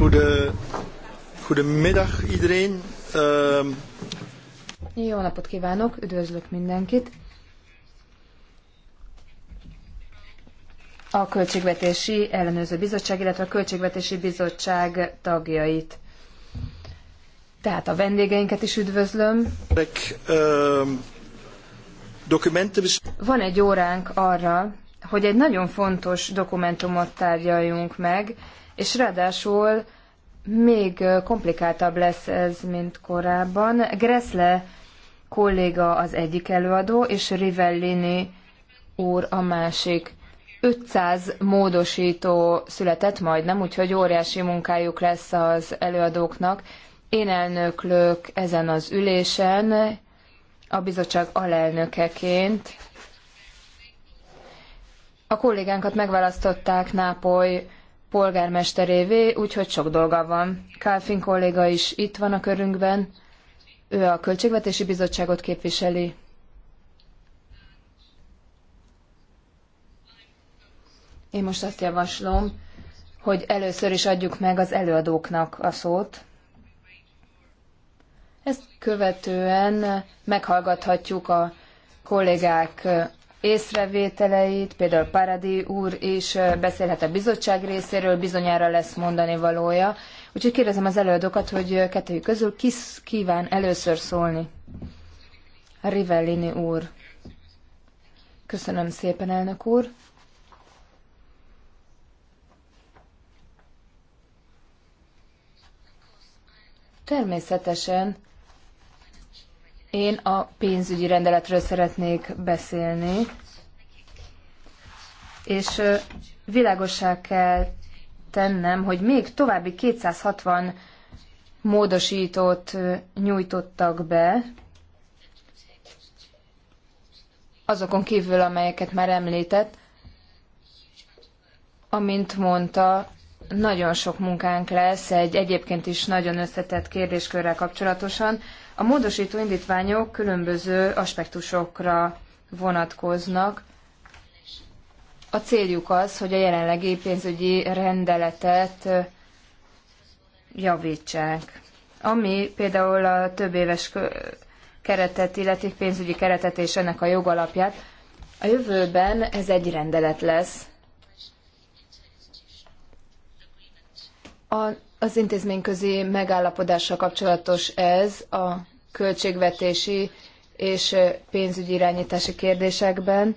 Goede, goedemiddag iedereen. Uh... Jó napot kívánok, üdvözlök mindenkit. A Költségvetési Ellenőrző Bizottság, illetve a Költségvetési Bizottság tagjait. Tehát a vendégeinket is üdvözlöm. Ehm, Van egy óránk arra, hogy egy nagyon fontos dokumentumot tárgyaljunk meg, és ráadásul még komplikáltabb lesz ez, mint korábban. Gressle kolléga az egyik előadó, és Rivellini úr a másik. 500 módosító született majdnem, úgyhogy óriási munkájuk lesz az előadóknak. Én elnöklök ezen az ülésen, a bizottság alelnökeként. A kollégánkat megválasztották Nápoly polgármesterévé, úgyhogy sok dolga van. Kálfin kolléga is itt van a körünkben, ő a Költségvetési Bizottságot képviseli. Én most azt javaslom, hogy először is adjuk meg az előadóknak a szót. Ezt követően meghallgathatjuk a kollégák észrevételeit, például Paradi úr is beszélhet a bizottság részéről, bizonyára lesz mondani valója. Úgyhogy kérdezem az előadókat, hogy kettőjük közül ki kíván először szólni. Rivellini úr. Köszönöm szépen, elnök úr. Természetesen én a pénzügyi rendeletről szeretnék beszélni, és világossá kell tennem, hogy még további 260 módosítót nyújtottak be, azokon kívül, amelyeket már említett, amint mondta, nagyon sok munkánk lesz egy egyébként is nagyon összetett kérdéskörrel kapcsolatosan, a módosító indítványok különböző aspektusokra vonatkoznak. A céljuk az, hogy a jelenlegi pénzügyi rendeletet javítsák. Ami például a több éves keretet, illeti pénzügyi keretet és ennek a jogalapját, a jövőben ez egy rendelet lesz. A, az intézményközi megállapodással kapcsolatos ez a költségvetési és pénzügyi irányítási kérdésekben,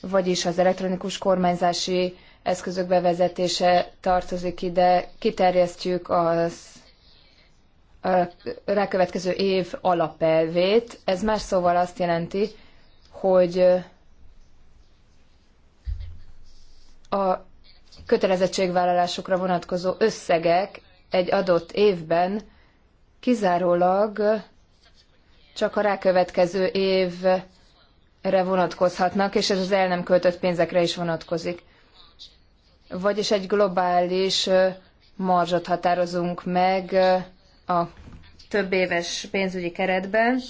vagyis az elektronikus kormányzási eszközök bevezetése tartozik ide, kiterjesztjük az a rákövetkező év alapelvét. Ez más szóval azt jelenti, hogy a kötelezettségvállalásokra vonatkozó összegek egy adott évben kizárólag csak a rákövetkező évre vonatkozhatnak, és ez az el nem költött pénzekre is vonatkozik. Vagyis egy globális marzsot határozunk meg a több éves pénzügyi keretben,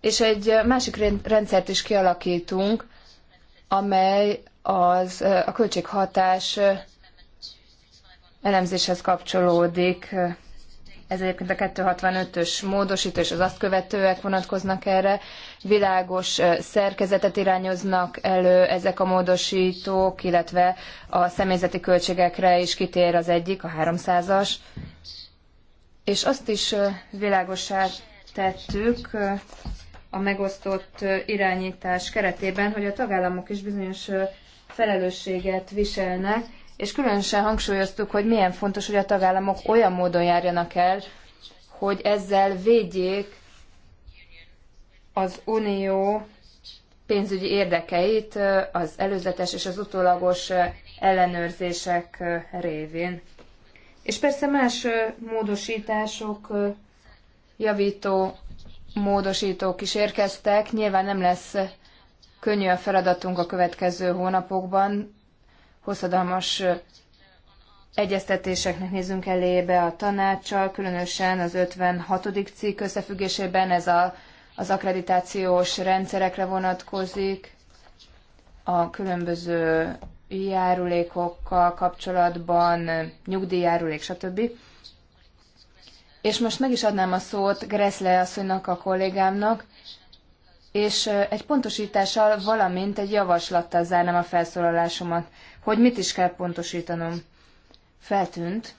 és egy másik rendszert is kialakítunk, amely az, a költséghatás elemzéshez kapcsolódik ez egyébként a 265-ös módosító és az azt követőek vonatkoznak erre, világos szerkezetet irányoznak elő ezek a módosítók, illetve a személyzeti költségekre is kitér az egyik, a 300-as. És azt is világosá tettük a megosztott irányítás keretében, hogy a tagállamok is bizonyos felelősséget viselnek, és különösen hangsúlyoztuk, hogy milyen fontos, hogy a tagállamok olyan módon járjanak el, hogy ezzel védjék az unió pénzügyi érdekeit az előzetes és az utólagos ellenőrzések révén. És persze más módosítások, javító módosítók is érkeztek. Nyilván nem lesz könnyű a feladatunk a következő hónapokban, hosszadalmas egyeztetéseknek nézünk elébe a tanácssal, különösen az 56. cikk összefüggésében ez a, az akkreditációs rendszerekre vonatkozik, a különböző járulékokkal kapcsolatban, nyugdíjjárulék, stb. És most meg is adnám a szót Greszle asszonynak, a kollégámnak, és egy pontosítással, valamint egy javaslattal zárnám a felszólalásomat hogy mit is kell pontosítanom. Feltűnt,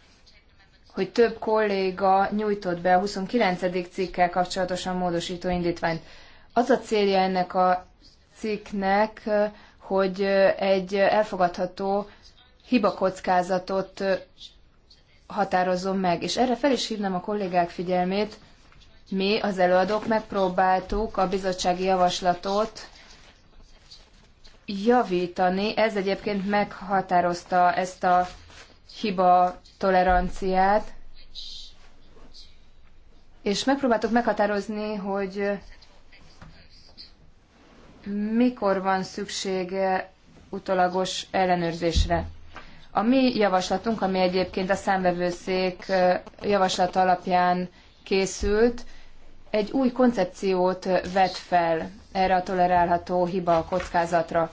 hogy több kolléga nyújtott be a 29. cikkel kapcsolatosan módosító indítványt. Az a célja ennek a cikknek, hogy egy elfogadható hibakockázatot határozzon meg. És erre fel is hívnám a kollégák figyelmét, mi az előadók megpróbáltuk a bizottsági javaslatot javítani. Ez egyébként meghatározta ezt a hiba toleranciát, és megpróbáltuk meghatározni, hogy mikor van szüksége utolagos ellenőrzésre. A mi javaslatunk, ami egyébként a számvevőszék javaslat alapján készült, egy új koncepciót vet fel erre a tolerálható hiba a kockázatra.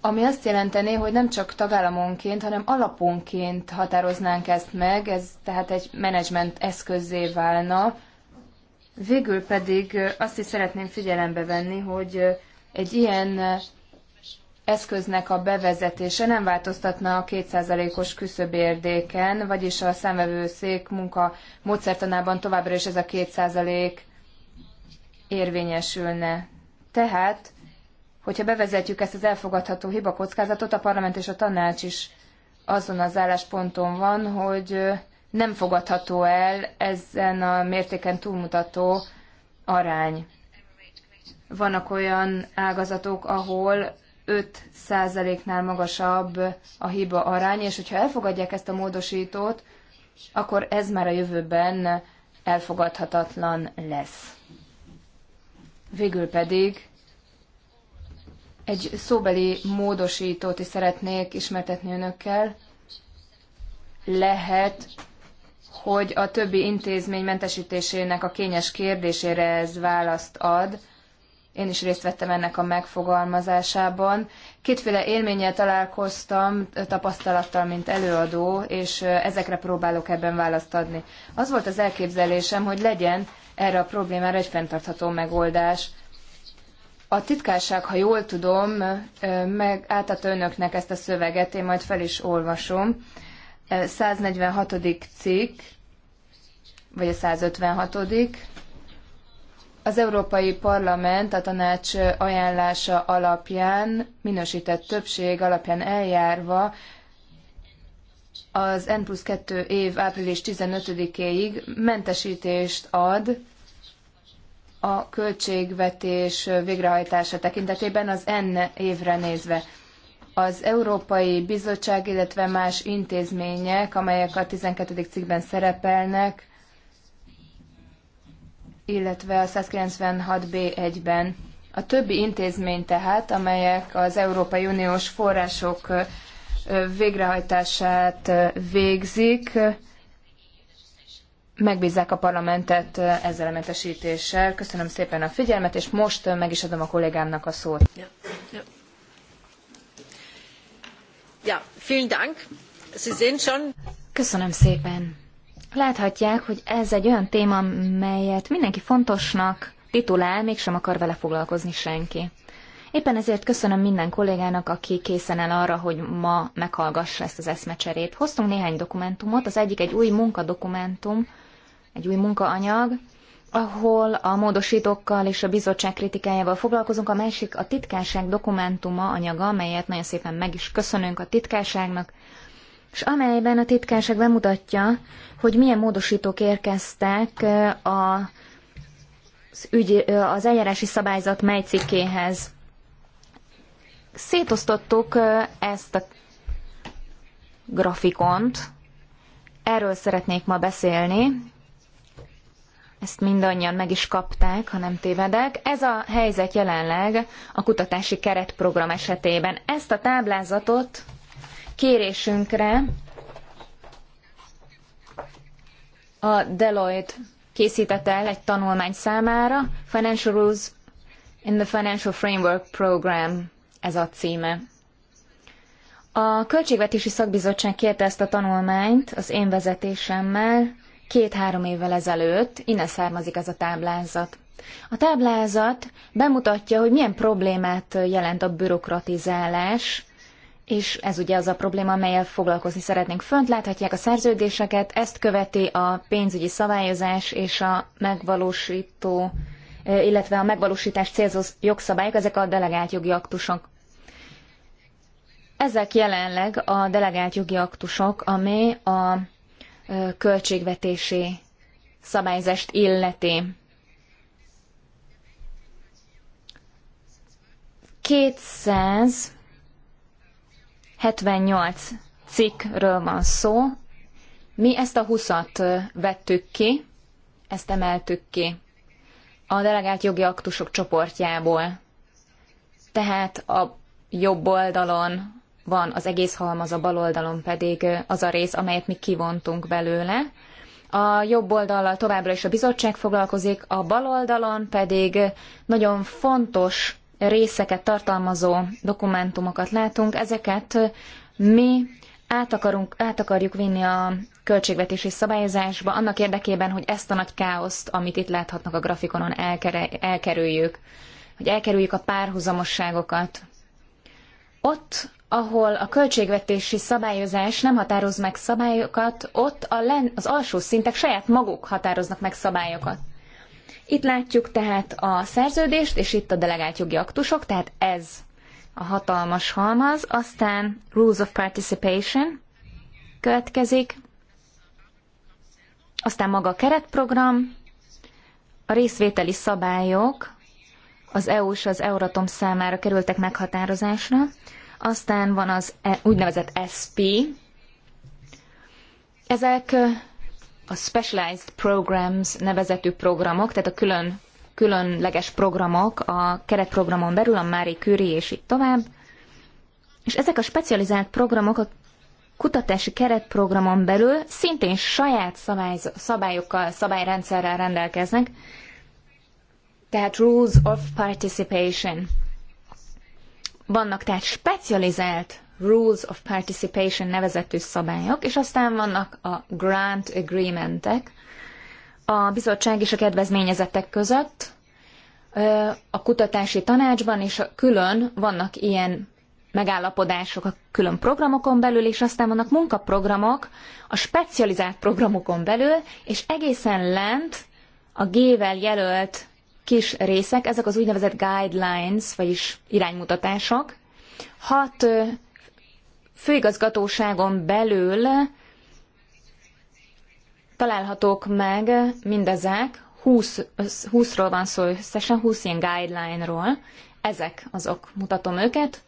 Ami azt jelentené, hogy nem csak tagállamonként, hanem alaponként határoznánk ezt meg, ez tehát egy menedzsment eszközé válna. Végül pedig azt is szeretném figyelembe venni, hogy egy ilyen eszköznek a bevezetése nem változtatna a 2%-os küszöbérdéken, vagyis a számvevőszék munka módszertanában továbbra is ez a 2% érvényesülne. Tehát, hogyha bevezetjük ezt az elfogadható hibakockázatot, a parlament és a tanács is azon az állásponton van, hogy nem fogadható el ezen a mértéken túlmutató arány. Vannak olyan ágazatok, ahol 5%-nál magasabb a hiba arány, és hogyha elfogadják ezt a módosítót, akkor ez már a jövőben elfogadhatatlan lesz. Végül pedig egy szóbeli módosítót is szeretnék ismertetni önökkel. Lehet, hogy a többi intézmény mentesítésének a kényes kérdésére ez választ ad. Én is részt vettem ennek a megfogalmazásában. Kétféle élménnyel találkoztam, tapasztalattal, mint előadó, és ezekre próbálok ebben választ adni. Az volt az elképzelésem, hogy legyen erre a problémára egy fenntartható megoldás. A titkárság, ha jól tudom, meg átadta önöknek ezt a szöveget, én majd fel is olvasom. 146. cikk, vagy a 156. Az Európai Parlament a tanács ajánlása alapján, minősített többség alapján eljárva az N plusz 2 év április 15-éig mentesítést ad a költségvetés végrehajtása tekintetében az N évre nézve. Az Európai Bizottság, illetve más intézmények, amelyek a 12. cikkben szerepelnek, illetve a 196B1-ben. A többi intézmény tehát, amelyek az Európai Uniós források végrehajtását végzik, megbízzák a parlamentet ezzel a mentesítéssel. Köszönöm szépen a figyelmet, és most meg is adom a kollégámnak a szót. Ja, ja. ja vielen Dank. Sie sehen schon. Köszönöm szépen. Láthatják, hogy ez egy olyan téma, melyet mindenki fontosnak titulál, mégsem akar vele foglalkozni senki. Éppen ezért köszönöm minden kollégának, aki készen áll arra, hogy ma meghallgassa ezt az eszmecserét. Hoztunk néhány dokumentumot, az egyik egy új munkadokumentum, egy új munkaanyag, ahol a módosítókkal és a bizottság kritikájával foglalkozunk, a másik a titkárság dokumentuma anyaga, amelyet nagyon szépen meg is köszönünk a titkárságnak, és amelyben a titkárság bemutatja, hogy milyen módosítók érkeztek eh, a, az, ügy, eh, az eljárási szabályzat mely cikkéhez. Szétosztottuk ezt a grafikont. Erről szeretnék ma beszélni. Ezt mindannyian meg is kapták, ha nem tévedek. Ez a helyzet jelenleg a kutatási keretprogram esetében. Ezt a táblázatot kérésünkre a Deloitte készítette el egy tanulmány számára, Financial Rules in the Financial Framework Program ez a címe. A Költségvetési Szakbizottság kérte ezt a tanulmányt az én vezetésemmel két-három évvel ezelőtt, innen származik ez a táblázat. A táblázat bemutatja, hogy milyen problémát jelent a bürokratizálás, és ez ugye az a probléma, amelyel foglalkozni szeretnénk. Fönt láthatják a szerződéseket, ezt követi a pénzügyi szabályozás és a megvalósító illetve a megvalósítást célzó jogszabályok, ezek a delegált jogi aktusok. Ezek jelenleg a delegált jogi aktusok, ami a költségvetési szabályzást illeti. Kétszáz 78 cikkről van szó. Mi ezt a 20-at vettük ki, ezt emeltük ki a delegált jogi aktusok csoportjából. Tehát a jobb oldalon van az egész halmaz, a bal oldalon pedig az a rész, amelyet mi kivontunk belőle. A jobb oldallal továbbra is a bizottság foglalkozik, a bal oldalon pedig nagyon fontos részeket tartalmazó dokumentumokat látunk. Ezeket mi át, akarunk, át akarjuk vinni a költségvetési szabályozásba, annak érdekében, hogy ezt a nagy káoszt, amit itt láthatnak a grafikonon, elkerüljük, hogy elkerüljük a párhuzamosságokat. Ott, ahol a költségvetési szabályozás nem határoz meg szabályokat, ott a len, az alsó szintek saját maguk határoznak meg szabályokat. Itt látjuk tehát a szerződést, és itt a delegált jogi aktusok, tehát ez a hatalmas halmaz, aztán Rules of Participation következik, aztán maga a keretprogram, a részvételi szabályok az EU és az Euratom számára kerültek meghatározásra, aztán van az e- úgynevezett SP, ezek a Specialized Programs nevezetű programok, tehát a külön, különleges programok a keretprogramon belül, a Marie Curie és így tovább. És ezek a specializált programok a kutatási keretprogramon belül szintén saját szabályokkal, szabályrendszerrel rendelkeznek, tehát Rules of Participation. Vannak tehát specializált Rules of Participation nevezetű szabályok, és aztán vannak a Grant Agreementek a bizottság és a kedvezményezettek között, a kutatási tanácsban, és külön vannak ilyen megállapodások a külön programokon belül, és aztán vannak munkaprogramok a specializált programokon belül, és egészen lent a G-vel jelölt kis részek, ezek az úgynevezett guidelines, vagyis iránymutatások. Hat főigazgatóságon belül találhatók meg mindezek, 20, 20-ról van szó összesen, 20 ilyen guideline-ról, ezek azok, mutatom őket.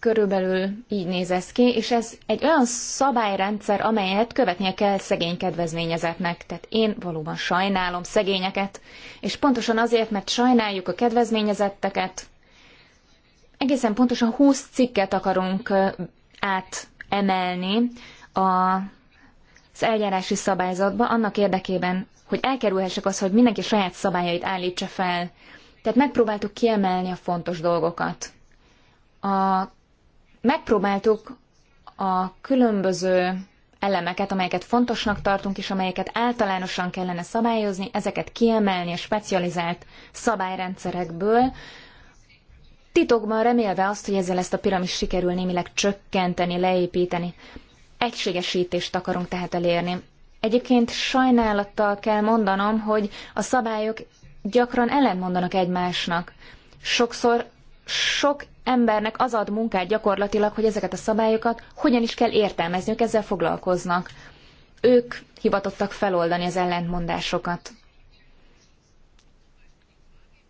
Körülbelül így néz ez ki, és ez egy olyan szabályrendszer, amelyet követnie kell szegény kedvezményezetnek. Tehát én valóban sajnálom szegényeket, és pontosan azért, mert sajnáljuk a kedvezményezetteket, egészen pontosan 20 cikket akarunk átemelni a, az eljárási szabályzatba, annak érdekében, hogy elkerülhessek az, hogy mindenki saját szabályait állítsa fel. Tehát megpróbáltuk kiemelni a fontos dolgokat. A megpróbáltuk a különböző elemeket, amelyeket fontosnak tartunk, és amelyeket általánosan kellene szabályozni, ezeket kiemelni a specializált szabályrendszerekből, titokban remélve azt, hogy ezzel ezt a piramis sikerül némileg csökkenteni, leépíteni. Egységesítést akarunk tehát elérni. Egyébként sajnálattal kell mondanom, hogy a szabályok gyakran ellentmondanak egymásnak. Sokszor sok embernek az ad munkát gyakorlatilag, hogy ezeket a szabályokat hogyan is kell értelmezniük, ezzel foglalkoznak. Ők hivatottak feloldani az ellentmondásokat.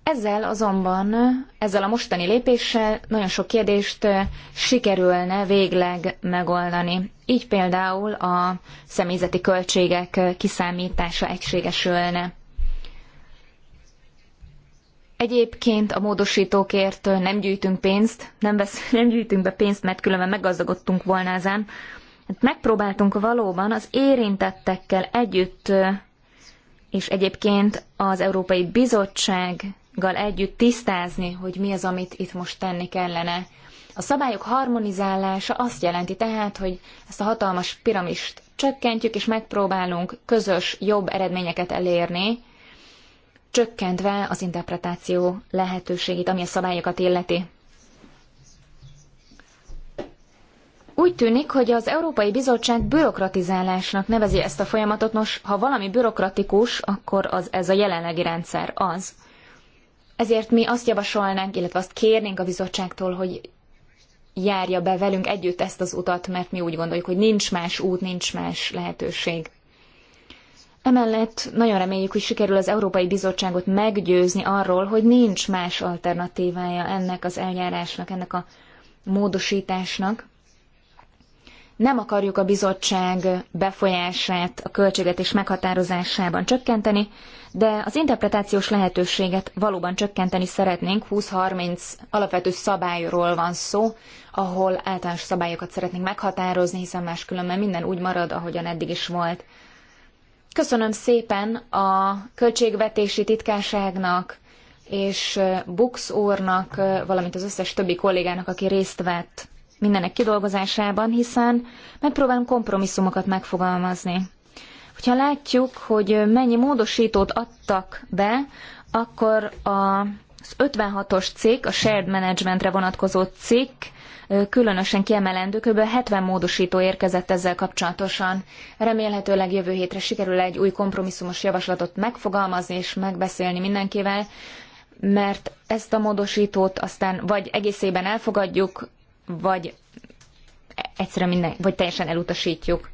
Ezzel azonban, ezzel a mostani lépéssel nagyon sok kérdést eh, sikerülne végleg megoldani. Így például a személyzeti költségek eh, kiszámítása egységesülne. Egyébként a módosítókért nem gyűjtünk pénzt, nem, vesz, nem gyűjtünk be pénzt, mert különben meggazdagodtunk volna ezen. Hát megpróbáltunk valóban az érintettekkel együtt, és egyébként az Európai Bizottsággal együtt tisztázni, hogy mi az, amit itt most tenni kellene. A szabályok harmonizálása azt jelenti tehát, hogy ezt a hatalmas piramist csökkentjük, és megpróbálunk közös, jobb eredményeket elérni, csökkentve az interpretáció lehetőségét, ami a szabályokat illeti. Úgy tűnik, hogy az Európai Bizottság bürokratizálásnak nevezi ezt a folyamatot, nos, ha valami bürokratikus, akkor az, ez a jelenlegi rendszer az. Ezért mi azt javasolnánk, illetve azt kérnénk a bizottságtól, hogy járja be velünk együtt ezt az utat, mert mi úgy gondoljuk, hogy nincs más út, nincs más lehetőség. Emellett nagyon reméljük, hogy sikerül az Európai Bizottságot meggyőzni arról, hogy nincs más alternatívája ennek az eljárásnak, ennek a módosításnak. Nem akarjuk a bizottság befolyását a költségvetés meghatározásában csökkenteni, de az interpretációs lehetőséget valóban csökkenteni szeretnénk. 20-30 alapvető szabályról van szó, ahol általános szabályokat szeretnénk meghatározni, hiszen máskülönben minden úgy marad, ahogyan eddig is volt. Köszönöm szépen a költségvetési titkárságnak és Bux úrnak, valamint az összes többi kollégának, aki részt vett mindenek kidolgozásában, hiszen megpróbálom kompromisszumokat megfogalmazni. Hogyha látjuk, hogy mennyi módosítót adtak be, akkor az 56-os cikk, a shared managementre vonatkozó cikk különösen kiemelendő, kb. 70 módosító érkezett ezzel kapcsolatosan. Remélhetőleg jövő hétre sikerül egy új kompromisszumos javaslatot megfogalmazni és megbeszélni mindenkivel, mert ezt a módosítót aztán vagy egészében elfogadjuk, vagy egyszerűen minden, vagy teljesen elutasítjuk.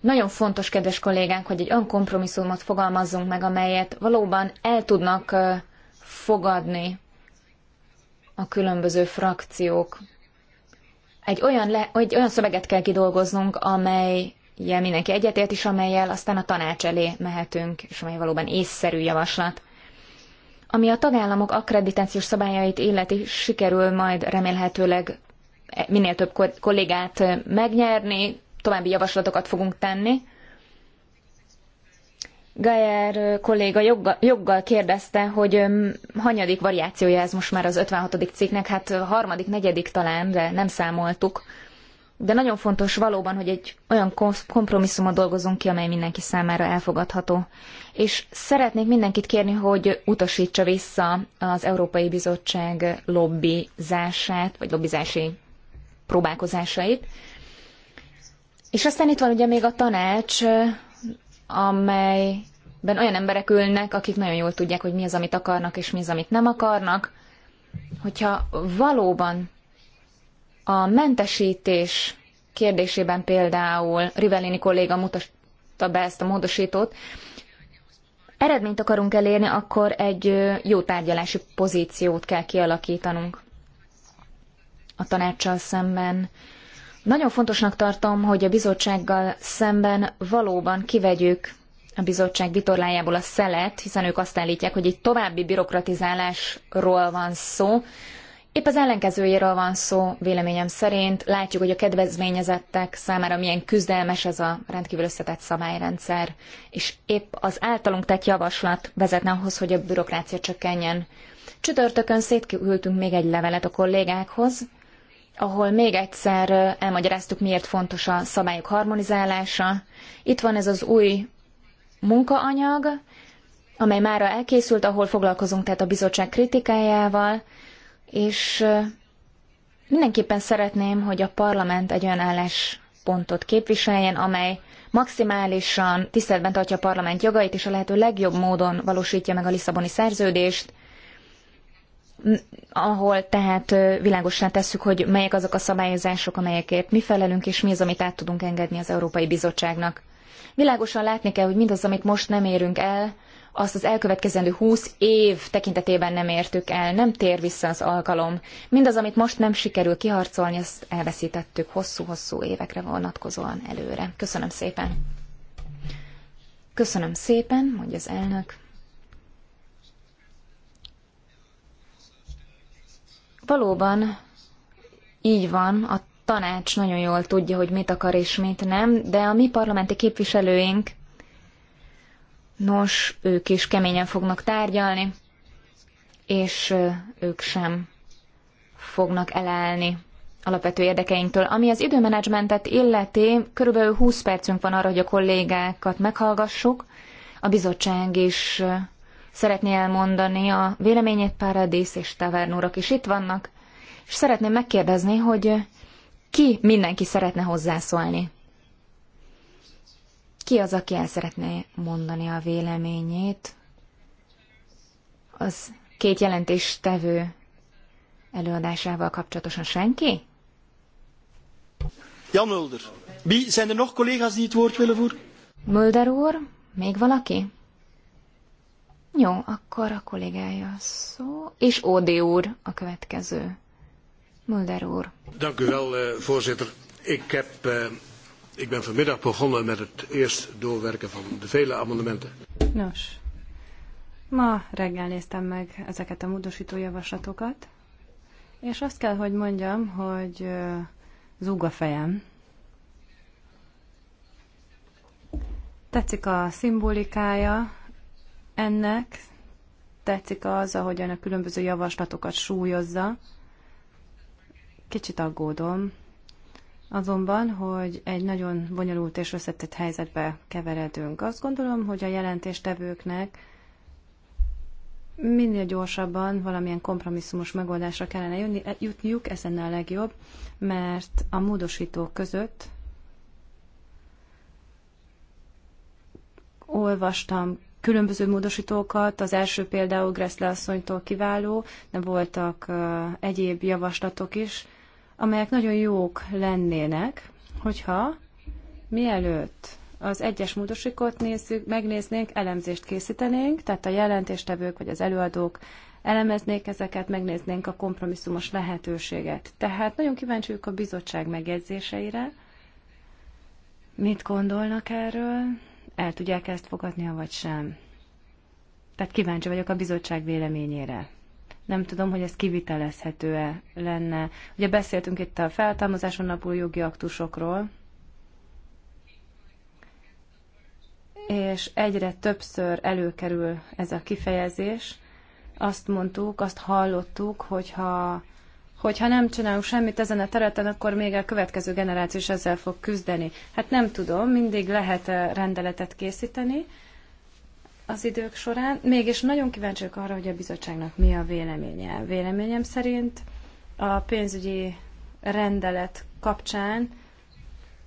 Nagyon fontos, kedves kollégánk, hogy egy olyan kompromisszumot fogalmazzunk meg, amelyet valóban el tudnak fogadni a különböző frakciók egy olyan, le, egy olyan szöveget kell kidolgoznunk, amely jel mindenki egyetért is, amelyel aztán a tanács elé mehetünk, és amely valóban észszerű javaslat. Ami a tagállamok akkreditációs szabályait illeti, sikerül majd remélhetőleg minél több kollégát megnyerni, további javaslatokat fogunk tenni, Gayer kolléga joggal, joggal kérdezte, hogy hanyadik variációja ez most már az 56. cikknek, hát harmadik, negyedik talán, de nem számoltuk. De nagyon fontos valóban, hogy egy olyan kompromisszumot dolgozunk ki, amely mindenki számára elfogadható. És szeretnék mindenkit kérni, hogy utasítsa vissza az Európai Bizottság lobbizását, vagy lobbizási próbálkozásait. És aztán itt van ugye még a tanács, amelyben olyan emberek ülnek, akik nagyon jól tudják, hogy mi az, amit akarnak, és mi az, amit nem akarnak. Hogyha valóban a mentesítés kérdésében például Rivellini kolléga mutatta be ezt a módosítót, eredményt akarunk elérni, akkor egy jó tárgyalási pozíciót kell kialakítanunk a tanácssal szemben. Nagyon fontosnak tartom, hogy a bizottsággal szemben valóban kivegyük a bizottság vitorlájából a szelet, hiszen ők azt állítják, hogy itt további bürokratizálásról van szó. Épp az ellenkezőjéről van szó, véleményem szerint. Látjuk, hogy a kedvezményezettek számára milyen küzdelmes ez a rendkívül összetett szabályrendszer, és épp az általunk tett javaslat vezetne ahhoz, hogy a bürokrácia csökkenjen. Csütörtökön szétküldtünk még egy levelet a kollégákhoz, ahol még egyszer elmagyaráztuk, miért fontos a szabályok harmonizálása. Itt van ez az új munkaanyag, amely már elkészült, ahol foglalkozunk tehát a bizottság kritikájával, és mindenképpen szeretném, hogy a parlament egy olyan álláspontot képviseljen, amely maximálisan tiszteletben tartja a parlament jogait, és a lehető legjobb módon valósítja meg a Lisszaboni szerződést, ahol tehát világosá tesszük, hogy melyek azok a szabályozások, amelyekért mi felelünk, és mi az, amit át tudunk engedni az Európai Bizottságnak. Világosan látni kell, hogy mindaz, amit most nem érünk el, azt az elkövetkezendő 20 év tekintetében nem értük el, nem tér vissza az alkalom. Mindaz, amit most nem sikerül kiharcolni, azt elveszítettük hosszú-hosszú évekre vonatkozóan előre. Köszönöm szépen. Köszönöm szépen, mondja az elnök. Valóban így van, a tanács nagyon jól tudja, hogy mit akar és mit nem, de a mi parlamenti képviselőink, nos, ők is keményen fognak tárgyalni, és ők sem fognak elállni alapvető érdekeinktől. Ami az időmenedzsmentet illeti, körülbelül 20 percünk van arra, hogy a kollégákat meghallgassuk. A bizottság is szeretné elmondani a véleményét Paradis és Tavernúrok is itt vannak, és szeretném megkérdezni, hogy ki mindenki szeretne hozzászólni? Ki az, aki el szeretné mondani a véleményét? Az két jelentéstevő előadásával kapcsolatosan senki? Jan Mulder. Wie zijn er nog collega's die het woord willen voeren? Mulder úr, még valaki? Jó, akkor a kollégája szó, és Ódi úr a következő. Mulder úr. Dank u wel, eh, voorzitter. Ik, heb, eh, ik ben vanmiddag begonnen met het eerst doorwerken van de vele amendementen. Nos, ma reggel néztem meg ezeket a módosító javaslatokat, és azt kell, hogy mondjam, hogy eh, zúg a fejem. Tetszik a szimbolikája ennek, tetszik az, ahogyan a különböző javaslatokat súlyozza. Kicsit aggódom azonban, hogy egy nagyon bonyolult és összetett helyzetbe keveredünk. Azt gondolom, hogy a jelentéstevőknek minél gyorsabban valamilyen kompromisszumos megoldásra kellene jönni, e- jutniuk, ez lenne a legjobb, mert a módosítók között olvastam különböző módosítókat, az első például Gressle asszonytól kiváló, de voltak egyéb javaslatok is, amelyek nagyon jók lennének, hogyha mielőtt az egyes módosítót nézzük, megnéznénk, elemzést készítenénk, tehát a jelentéstevők vagy az előadók elemeznék ezeket, megnéznénk a kompromisszumos lehetőséget. Tehát nagyon kíváncsiuk a bizottság megjegyzéseire, mit gondolnak erről, el tudják ezt fogadnia, vagy sem. Tehát kíváncsi vagyok a bizottság véleményére. Nem tudom, hogy ez kivitelezhető-e lenne. Ugye beszéltünk itt a feltámozáson napuló jogi aktusokról, és egyre többször előkerül ez a kifejezés. Azt mondtuk, azt hallottuk, hogyha hogy ha nem csinálunk semmit ezen a területen, akkor még a következő generáció is ezzel fog küzdeni. Hát nem tudom, mindig lehet eh, rendeletet készíteni az idők során. Mégis nagyon kíváncsiak arra, hogy a bizottságnak mi a véleménye. Véleményem szerint a pénzügyi rendelet kapcsán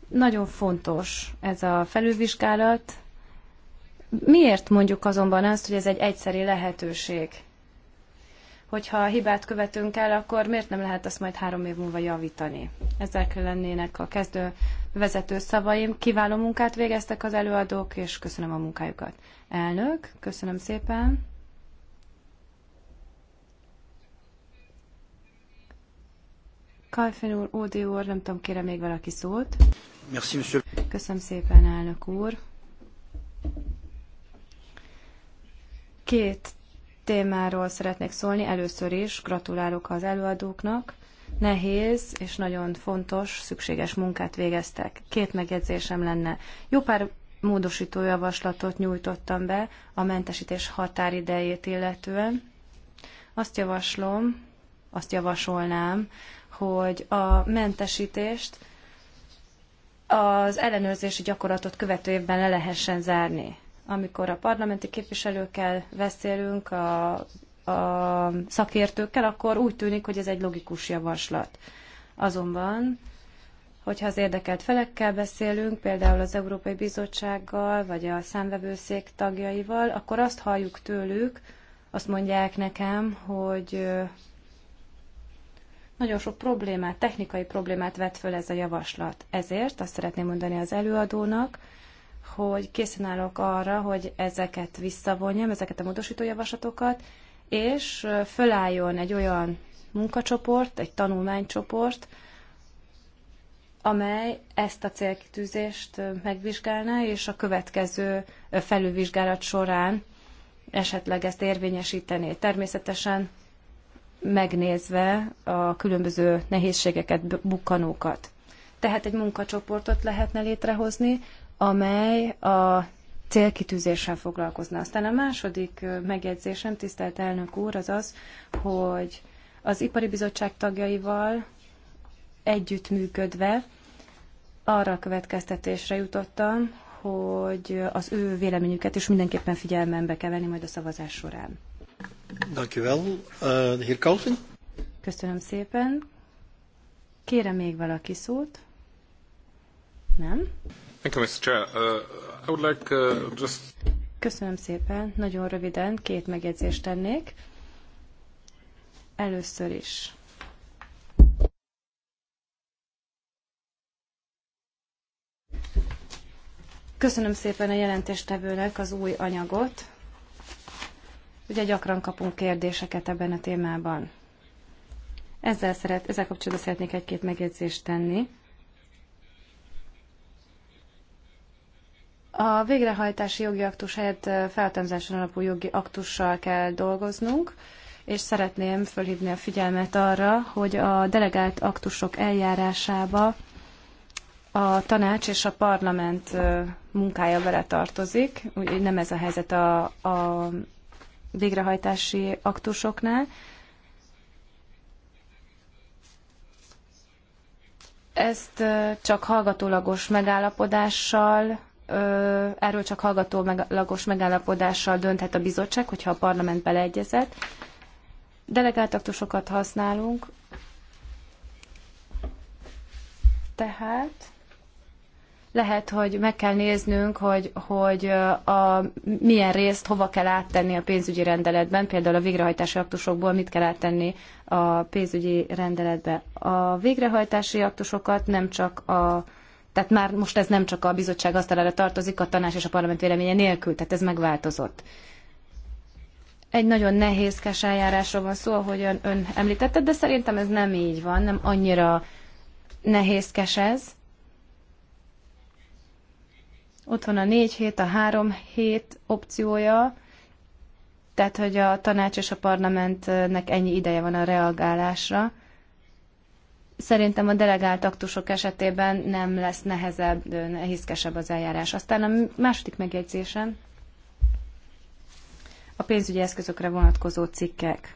nagyon fontos ez a felülvizsgálat. Miért mondjuk azonban azt, hogy ez egy egyszeri lehetőség? hogyha hibát követünk el, akkor miért nem lehet azt majd három év múlva javítani? Ezek lennének a kezdő vezető szavaim. Kiváló munkát végeztek az előadók, és köszönöm a munkájukat. Elnök, köszönöm szépen. Kalfin úr, Ódi úr, nem tudom, kérem még valaki szót. Merci, monsieur. Köszönöm szépen, elnök úr. Két témáról szeretnék szólni. Először is gratulálok az előadóknak. Nehéz és nagyon fontos, szükséges munkát végeztek. Két megjegyzésem lenne. Jó pár módosító javaslatot nyújtottam be a mentesítés határidejét illetően. Azt javaslom, azt javasolnám, hogy a mentesítést az ellenőrzési gyakorlatot követő évben le lehessen zárni amikor a parlamenti képviselőkkel beszélünk, a, a szakértőkkel, akkor úgy tűnik, hogy ez egy logikus javaslat. Azonban, hogyha az érdekelt felekkel beszélünk, például az Európai Bizottsággal, vagy a számvevőszék tagjaival, akkor azt halljuk tőlük, azt mondják nekem, hogy nagyon sok problémát, technikai problémát vet föl ez a javaslat. Ezért azt szeretném mondani az előadónak, hogy készen állok arra, hogy ezeket visszavonjam, ezeket a módosító javaslatokat, és fölálljon egy olyan munkacsoport, egy tanulmánycsoport, amely ezt a célkitűzést megvizsgálná, és a következő felülvizsgálat során esetleg ezt érvényesítené. Természetesen megnézve a különböző nehézségeket, bukkanókat. Tehát egy munkacsoportot lehetne létrehozni, amely a célkitűzéssel foglalkozna. Aztán a második megjegyzésem, tisztelt elnök úr, az az, hogy az Ipari Bizottság tagjaival együttműködve arra a következtetésre jutottam, hogy az ő véleményüket is mindenképpen figyelmembe kell venni majd a szavazás során. Eh, Köszönöm szépen. Kérem még valaki szót? Nem? Uh, uh, Köszönöm szépen. Nagyon röviden két megjegyzést tennék. Először is. Köszönöm szépen a jelentéstevőnek az új anyagot. Ugye gyakran kapunk kérdéseket ebben a témában. Ezzel, szeret, ezzel kapcsolatban szeretnék egy-két megjegyzést tenni. A végrehajtási jogi aktus helyett feltámzáson alapú jogi aktussal kell dolgoznunk, és szeretném fölhívni a figyelmet arra, hogy a delegált aktusok eljárásába a tanács és a parlament munkája vele tartozik, úgyhogy nem ez a helyzet a, a végrehajtási aktusoknál. Ezt csak hallgatólagos megállapodással erről csak hallgatólagos megállapodással dönthet a bizottság, hogyha a parlament beleegyezett. Delegált aktusokat használunk, tehát lehet, hogy meg kell néznünk, hogy, hogy a, milyen részt hova kell áttenni a pénzügyi rendeletben, például a végrehajtási aktusokból mit kell áttenni a pénzügyi rendeletbe. A végrehajtási aktusokat nem csak a tehát már most ez nem csak a bizottság asztalára tartozik, a tanács és a parlament véleménye nélkül, tehát ez megváltozott. Egy nagyon nehézkes eljárásról van szó, ahogy ön, ön említette, de szerintem ez nem így van, nem annyira nehézkes ez. Ott van a négy hét, a három hét opciója, tehát hogy a tanács és a parlamentnek ennyi ideje van a reagálásra. Szerintem a delegált aktusok esetében nem lesz nehezebb, nehézkesebb az eljárás. Aztán a második megjegyzésem a pénzügyi eszközökre vonatkozó cikkek.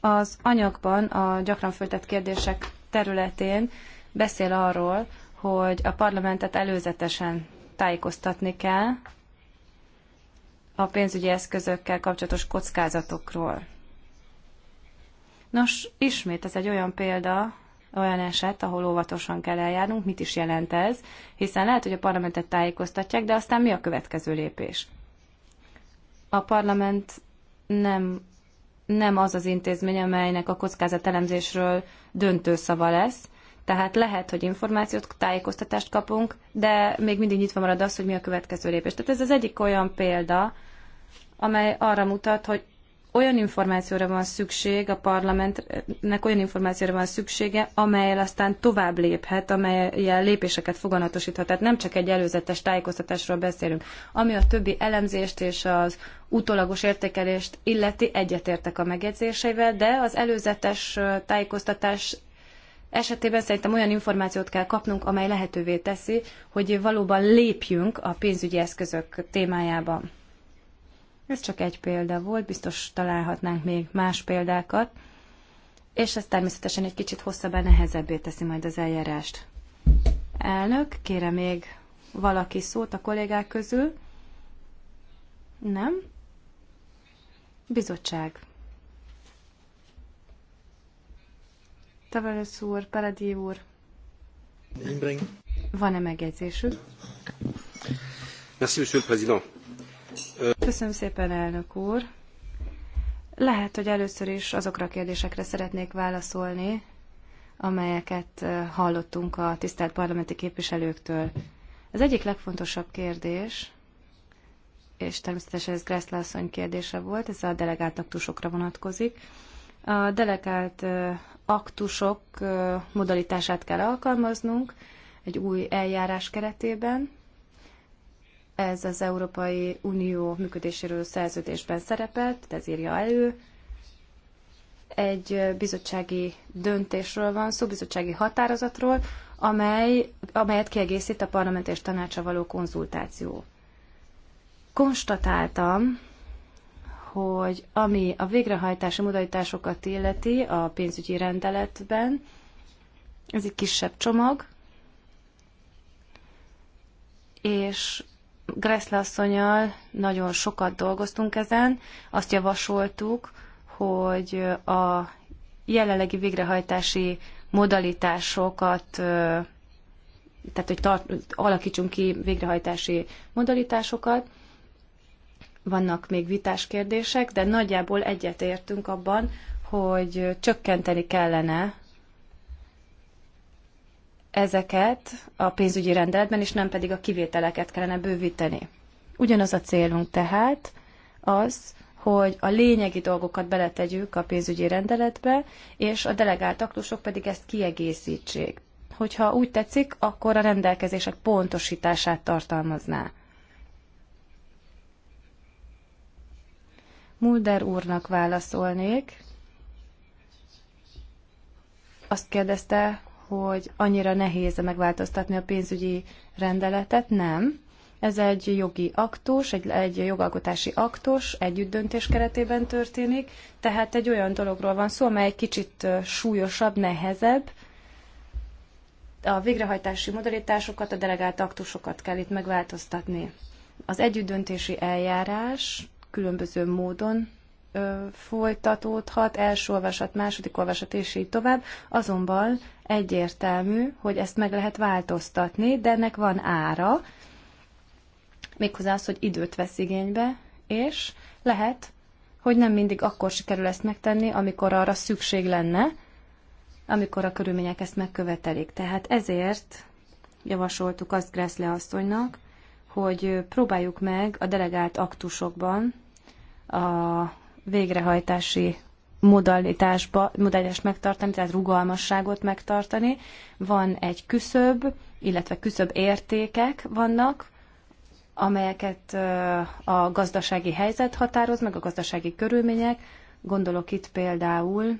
Az anyagban a gyakran föltett kérdések területén beszél arról, hogy a parlamentet előzetesen tájékoztatni kell, a pénzügyi eszközökkel kapcsolatos kockázatokról. Nos, ismét ez egy olyan példa, olyan eset, ahol óvatosan kell eljárnunk, mit is jelent ez, hiszen lehet, hogy a parlamentet tájékoztatják, de aztán mi a következő lépés? A parlament nem, nem az az intézmény, amelynek a kockázatelemzésről döntő szava lesz, tehát lehet, hogy információt, tájékoztatást kapunk, de még mindig nyitva marad az, hogy mi a következő lépés. Tehát ez az egyik olyan példa, amely arra mutat, hogy olyan információra van szükség, a parlamentnek olyan információra van szüksége, amelyel aztán tovább léphet, amelyel lépéseket foganatosíthat. Tehát nem csak egy előzetes tájékoztatásról beszélünk. Ami a többi elemzést és az utolagos értékelést illeti, egyetértek a megjegyzéseivel, de az előzetes tájékoztatás esetében szerintem olyan információt kell kapnunk, amely lehetővé teszi, hogy valóban lépjünk a pénzügyi eszközök témájába. Ez csak egy példa volt, biztos találhatnánk még más példákat, és ez természetesen egy kicsit hosszabban nehezebbé teszi majd az eljárást. Elnök, kérem még valaki szót a kollégák közül? Nem? Bizottság. Tavares úr, Paradi úr. Van-e megjegyzésük? Merci, monsieur le président. Köszönöm szépen, elnök úr. Lehet, hogy először is azokra a kérdésekre szeretnék válaszolni, amelyeket hallottunk a tisztelt parlamenti képviselőktől. Az egyik legfontosabb kérdés, és természetesen ez Gressle asszony kérdése volt, ez a delegált aktusokra vonatkozik. A delegált aktusok modalitását kell alkalmaznunk egy új eljárás keretében. Ez az Európai Unió működéséről szerződésben szerepelt, ez írja elő. Egy bizottsági döntésről van szó, bizottsági határozatról, amely, amelyet kiegészít a parlament és tanácsa való konzultáció. Konstatáltam, hogy ami a végrehajtási modalitásokat illeti a pénzügyi rendeletben, ez egy kisebb csomag, és Gressle asszonyal nagyon sokat dolgoztunk ezen. Azt javasoltuk, hogy a jelenlegi végrehajtási modalitásokat, tehát hogy tart, alakítsunk ki végrehajtási modalitásokat, vannak még vitás kérdések, de nagyjából egyetértünk abban, hogy csökkenteni kellene ezeket a pénzügyi rendeletben, és nem pedig a kivételeket kellene bővíteni. Ugyanaz a célunk tehát az, hogy a lényegi dolgokat beletegyük a pénzügyi rendeletbe, és a delegált aktusok pedig ezt kiegészítsék. Hogyha úgy tetszik, akkor a rendelkezések pontosítását tartalmazná. Mulder úrnak válaszolnék. Azt kérdezte, hogy annyira nehéz -e megváltoztatni a pénzügyi rendeletet? Nem. Ez egy jogi aktus, egy, egy jogalkotási aktus, együtt döntés keretében történik, tehát egy olyan dologról van szó, amely egy kicsit súlyosabb, nehezebb. A végrehajtási modalitásokat, a delegált aktusokat kell itt megváltoztatni. Az együttdöntési eljárás különböző módon folytatódhat, első olvasat, második olvasat, és így tovább. Azonban egyértelmű, hogy ezt meg lehet változtatni, de ennek van ára, méghozzá az, hogy időt vesz igénybe, és lehet, hogy nem mindig akkor sikerül ezt megtenni, amikor arra szükség lenne, amikor a körülmények ezt megkövetelik. Tehát ezért javasoltuk azt Gressle asszonynak, hogy próbáljuk meg a delegált aktusokban a végrehajtási modalitásba, modalitást megtartani, tehát rugalmasságot megtartani. Van egy küszöbb, illetve küszöbb értékek vannak, amelyeket a gazdasági helyzet határoz, meg a gazdasági körülmények. Gondolok itt például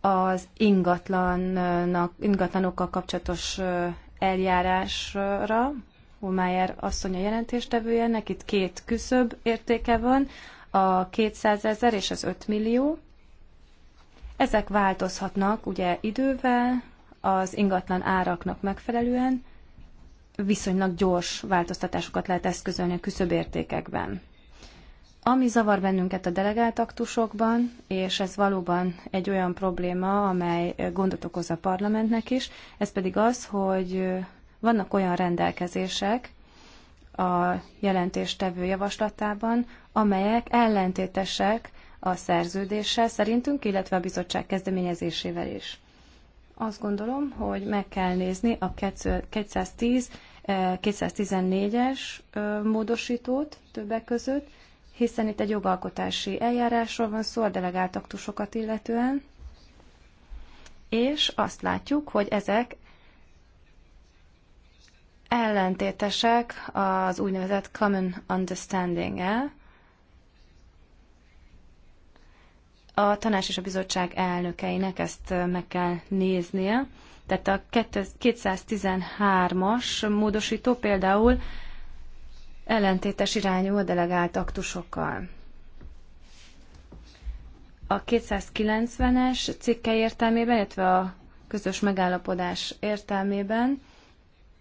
az ingatlannak, ingatlanokkal kapcsolatos eljárásra, Hohmeier asszony a jelentéstevője, neki két küszöb értéke van, a 200 ezer és az 5 millió. Ezek változhatnak ugye idővel, az ingatlan áraknak megfelelően, viszonylag gyors változtatásokat lehet eszközölni a küszöbértékekben. Ami zavar bennünket a delegált aktusokban, és ez valóban egy olyan probléma, amely gondot okoz a parlamentnek is, ez pedig az, hogy vannak olyan rendelkezések a jelentéstevő javaslatában, amelyek ellentétesek a szerződéssel szerintünk, illetve a bizottság kezdeményezésével is. Azt gondolom, hogy meg kell nézni a 210 214-es eh, eh, módosítót többek között, hiszen itt egy jogalkotási eljárásról van szó, a delegált aktusokat illetően, és azt látjuk, hogy ezek ellentétesek az úgynevezett common understanding-el, a tanács és a bizottság elnökeinek ezt meg kell néznie. Tehát a 213-as módosító például ellentétes irányú a delegált aktusokkal. A 290-es cikke értelmében, illetve a közös megállapodás értelmében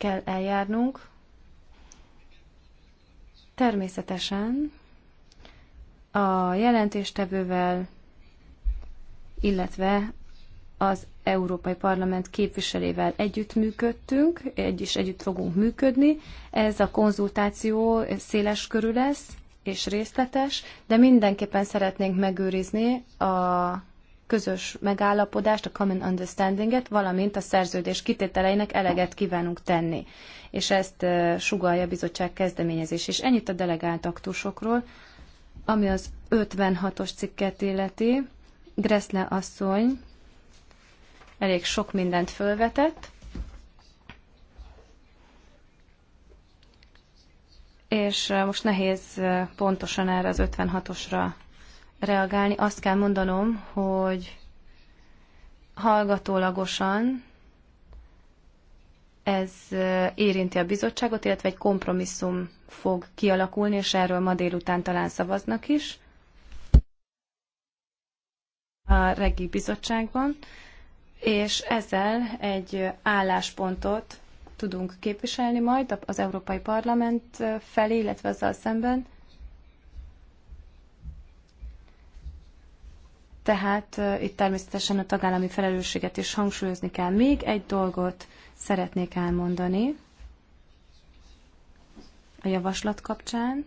kell eljárnunk. Természetesen a jelentéstevővel, illetve az Európai Parlament képviselével együttműködtünk, egy is együtt fogunk működni. Ez a konzultáció széles körű lesz és részletes, de mindenképpen szeretnénk megőrizni a közös megállapodást, a common understandinget, valamint a szerződés kitételeinek eleget kívánunk tenni. És ezt sugalja a bizottság kezdeményezés. És ennyit a delegált aktusokról, ami az 56-os cikket illeti. Gressle asszony elég sok mindent fölvetett, és most nehéz pontosan erre az 56-osra reagálni, azt kell mondanom, hogy hallgatólagosan ez érinti a bizottságot, illetve egy kompromisszum fog kialakulni, és erről ma délután talán szavaznak is a regi bizottságban, és ezzel egy álláspontot tudunk képviselni majd az Európai Parlament felé, illetve azzal szemben, Tehát itt természetesen a tagállami felelősséget is hangsúlyozni kell. Még egy dolgot szeretnék elmondani a javaslat kapcsán.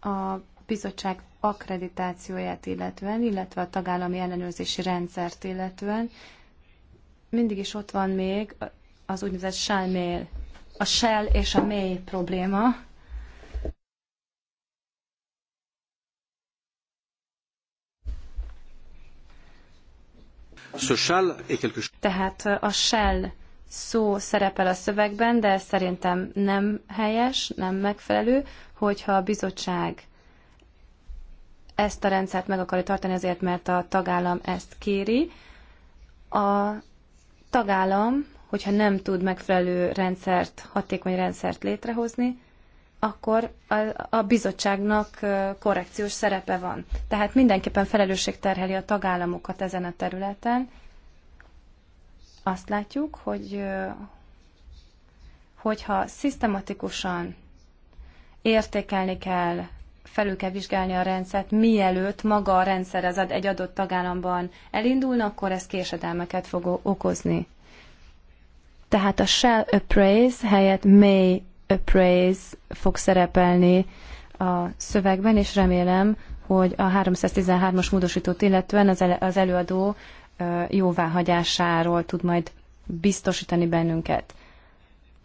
A bizottság akkreditációját illetően, illetve a tagállami ellenőrzési rendszert illetően mindig is ott van még az úgynevezett shell mail, a shell és a mail probléma, Tehát a shell szó szerepel a szövegben, de ez szerintem nem helyes, nem megfelelő, hogyha a bizottság ezt a rendszert meg akarja tartani azért, mert a tagállam ezt kéri. A tagállam, hogyha nem tud megfelelő rendszert, hatékony rendszert létrehozni, akkor a, a bizottságnak korrekciós szerepe van. Tehát mindenképpen felelősség terheli a tagállamokat ezen a területen. Azt látjuk, hogy hogyha szisztematikusan értékelni kell, felül kell vizsgálni a rendszert, mielőtt maga a rendszer az egy adott tagállamban elindulna, akkor ez késedelmeket fog okozni. Tehát a shall appraise helyett may Praise fog szerepelni a szövegben, és remélem, hogy a 313-as módosítót illetően az, el, az előadó jóváhagyásáról tud majd biztosítani bennünket.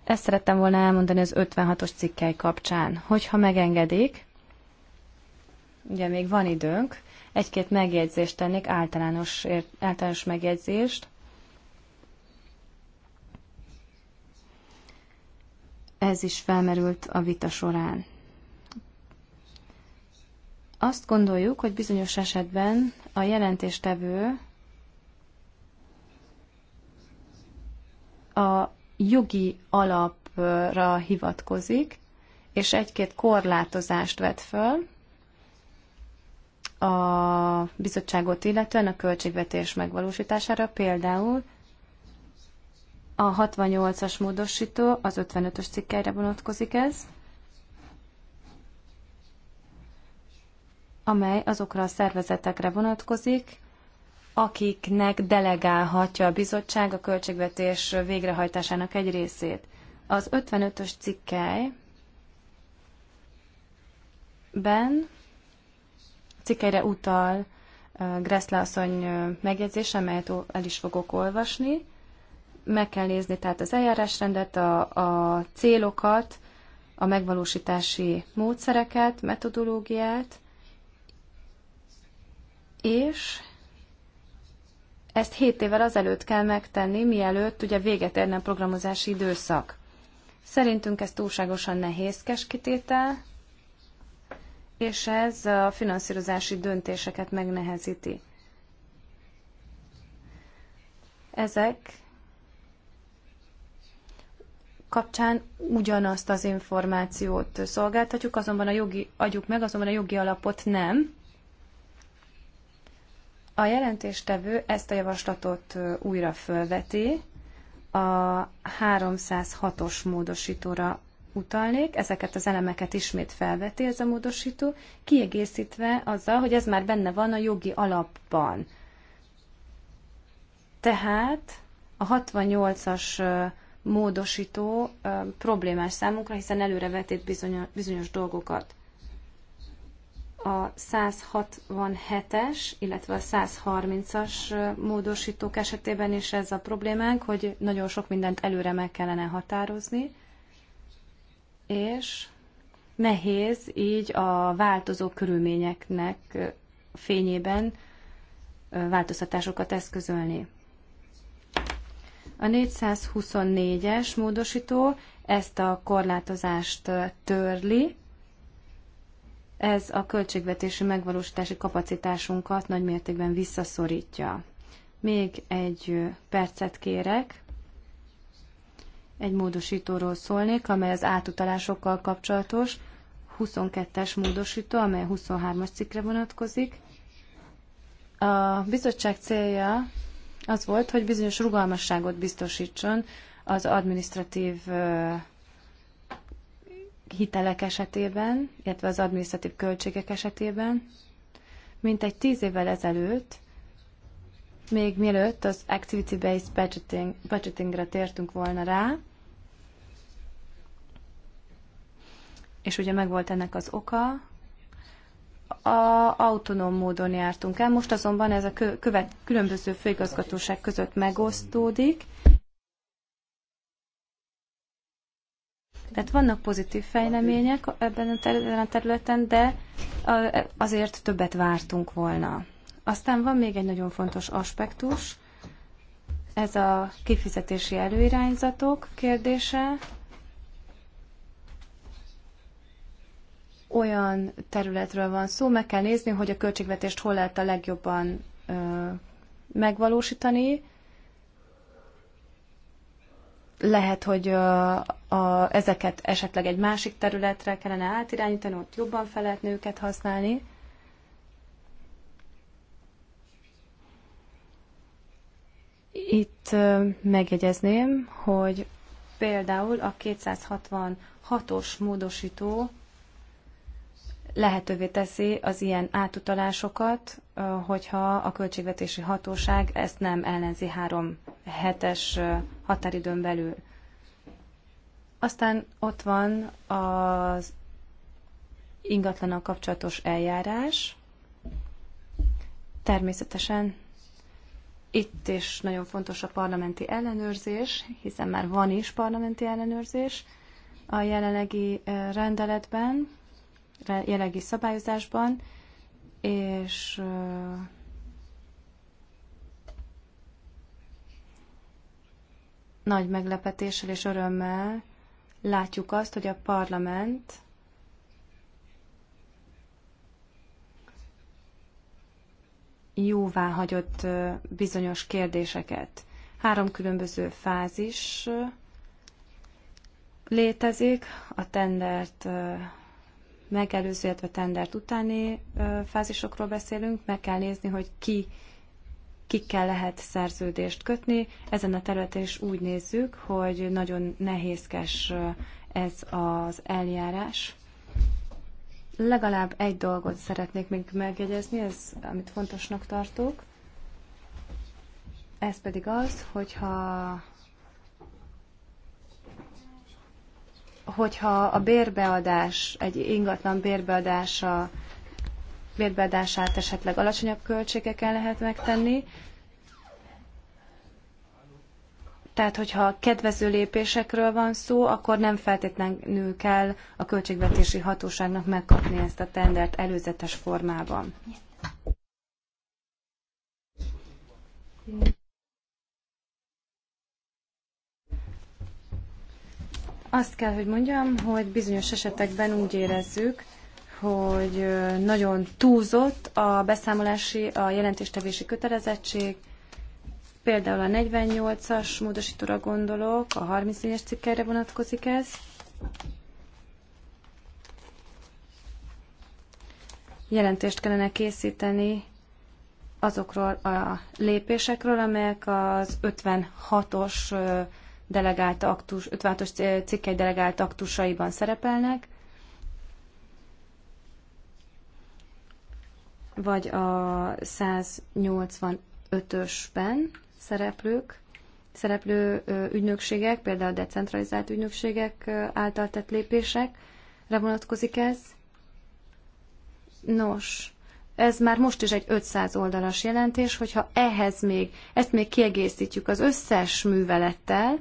Ezt szerettem volna elmondani az 56-os cikkely kapcsán. Hogyha megengedik, ugye még van időnk, egy-két megjegyzést tennék, általános, általános megjegyzést. ez is felmerült a vita során. Azt gondoljuk, hogy bizonyos esetben a jelentéstevő a jogi alapra hivatkozik, és egy-két korlátozást vet föl a bizottságot illetően a költségvetés megvalósítására, például a 68-as módosító, az 55-ös cikkelyre vonatkozik ez, amely azokra a szervezetekre vonatkozik, akiknek delegálhatja a bizottság a költségvetés végrehajtásának egy részét. Az 55-ös cikkelyben cikkelyre utal Gressle asszony megjegyzése, amelyet el is fogok olvasni meg kell nézni tehát az eljárásrendet, a, a célokat, a megvalósítási módszereket, metodológiát, és ezt 7 évvel azelőtt kell megtenni, mielőtt ugye véget érne a programozási időszak. Szerintünk ez túlságosan nehézkes kitétel, és ez a finanszírozási döntéseket megnehezíti. Ezek kapcsán ugyanazt az információt szolgáltatjuk, azonban a jogi, adjuk meg, azonban a jogi alapot nem. A jelentéstevő ezt a javaslatot újra fölveti, a 306-os módosítóra utalnék, ezeket az elemeket ismét felveti ez a módosító, kiegészítve azzal, hogy ez már benne van a jogi alapban. Tehát a 68-as módosító problémás számunkra, hiszen előrevetít bizonyos, bizonyos dolgokat. A 167-es, illetve a 130-as módosítók esetében is ez a problémánk, hogy nagyon sok mindent előre meg kellene határozni, és nehéz így a változó körülményeknek fényében változtatásokat eszközölni. A 424-es módosító ezt a korlátozást törli, ez a költségvetési megvalósítási kapacitásunkat nagymértékben visszaszorítja. Még egy percet kérek. Egy módosítóról szólnék, amely az átutalásokkal kapcsolatos. 22-es módosító, amely 23-as cikkre vonatkozik. A bizottság célja az volt, hogy bizonyos rugalmasságot biztosítson az administratív hitelek esetében, illetve az administratív költségek esetében. mint egy tíz évvel ezelőtt, még mielőtt az activity-based budgeting, budgetingre tértünk volna rá, és ugye megvolt ennek az oka, a autonóm módon jártunk el. Most azonban ez a követ, különböző főigazgatóság között megosztódik. Tehát vannak pozitív fejlemények ebben a területen, de azért többet vártunk volna. Aztán van még egy nagyon fontos aspektus, ez a kifizetési előirányzatok kérdése. olyan területről van szó, meg kell nézni, hogy a költségvetést hol lehet a legjobban ö, megvalósítani. Lehet, hogy a, a, ezeket esetleg egy másik területre kellene átirányítani, ott jobban fel lehetne őket használni. Itt ö, megjegyezném, hogy például a 266-os módosító lehetővé teszi az ilyen átutalásokat, hogyha a költségvetési hatóság ezt nem ellenzi három hetes határidőn belül. Aztán ott van az ingatlanak kapcsolatos eljárás. Természetesen itt is nagyon fontos a parlamenti ellenőrzés, hiszen már van is parlamenti ellenőrzés a jelenlegi rendeletben jelenlegi szabályozásban, és nagy meglepetéssel és örömmel látjuk azt, hogy a parlament jóvá hagyott bizonyos kérdéseket. Három különböző fázis létezik, a tendert megelőző, illetve tendert utáni fázisokról beszélünk, meg kell nézni, hogy ki kikkel lehet szerződést kötni. Ezen a területen is úgy nézzük, hogy nagyon nehézkes ez az eljárás. Legalább egy dolgot szeretnék még megjegyezni, ez amit fontosnak tartok. Ez pedig az, hogyha hogyha a bérbeadás, egy ingatlan bérbeadása, bérbeadását esetleg alacsonyabb költségeken lehet megtenni, tehát, hogyha kedvező lépésekről van szó, akkor nem feltétlenül kell a költségvetési hatóságnak megkapni ezt a tendert előzetes formában. Azt kell, hogy mondjam, hogy bizonyos esetekben úgy érezzük, hogy nagyon túlzott a beszámolási, a jelentéstevési kötelezettség, például a 48-as módosítóra gondolok, a 34-es cikkelre vonatkozik ez. Jelentést kellene készíteni azokról a lépésekről, amelyek az 56-os delegált aktus, 56-os cikkei delegált aktusaiban szerepelnek, vagy a 185-ösben szereplők, szereplő ügynökségek, például a decentralizált ügynökségek által tett lépésekre vonatkozik ez. Nos, ez már most is egy 500 oldalas jelentés, hogyha ehhez még, ezt még kiegészítjük az összes művelettel,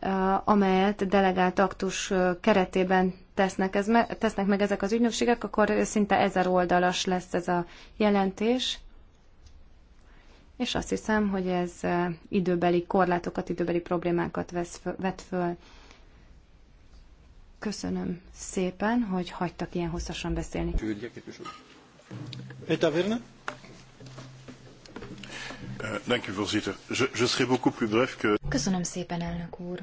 Eh, amelyet delegált aktus eh, keretében tesznek, ez me, tesznek meg ezek az ügynökségek, akkor szinte ezer oldalas lesz ez a jelentés. És azt hiszem, hogy ez eh, időbeli korlátokat, időbeli problémákat vesz, vet föl. Köszönöm szépen, hogy hagytak ilyen hosszasan beszélni. Egy Euh, Köszönöm szépen, elnök úr.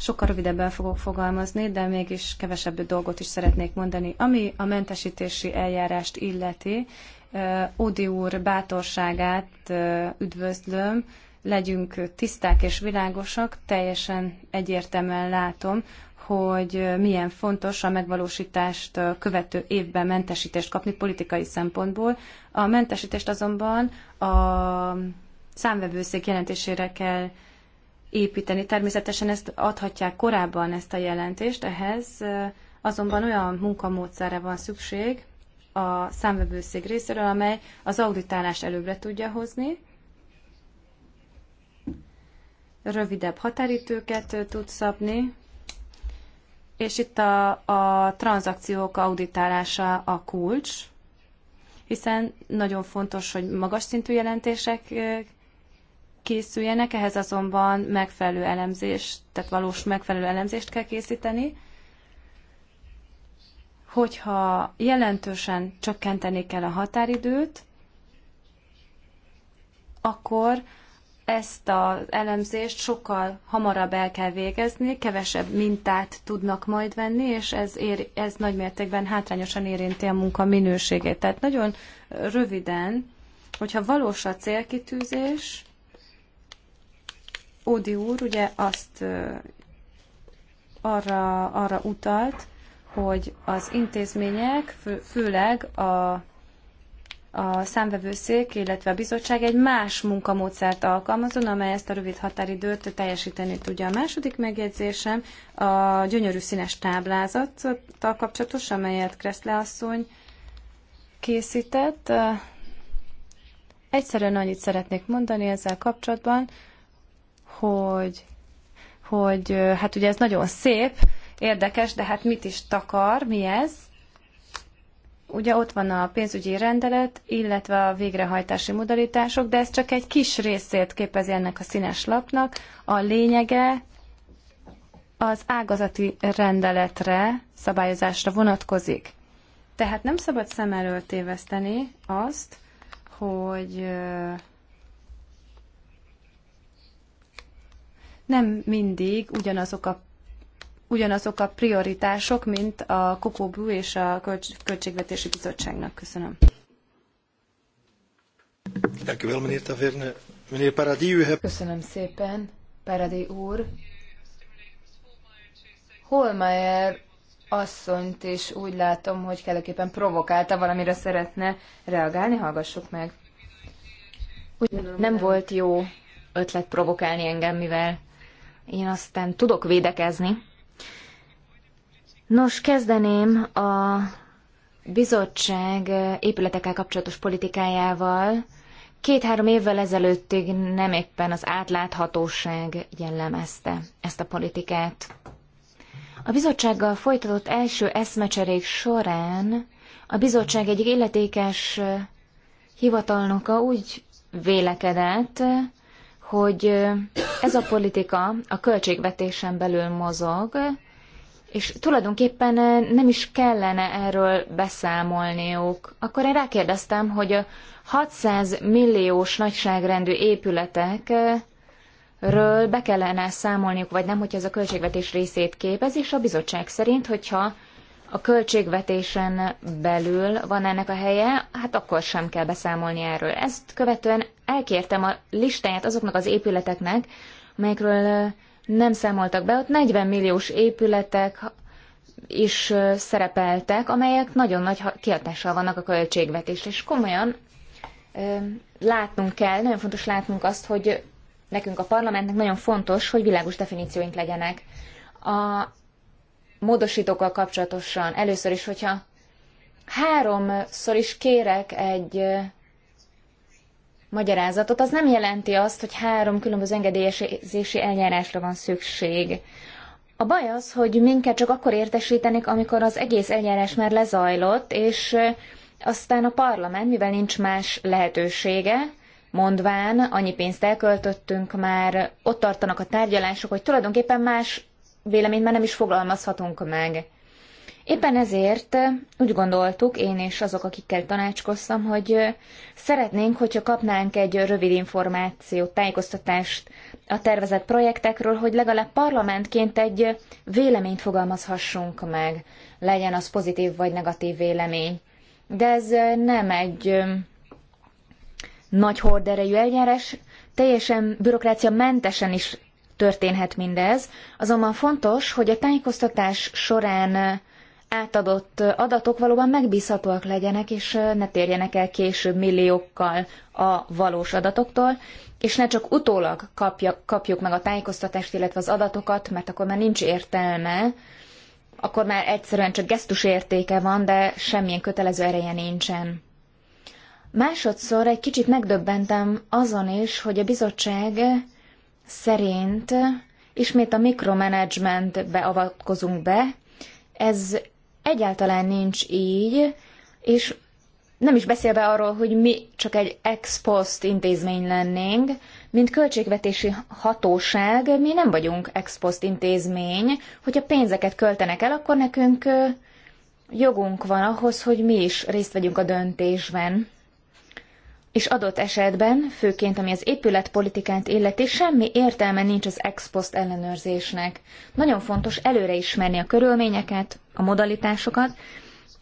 Sokkal rövidebben fogok fogalmazni, de mégis kevesebb dolgot is szeretnék mondani. Ami a mentesítési eljárást illeti, Ódi úr bátorságát üdvözlöm, legyünk tiszták és világosak, teljesen egyértelműen látom, hogy milyen fontos a megvalósítást követő évben mentesítést kapni politikai szempontból. A mentesítést azonban a számvevőszék jelentésére kell építeni. Természetesen ezt adhatják korábban ezt a jelentést, ehhez azonban olyan munkamódszerre van szükség a számvevőszék részéről, amely az auditálás előbbre tudja hozni, rövidebb határítőket tud szabni, és itt a, a tranzakciók auditálása a kulcs, hiszen nagyon fontos, hogy magas szintű jelentések készüljenek, ehhez azonban megfelelő elemzést, tehát valós megfelelő elemzést kell készíteni. Hogyha jelentősen csökkenteni kell a határidőt, akkor ezt az elemzést sokkal hamarabb el kell végezni, kevesebb mintát tudnak majd venni, és ez, ér, ez nagy mértékben hátrányosan érinti a munka minőségét. Tehát nagyon röviden, hogyha valós a célkitűzés, Ódi úr ugye azt arra, arra utalt, hogy az intézmények, fő, főleg a a számvevőszék, illetve a bizottság egy más munkamódszert alkalmazon, amely ezt a rövid határidőt teljesíteni tudja. A második megjegyzésem a gyönyörű színes táblázattal kapcsolatos, amelyet Kreszle asszony készített. Egyszerűen annyit szeretnék mondani ezzel kapcsolatban, hogy, hogy hát ugye ez nagyon szép, érdekes, de hát mit is takar, mi ez? Ugye ott van a pénzügyi rendelet, illetve a végrehajtási modalitások, de ez csak egy kis részét képezi ennek a színes lapnak. A lényege az ágazati rendeletre, szabályozásra vonatkozik. Tehát nem szabad szem elől téveszteni azt, hogy nem mindig ugyanazok a ugyanazok a prioritások, mint a Kokóbú és a Költségvetési Bizottságnak. Köszönöm. Köszönöm szépen, Paradi úr. Holmeier asszonyt is úgy látom, hogy kellőképpen provokálta, valamire szeretne reagálni, hallgassuk meg. Úgy nem volt jó ötlet provokálni engem, mivel én aztán tudok védekezni. Nos, kezdeném a bizottság eh, épületekkel kapcsolatos politikájával. Két-három évvel ezelőttig nem éppen az átláthatóság jellemezte ezt a politikát. A bizottsággal folytatott első eszmecserék során a bizottság egyik illetékes eh, hivatalnoka úgy vélekedett, hogy eh, ez a politika a költségvetésen belül mozog, és tulajdonképpen eh, nem is kellene erről beszámolniuk. Akkor én rákérdeztem, hogy a 600 milliós nagyságrendű épületekről be kellene számolniuk, vagy nem, hogyha ez a költségvetés részét képez, és a bizottság szerint, hogyha a költségvetésen belül van ennek a helye, hát akkor sem kell beszámolni erről. Ezt követően elkértem a listáját azoknak az épületeknek, melyekről eh, nem számoltak be, ott 40 milliós épületek is szerepeltek, amelyek nagyon nagy kihatással vannak a költségvetésre, és komolyan látnunk kell, nagyon fontos látnunk azt, hogy nekünk a parlamentnek nagyon fontos, hogy világos definícióink legyenek. A módosítókkal kapcsolatosan először is, hogyha háromszor is kérek egy magyarázatot, az nem jelenti azt, hogy három különböző engedélyezési eljárásra van szükség. A baj az, hogy minket csak akkor értesítenek, amikor az egész eljárás már lezajlott, és aztán a parlament, mivel nincs más lehetősége, mondván annyi pénzt elköltöttünk már, ott tartanak a tárgyalások, hogy tulajdonképpen más véleményt már nem is fogalmazhatunk meg. Éppen ezért eh, úgy gondoltuk, én és azok, akikkel tanácskoztam, hogy eh, szeretnénk, hogyha kapnánk egy rövid információt, tájékoztatást a tervezett projektekről, hogy legalább parlamentként egy eh, véleményt fogalmazhassunk meg, legyen az pozitív vagy negatív vélemény. De ez nem egy nagy horderejű eljárás, teljesen bürokrácia mentesen is történhet mindez, azonban fontos, hogy a tájékoztatás során átadott adatok valóban megbízhatóak legyenek, és ne térjenek el később milliókkal a valós adatoktól, és ne csak utólag kapja, kapjuk meg a tájékoztatást, illetve az adatokat, mert akkor már nincs értelme, akkor már egyszerűen csak gesztus értéke van, de semmilyen kötelező ereje nincsen. Másodszor egy kicsit megdöbbentem azon is, hogy a bizottság szerint ismét a mikromanagementbe avatkozunk be, ez Egyáltalán nincs így, és nem is beszélve arról, hogy mi csak egy ex post intézmény lennénk, mint költségvetési hatóság mi nem vagyunk ex post intézmény, hogyha pénzeket költenek el, akkor nekünk jogunk van ahhoz, hogy mi is részt vegyünk a döntésben és adott esetben, főként ami az épületpolitikát illeti, semmi értelme nincs az ex post ellenőrzésnek. Nagyon fontos előre ismerni a körülményeket, a modalitásokat,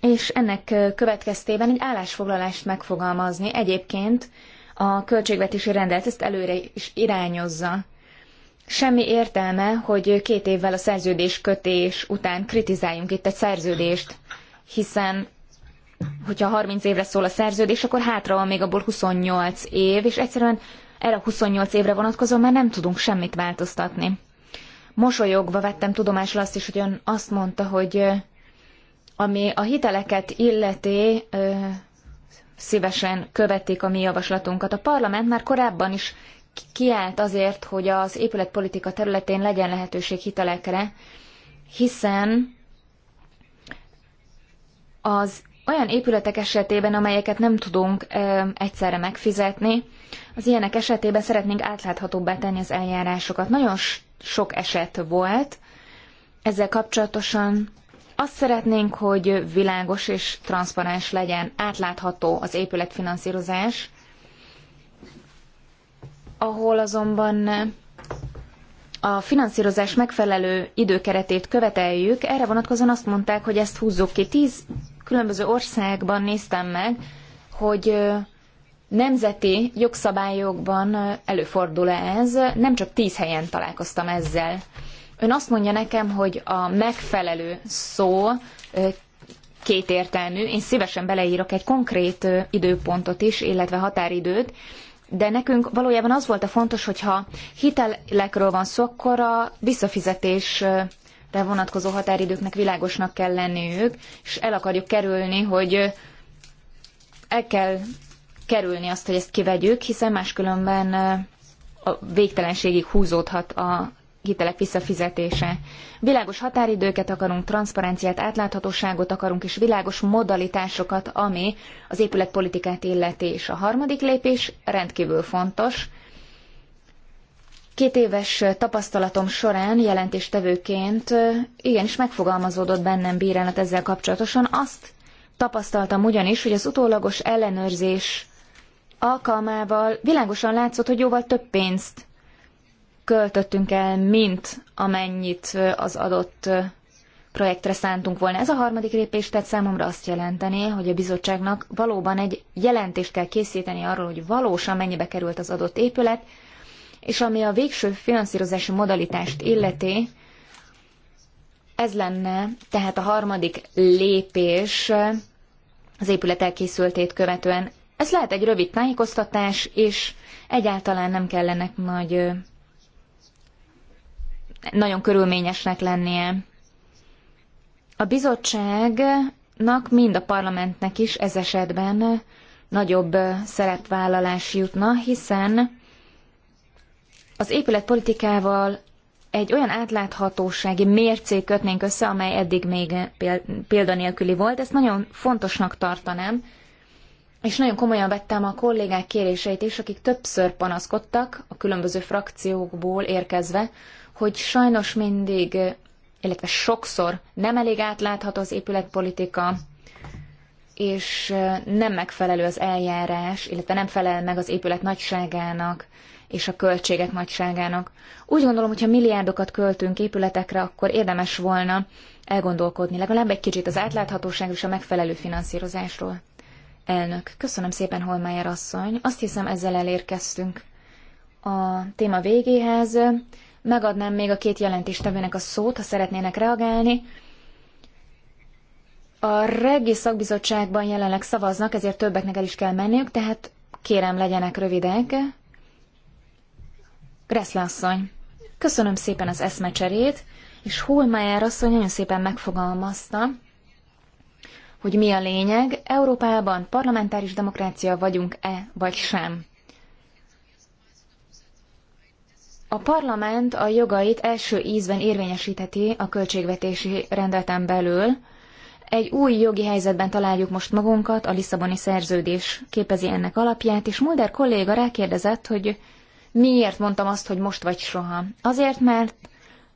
és ennek következtében egy állásfoglalást megfogalmazni. Egyébként a költségvetési rendelet ezt előre is irányozza. Semmi értelme, hogy két évvel a szerződés kötés után kritizáljunk itt egy szerződést, hiszen hogyha 30 évre szól a szerződés, akkor hátra van még abból 28 év, és egyszerűen erre a 28 évre vonatkozóan már nem tudunk semmit változtatni. Mosolyogva vettem tudomásul azt is, hogy ön azt mondta, hogy ami a hiteleket illeti, szívesen követik a mi javaslatunkat. A parlament már korábban is kiállt azért, hogy az épületpolitika területén legyen lehetőség hitelekre, hiszen az olyan épületek esetében, amelyeket nem tudunk ö, egyszerre megfizetni, az ilyenek esetében szeretnénk átláthatóbbá tenni az eljárásokat. Nagyon sok eset volt ezzel kapcsolatosan. Azt szeretnénk, hogy világos és transzparens legyen, átlátható az épületfinanszírozás, ahol azonban a finanszírozás megfelelő időkeretét követeljük, erre vonatkozóan azt mondták, hogy ezt húzzuk ki 10 különböző országban néztem meg, hogy nemzeti jogszabályokban előfordul -e ez, nem csak tíz helyen találkoztam ezzel. Ön azt mondja nekem, hogy a megfelelő szó kétértelmű, én szívesen beleírok egy konkrét időpontot is, illetve határidőt, de nekünk valójában az volt a fontos, hogyha hitelekről van szó, akkor a visszafizetés vonatkozó határidőknek világosnak kell lenniük, és el akarjuk kerülni, hogy el kell kerülni azt, hogy ezt kivegyük, hiszen máskülönben a végtelenségig húzódhat a hitelek visszafizetése. Világos határidőket akarunk, transzparenciát, átláthatóságot akarunk, és világos modalitásokat, ami az épületpolitikát illeti. És a harmadik lépés rendkívül fontos. Két éves tapasztalatom során jelentéstevőként igenis megfogalmazódott bennem bírálat ezzel kapcsolatosan. Azt tapasztaltam ugyanis, hogy az utólagos ellenőrzés alkalmával világosan látszott, hogy jóval több pénzt költöttünk el, mint amennyit az adott projektre szántunk volna. Ez a harmadik lépés tehát számomra azt jelenteni, hogy a bizottságnak valóban egy jelentést kell készíteni arról, hogy valósan mennyibe került az adott épület, és ami a végső finanszírozási modalitást illeti, ez lenne tehát a harmadik lépés az épület elkészültét követően. Ez lehet egy rövid tájékoztatás, és egyáltalán nem kellene nagy, nagyon körülményesnek lennie. A bizottságnak, mind a parlamentnek is ez esetben nagyobb szerepvállalás jutna, hiszen az épületpolitikával egy olyan átláthatósági mércét kötnénk össze, amely eddig még eh, példanélküli volt. Ezt nagyon fontosnak tartanám, és nagyon komolyan vettem a kollégák kéréseit is, akik többször panaszkodtak a különböző frakciókból érkezve, hogy sajnos mindig, eh, illetve sokszor nem elég átlátható az épületpolitika, és eh, nem megfelelő az eljárás, illetve nem felel meg az épület nagyságának, és a költségek nagyságának. Úgy gondolom, hogyha milliárdokat költünk épületekre, akkor érdemes volna elgondolkodni legalább egy kicsit az átláthatóság és a megfelelő finanszírozásról. Elnök, köszönöm szépen, Holmájer asszony. Azt hiszem, ezzel elérkeztünk a téma végéhez. Megadnám még a két jelentéstevőnek a szót, ha szeretnének reagálni. A regi szakbizottságban jelenleg szavaznak, ezért többeknek el is kell menniük, tehát kérem legyenek rövidek. Greszle asszony, köszönöm szépen az eszmecserét, és Holmeyer asszony nagyon szépen megfogalmazta, hogy mi a lényeg, Európában parlamentáris demokrácia vagyunk-e, vagy sem. A parlament a jogait első ízben érvényesítheti a költségvetési rendeleten belül. Egy új jogi helyzetben találjuk most magunkat, a Lisszaboni szerződés képezi ennek alapját, és Mulder kolléga rákérdezett, hogy Miért mondtam azt, hogy most vagy soha? Azért, mert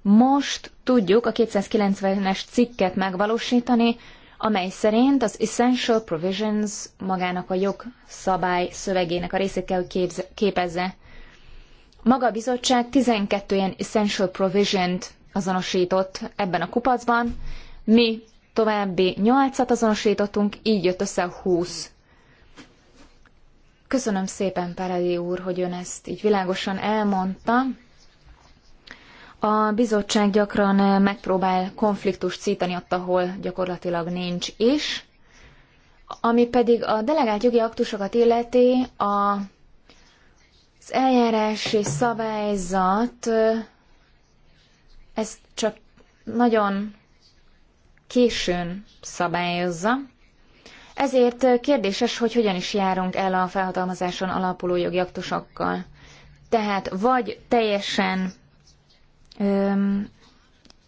most tudjuk a 290-es cikket megvalósítani, amely szerint az Essential Provisions magának a jogszabály szövegének a részét kell, képezze. Maga a bizottság 12 ilyen Essential Provision-t azonosított ebben a kupacban, mi további 8-at azonosítottunk, így jött össze a 20 Köszönöm szépen, Peredi úr, hogy ön ezt így világosan elmondta. A bizottság gyakran megpróbál konfliktust szítani ott, ahol gyakorlatilag nincs is. Ami pedig a delegált jogi aktusokat illeti, a, az eljárási szabályzat ezt csak nagyon későn szabályozza. Ezért kérdéses, hogy hogyan is járunk el a felhatalmazáson alapuló jogi aktusokkal. Tehát vagy teljesen öm,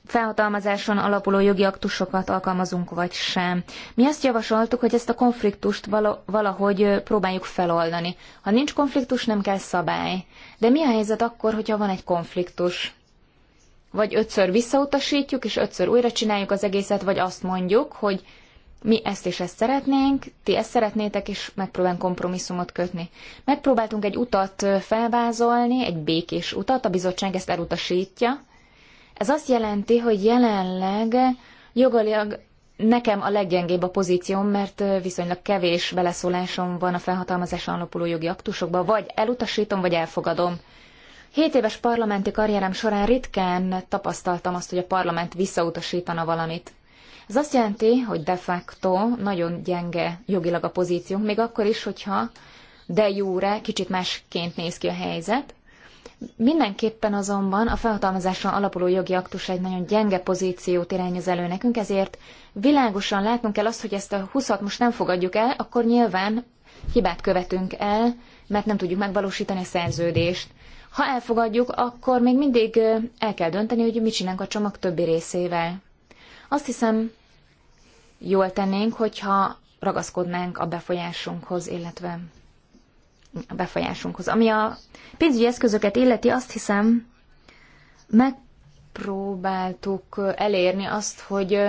felhatalmazáson alapuló jogi aktusokat alkalmazunk, vagy sem. Mi azt javasoltuk, hogy ezt a konfliktust valahogy próbáljuk feloldani. Ha nincs konfliktus, nem kell szabály. De mi a helyzet akkor, hogyha van egy konfliktus? Vagy ötször visszautasítjuk, és ötször újra csináljuk az egészet, vagy azt mondjuk, hogy mi ezt és ezt szeretnénk, ti ezt szeretnétek, és megpróbálunk kompromisszumot kötni. Megpróbáltunk egy utat felvázolni, egy békés utat, a bizottság ezt elutasítja. Ez azt jelenti, hogy jelenleg jogalag nekem a leggyengébb a pozícióm, mert viszonylag kevés beleszólásom van a felhatalmazáson alapuló jogi aktusokba, vagy elutasítom, vagy elfogadom. Hét éves parlamenti karrierem során ritkán tapasztaltam azt, hogy a parlament visszautasítana valamit. Ez azt jelenti, hogy de facto nagyon gyenge jogilag a pozíciónk, még akkor is, hogyha de jóre kicsit másként néz ki a helyzet. Mindenképpen azonban a felhatalmazásra alapuló jogi aktus egy nagyon gyenge pozíciót irányoz elő nekünk, ezért világosan látnunk kell azt, hogy ezt a 20 most nem fogadjuk el, akkor nyilván hibát követünk el, mert nem tudjuk megvalósítani a szerződést. Ha elfogadjuk, akkor még mindig el kell dönteni, hogy mit csinálunk a csomag többi részével. Azt hiszem, jól tennénk, hogyha ragaszkodnánk a befolyásunkhoz, illetve a befolyásunkhoz. Ami a pénzügyi eszközöket illeti, azt hiszem, megpróbáltuk elérni azt, hogy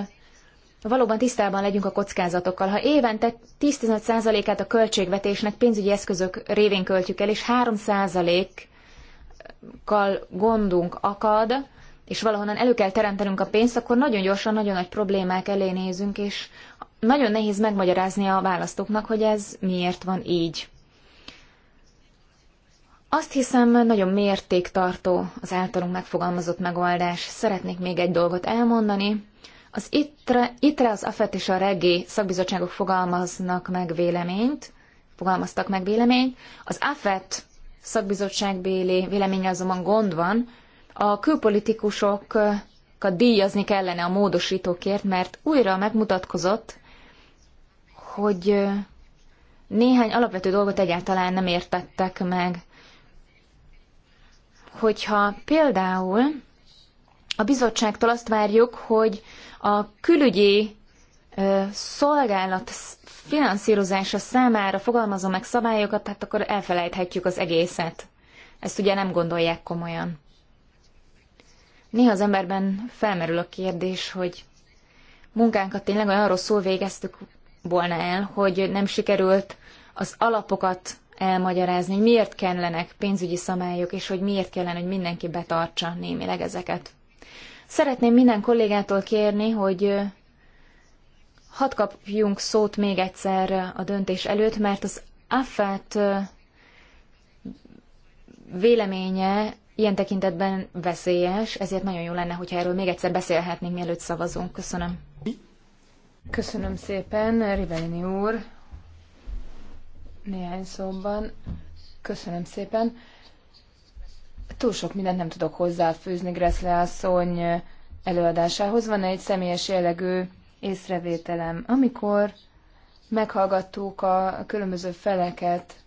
valóban tisztában legyünk a kockázatokkal. Ha évente 10-15%-át a költségvetésnek pénzügyi eszközök révén költjük el, és 3%-kal gondunk akad, és valahonnan elő kell teremtenünk a pénzt, akkor nagyon gyorsan nagyon nagy problémák elé nézünk, és nagyon nehéz megmagyarázni a választóknak, hogy ez miért van így. Azt hiszem, nagyon mértéktartó az általunk megfogalmazott megoldás. Szeretnék még egy dolgot elmondani. Az ITRE, ITRE az AFET és a REGI szakbizottságok fogalmaznak meg véleményt, fogalmaztak meg véleményt. Az AFET szakbizottságbéli véleménye azonban gond van, a külpolitikusokat díjazni kellene a módosítókért, mert újra megmutatkozott, hogy néhány alapvető dolgot egyáltalán nem értettek meg. Hogyha például a bizottságtól azt várjuk, hogy a külügyi szolgálat finanszírozása számára fogalmazom meg szabályokat, hát akkor elfelejthetjük az egészet. Ezt ugye nem gondolják komolyan. Néha az emberben felmerül a kérdés, hogy munkánkat tényleg olyan rosszul végeztük volna el, hogy nem sikerült az alapokat elmagyarázni, hogy miért kellenek pénzügyi szabályok, és hogy miért kellene, hogy mindenki betartsa némileg ezeket. Szeretném minden kollégától kérni, hogy hadd kapjunk szót még egyszer a döntés előtt, mert az AFET véleménye ilyen tekintetben veszélyes, ezért nagyon jó lenne, hogyha erről még egyszer beszélhetnénk, mielőtt szavazunk. Köszönöm. Köszönöm szépen, Rivelini úr. Néhány szóban. Köszönöm szépen. Túl sok mindent nem tudok hozzáfűzni Greszle asszony előadásához. Van egy személyes jellegű észrevételem. Amikor meghallgattuk a különböző feleket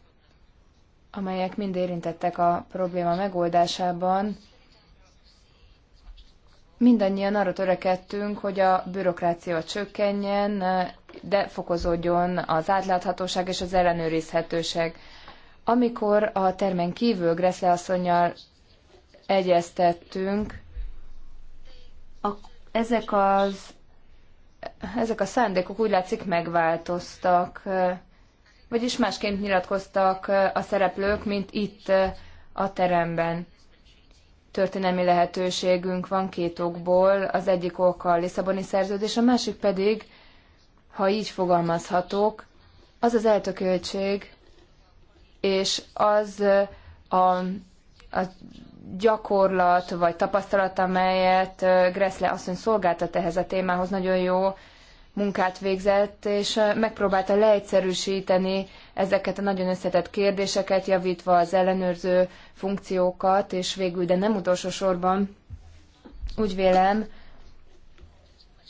amelyek mind érintettek a probléma megoldásában, mindannyian arra törekedtünk, hogy a bürokrácia csökkenjen, de fokozódjon az átláthatóság és az ellenőrizhetőség. Amikor a termen kívül Greszle asszonynal egyeztettünk, a, ezek, az, ezek a szándékok úgy látszik megváltoztak vagyis másként nyilatkoztak a szereplők, mint itt a teremben. Történelmi lehetőségünk van két okból, az egyik ok a Lisszaboni szerződés, a másik pedig, ha így fogalmazhatok, az az eltököltség, és az a, a gyakorlat vagy tapasztalat, amelyet Gressle asszony szolgáltat ehhez a témához, nagyon jó munkát végzett, és megpróbálta leegyszerűsíteni ezeket a nagyon összetett kérdéseket, javítva az ellenőrző funkciókat, és végül, de nem utolsó sorban, úgy vélem,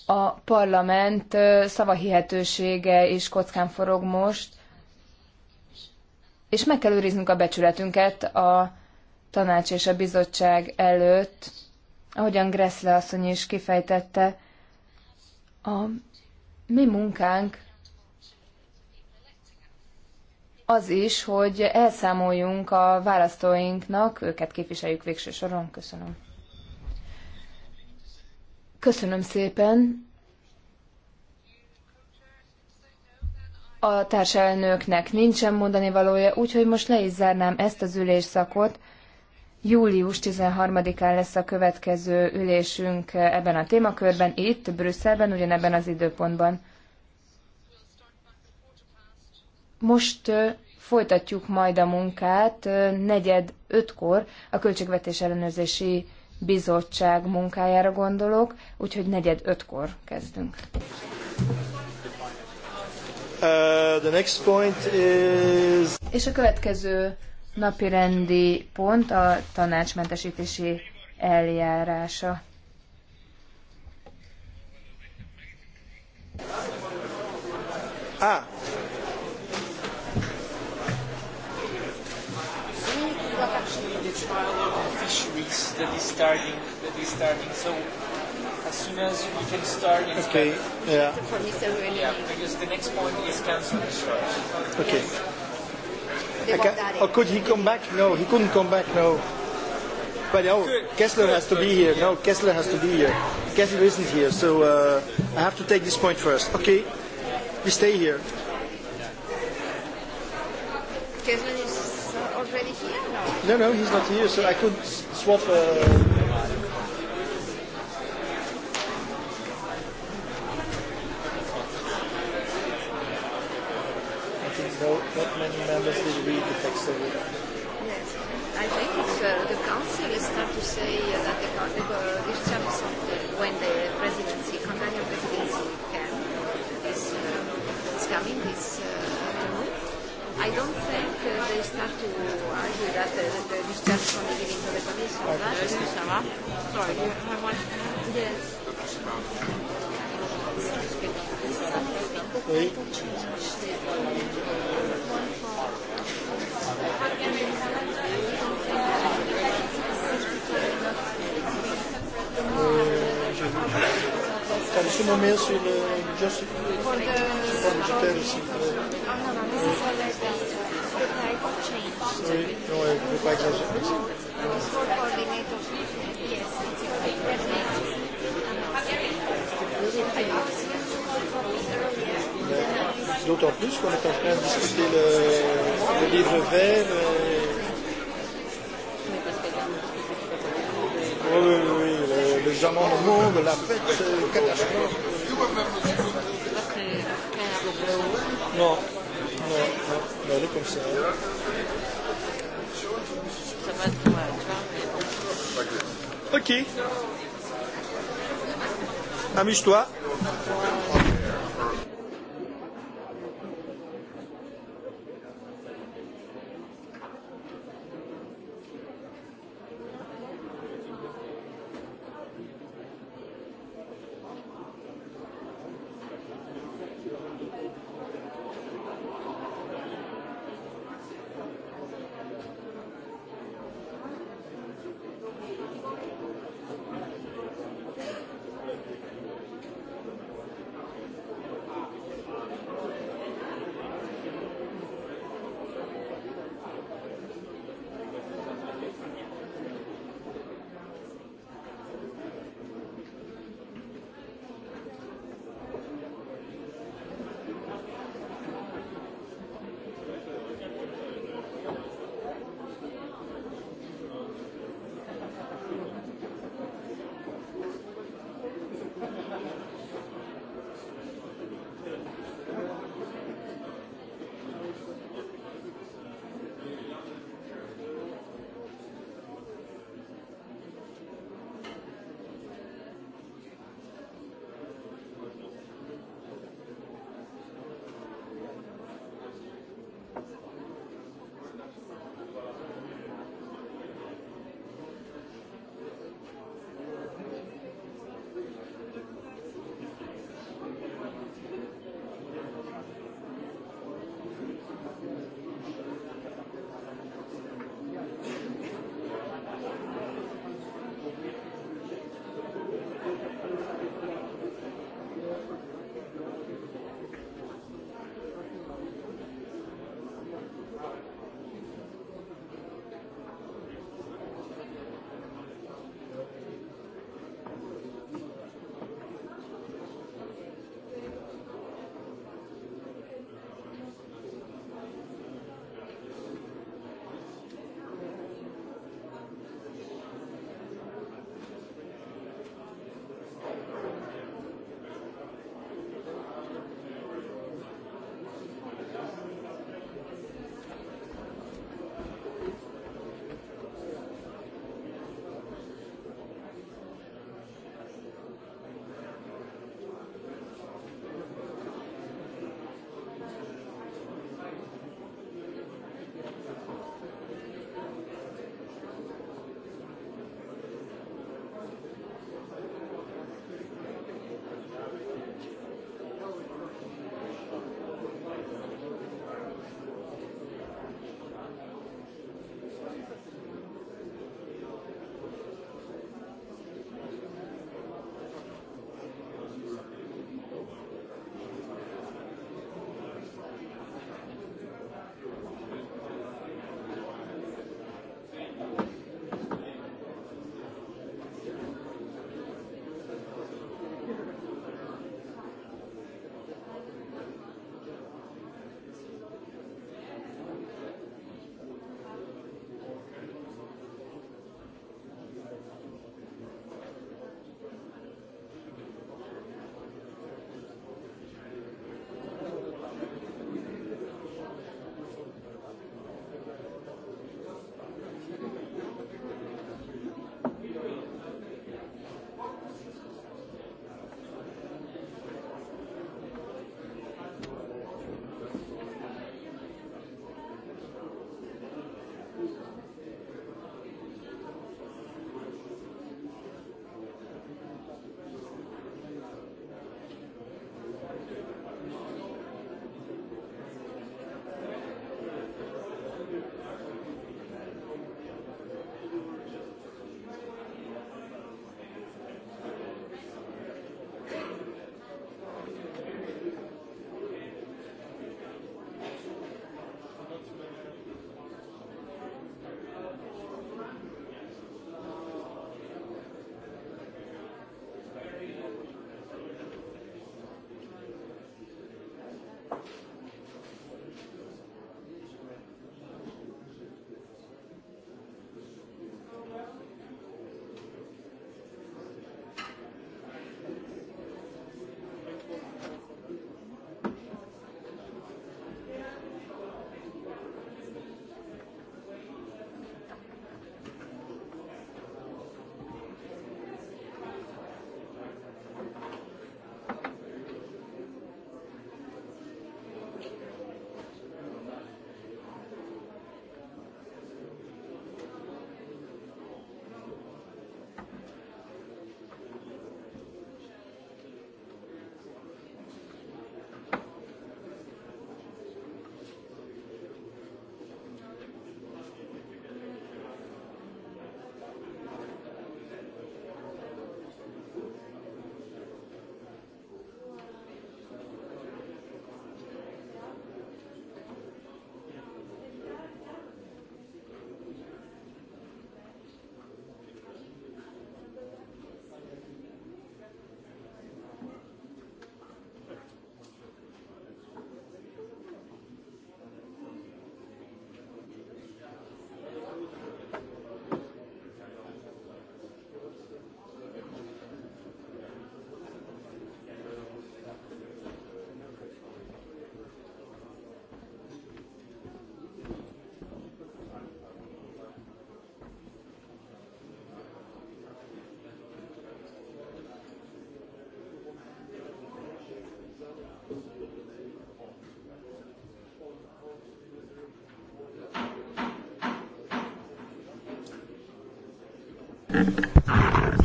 a parlament szavahihetősége is kockán forog most, és meg kell őriznünk a becsületünket a tanács és a bizottság előtt, ahogyan Gressle asszony is kifejtette, a mi munkánk az is, hogy elszámoljunk a választóinknak, őket képviseljük végső soron. Köszönöm. Köszönöm szépen. A társelnöknek nincsen mondani valója, úgyhogy most le is zárnám ezt az ülésszakot. Július 13-án lesz a következő ülésünk ebben a témakörben, itt, Brüsszelben, ugyanebben az időpontban. Most folytatjuk majd a munkát negyed ötkor a Költségvetés Ellenőrzési Bizottság munkájára gondolok, úgyhogy negyed ötkor kezdünk. Uh, the next point is... És a következő napirendi pont a tanácsmentesítési eljárása. Ah. okay yeah because the next point is okay yes. Oh, could he come back? No, he couldn't come back. No. But oh, Kessler has to be here. No, Kessler has to be here. Kessler isn't here, so uh, I have to take this point first. Okay, we stay here. Kessler is already here. No. No, no, he's not here, so I could swap. Uh, think no, not many members did read the text of it. Yes, I think uh, the council is start to say uh, that the, the this terms when the presidency, Hungarian presidency can, is, uh, is coming this uh, afternoon, I don't think uh, they start to argue that uh, the discharge from the giving to the commission. Okay. Sorry, you have one? Yes. Oui. T'as laissé mon sur le Just Digital aussi. Oui, non, il ne faut D'autant plus qu'on est en train de discuter le, le livre vert. Le... Oui, oui, oui, le, le jamon au monde, la fête, euh, catastrophe. Non, non, non, mais elle est comme ça. Hein. Ok. Amuse-toi.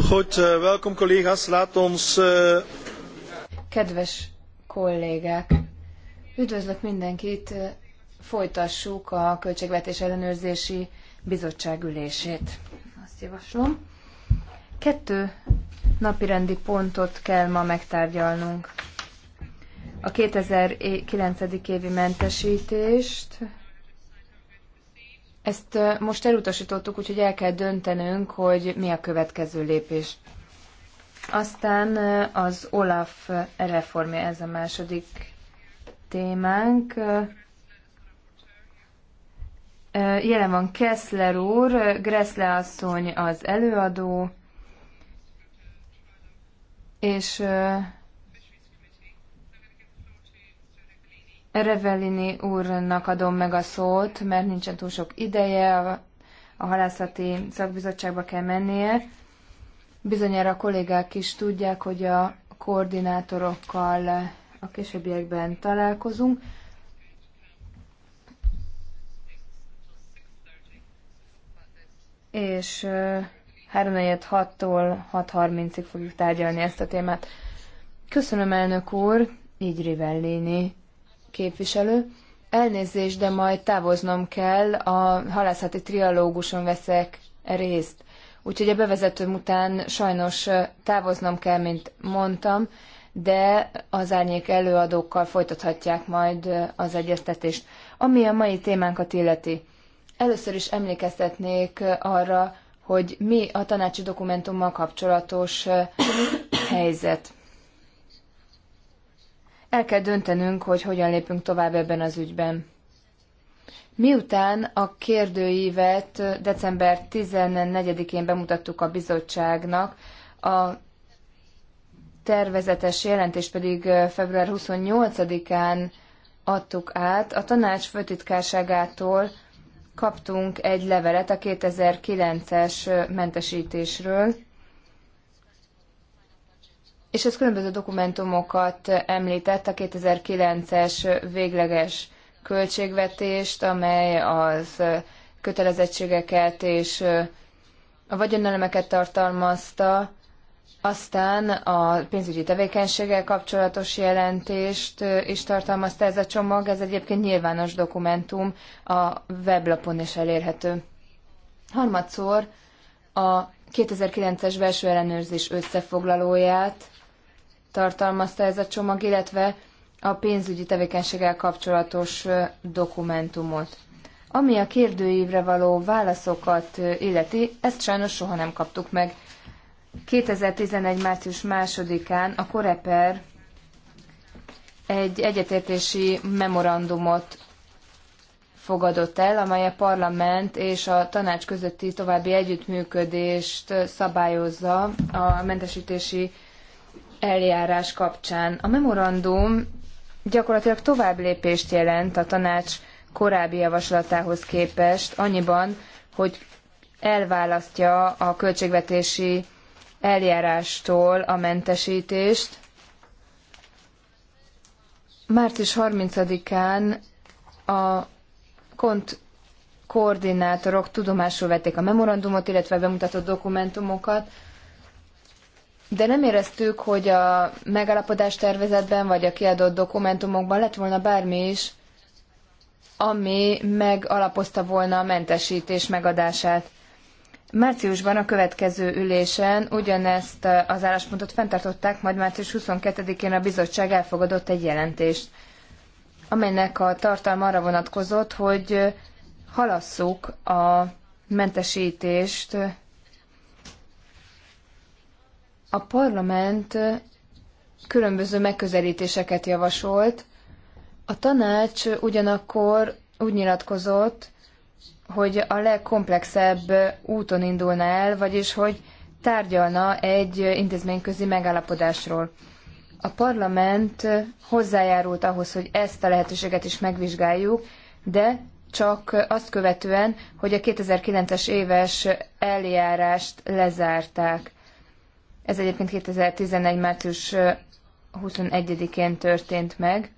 Goed, eh, welkom collega's. Laat ons... Eh, Kedves kollégák, üdvözlök mindenkit. Eh, folytassuk a Költségvetés Ellenőrzési Bizottság ülését. Azt javaslom. Kettő napirendi pontot kell ma megtárgyalnunk. A 2009. évi mentesítést, ezt most elutasítottuk, úgyhogy el kell döntenünk, hogy mi a következő lépés. Aztán az Olaf reformja, ez a második témánk. Jelen van Kessler úr, Gressle asszony az előadó, és Revelini úrnak adom meg a szót, mert nincsen túl sok ideje, a, a halászati szakbizottságba kell mennie. Bizonyára a kollégák is tudják, hogy a koordinátorokkal a későbbiekben találkozunk. És 3.46-tól 6.30-ig fogjuk tárgyalni ezt a témát. Köszönöm, elnök úr, így Rivellini képviselő. Elnézést, de majd távoznom kell, a halászati trialóguson veszek részt. Úgyhogy a bevezetőm után sajnos távoznom kell, mint mondtam, de az árnyék előadókkal folytathatják majd az egyeztetést. Ami a mai témánkat illeti. Először is emlékeztetnék arra, hogy mi a tanácsi dokumentummal kapcsolatos helyzet. El kell döntenünk, hogy hogyan lépünk tovább ebben az ügyben. Miután a kérdőívet december 14-én bemutattuk a bizottságnak, a tervezetes jelentés pedig február 28-án adtuk át, a tanács főtitkárságától kaptunk egy levelet a 2009-es mentesítésről, és ez különböző dokumentumokat említett, a 2009-es végleges költségvetést, amely az kötelezettségeket és a vagyonelemeket tartalmazta, aztán a pénzügyi tevékenységgel kapcsolatos jelentést is tartalmazta ez a csomag, ez egyébként nyilvános dokumentum, a weblapon is elérhető. Harmadszor a 2009-es belső ellenőrzés összefoglalóját tartalmazta ez a csomag, illetve a pénzügyi tevékenységgel kapcsolatos dokumentumot. Ami a kérdőívre való válaszokat illeti, ezt sajnos soha nem kaptuk meg. 2011. március 2-án a Koreper egy egyetértési memorandumot fogadott el, amely a parlament és a tanács közötti további együttműködést szabályozza a mentesítési eljárás kapcsán. A memorandum gyakorlatilag tovább lépést jelent a tanács korábbi javaslatához képest, annyiban, hogy elválasztja a költségvetési eljárástól a mentesítést. Március 30-án a kont koordinátorok tudomásul vették a memorandumot, illetve bemutatott dokumentumokat, de nem éreztük, hogy a megállapodás tervezetben vagy a kiadott dokumentumokban lett volna bármi is, ami megalapozta volna a mentesítés megadását. Márciusban a következő ülésen ugyanezt az álláspontot fenntartották, majd március 22-én a bizottság elfogadott egy jelentést, amelynek a tartalma arra vonatkozott, hogy halasszuk a mentesítést a parlament különböző megközelítéseket javasolt, a tanács ugyanakkor úgy nyilatkozott, hogy a legkomplexebb úton indulna el, vagyis hogy tárgyalna egy intézményközi megállapodásról. A parlament hozzájárult ahhoz, hogy ezt a lehetőséget is megvizsgáljuk, de csak azt követően, hogy a 2009-es éves eljárást lezárták. Ez egyébként 2011. március 21-én történt meg.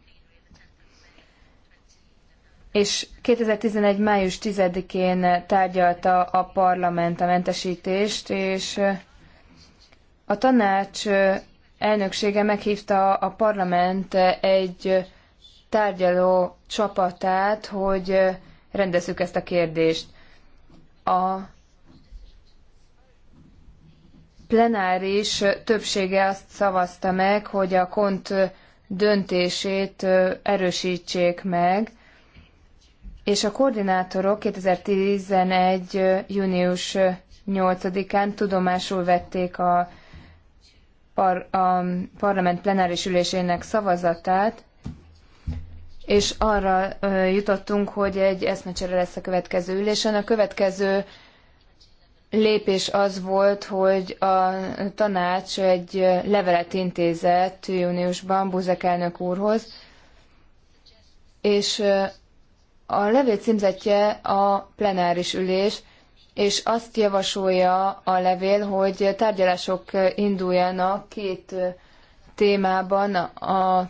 És 2011. május 10-én tárgyalta a parlament a mentesítést, és a tanács elnöksége meghívta a parlament egy tárgyaló csapatát, hogy rendezzük ezt a kérdést. A plenáris többsége azt szavazta meg, hogy a kont döntését erősítsék meg, és a koordinátorok 2011. június 8-án tudomásul vették a, par, a parlament plenáris ülésének szavazatát, és arra jutottunk, hogy egy eszmecsere lesz a következő ülésen. A következő lépés az volt, hogy a tanács egy levelet intézett júniusban Buzek elnök úrhoz, és a levél címzetje a plenáris ülés, és azt javasolja a levél, hogy tárgyalások induljanak két témában, a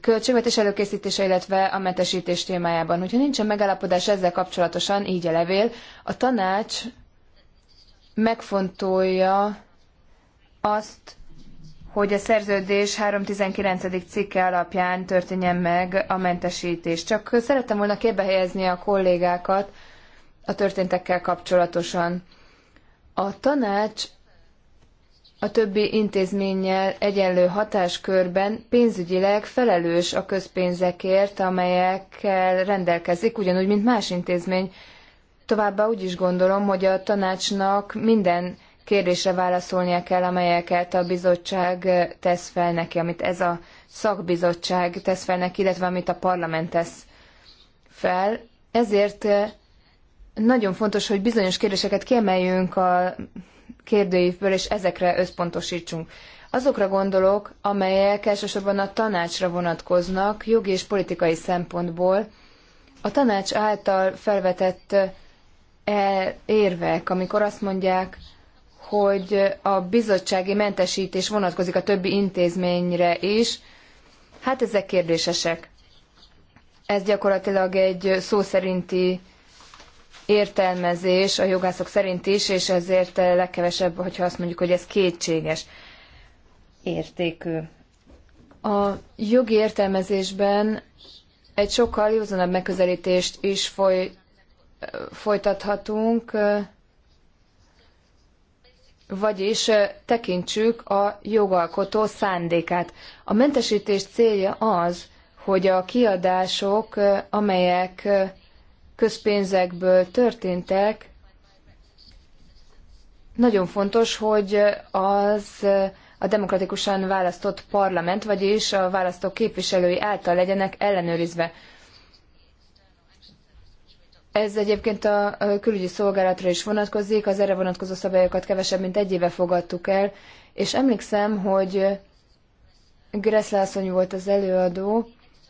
költségvetés előkészítése, illetve a mentesítés témájában. Hogyha nincsen megállapodás ezzel kapcsolatosan, így a levél, a tanács megfontolja azt, hogy a szerződés 319. cikke alapján történjen meg a mentesítés. Csak szerettem volna képbe helyezni a kollégákat a történtekkel kapcsolatosan. A tanács a többi intézménnyel egyenlő hatáskörben pénzügyileg felelős a közpénzekért, amelyekkel rendelkezik, ugyanúgy, mint más intézmény. Továbbá úgy is gondolom, hogy a tanácsnak minden kérdésre válaszolnia kell, amelyeket a bizottság tesz fel neki, amit ez a szakbizottság tesz fel neki, illetve amit a parlament tesz fel. Ezért eh, nagyon fontos, hogy bizonyos kérdéseket kiemeljünk a kérdőívből, és ezekre összpontosítsunk. Azokra gondolok, amelyek elsősorban a tanácsra vonatkoznak jogi és politikai szempontból. A tanács által felvetett E, érvek, amikor azt mondják, hogy a bizottsági mentesítés vonatkozik a többi intézményre is, hát ezek kérdésesek. Ez gyakorlatilag egy szó szerinti értelmezés a jogászok szerint is, és ezért legkevesebb, hogyha azt mondjuk, hogy ez kétséges értékű. A jogi értelmezésben egy sokkal józanabb megközelítést is foly, folytathatunk, vagyis tekintsük a jogalkotó szándékát. A mentesítés célja az, hogy a kiadások, amelyek közpénzekből történtek, nagyon fontos, hogy az a demokratikusan választott parlament, vagyis a választó képviselői által legyenek ellenőrizve. Ez egyébként a külügyi szolgálatra is vonatkozik, az erre vonatkozó szabályokat kevesebb, mint egy éve fogadtuk el, és emlékszem, hogy Gressle asszony volt az előadó,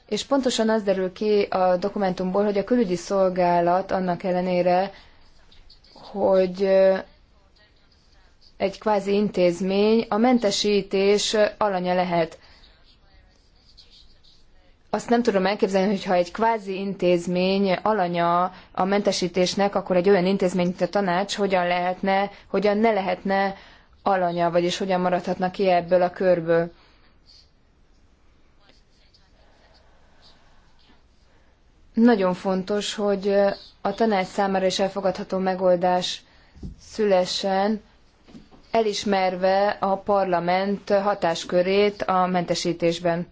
és pontosan az derül ki a dokumentumból, hogy a külügyi szolgálat annak ellenére, hogy egy kvázi intézmény, a mentesítés alanya lehet azt nem tudom elképzelni, hogy ha egy kvázi intézmény alanya a mentesítésnek, akkor egy olyan intézmény, mint a tanács, hogyan lehetne, hogyan ne lehetne alanya, vagyis hogyan maradhatna ki ebből a körből. Nagyon fontos, hogy a tanács számára is elfogadható megoldás szülessen, elismerve a parlament hatáskörét a mentesítésben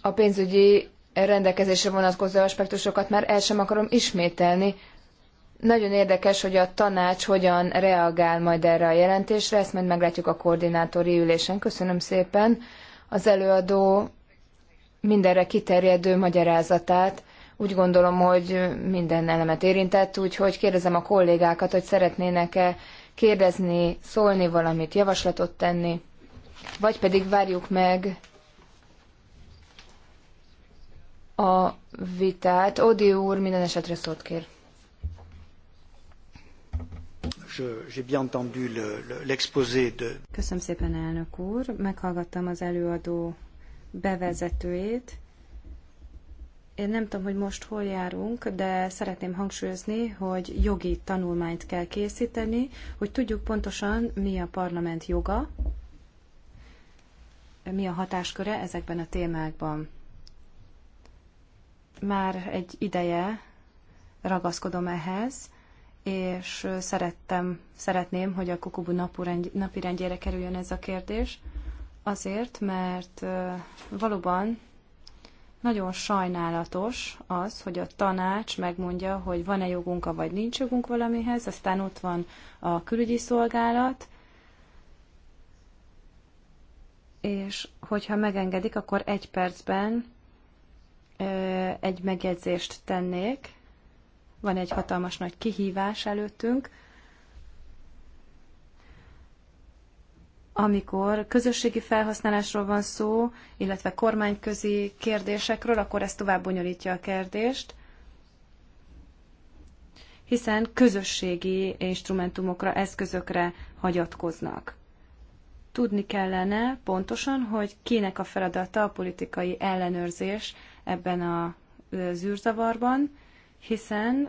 a pénzügyi rendelkezésre vonatkozó aspektusokat már el sem akarom ismételni. Nagyon érdekes, hogy a tanács hogyan reagál majd erre a jelentésre, ezt majd meglátjuk a koordinátori ülésen. Köszönöm szépen az előadó mindenre kiterjedő magyarázatát. Úgy gondolom, hogy minden elemet érintett, úgyhogy kérdezem a kollégákat, hogy szeretnének-e kérdezni, szólni valamit, javaslatot tenni, vagy pedig várjuk meg a vitát. Odi úr minden esetre szót kér. Köszönöm szépen, elnök úr. Meghallgattam az előadó bevezetőjét. Én nem tudom, hogy most hol járunk, de szeretném hangsúlyozni, hogy jogi tanulmányt kell készíteni, hogy tudjuk pontosan, mi a parlament joga, mi a hatásköre ezekben a témákban már egy ideje ragaszkodom ehhez, és szerettem, szeretném, hogy a Kukubu napirendjére kerüljön ez a kérdés, azért, mert valóban nagyon sajnálatos az, hogy a tanács megmondja, hogy van-e jogunk, vagy nincs jogunk valamihez, aztán ott van a külügyi szolgálat, és hogyha megengedik, akkor egy percben egy megjegyzést tennék. Van egy hatalmas nagy kihívás előttünk, amikor közösségi felhasználásról van szó, illetve kormányközi kérdésekről, akkor ez tovább bonyolítja a kérdést, hiszen közösségi instrumentumokra, eszközökre hagyatkoznak. Tudni kellene pontosan, hogy kinek a feladata a politikai ellenőrzés ebben a zűrzavarban, hiszen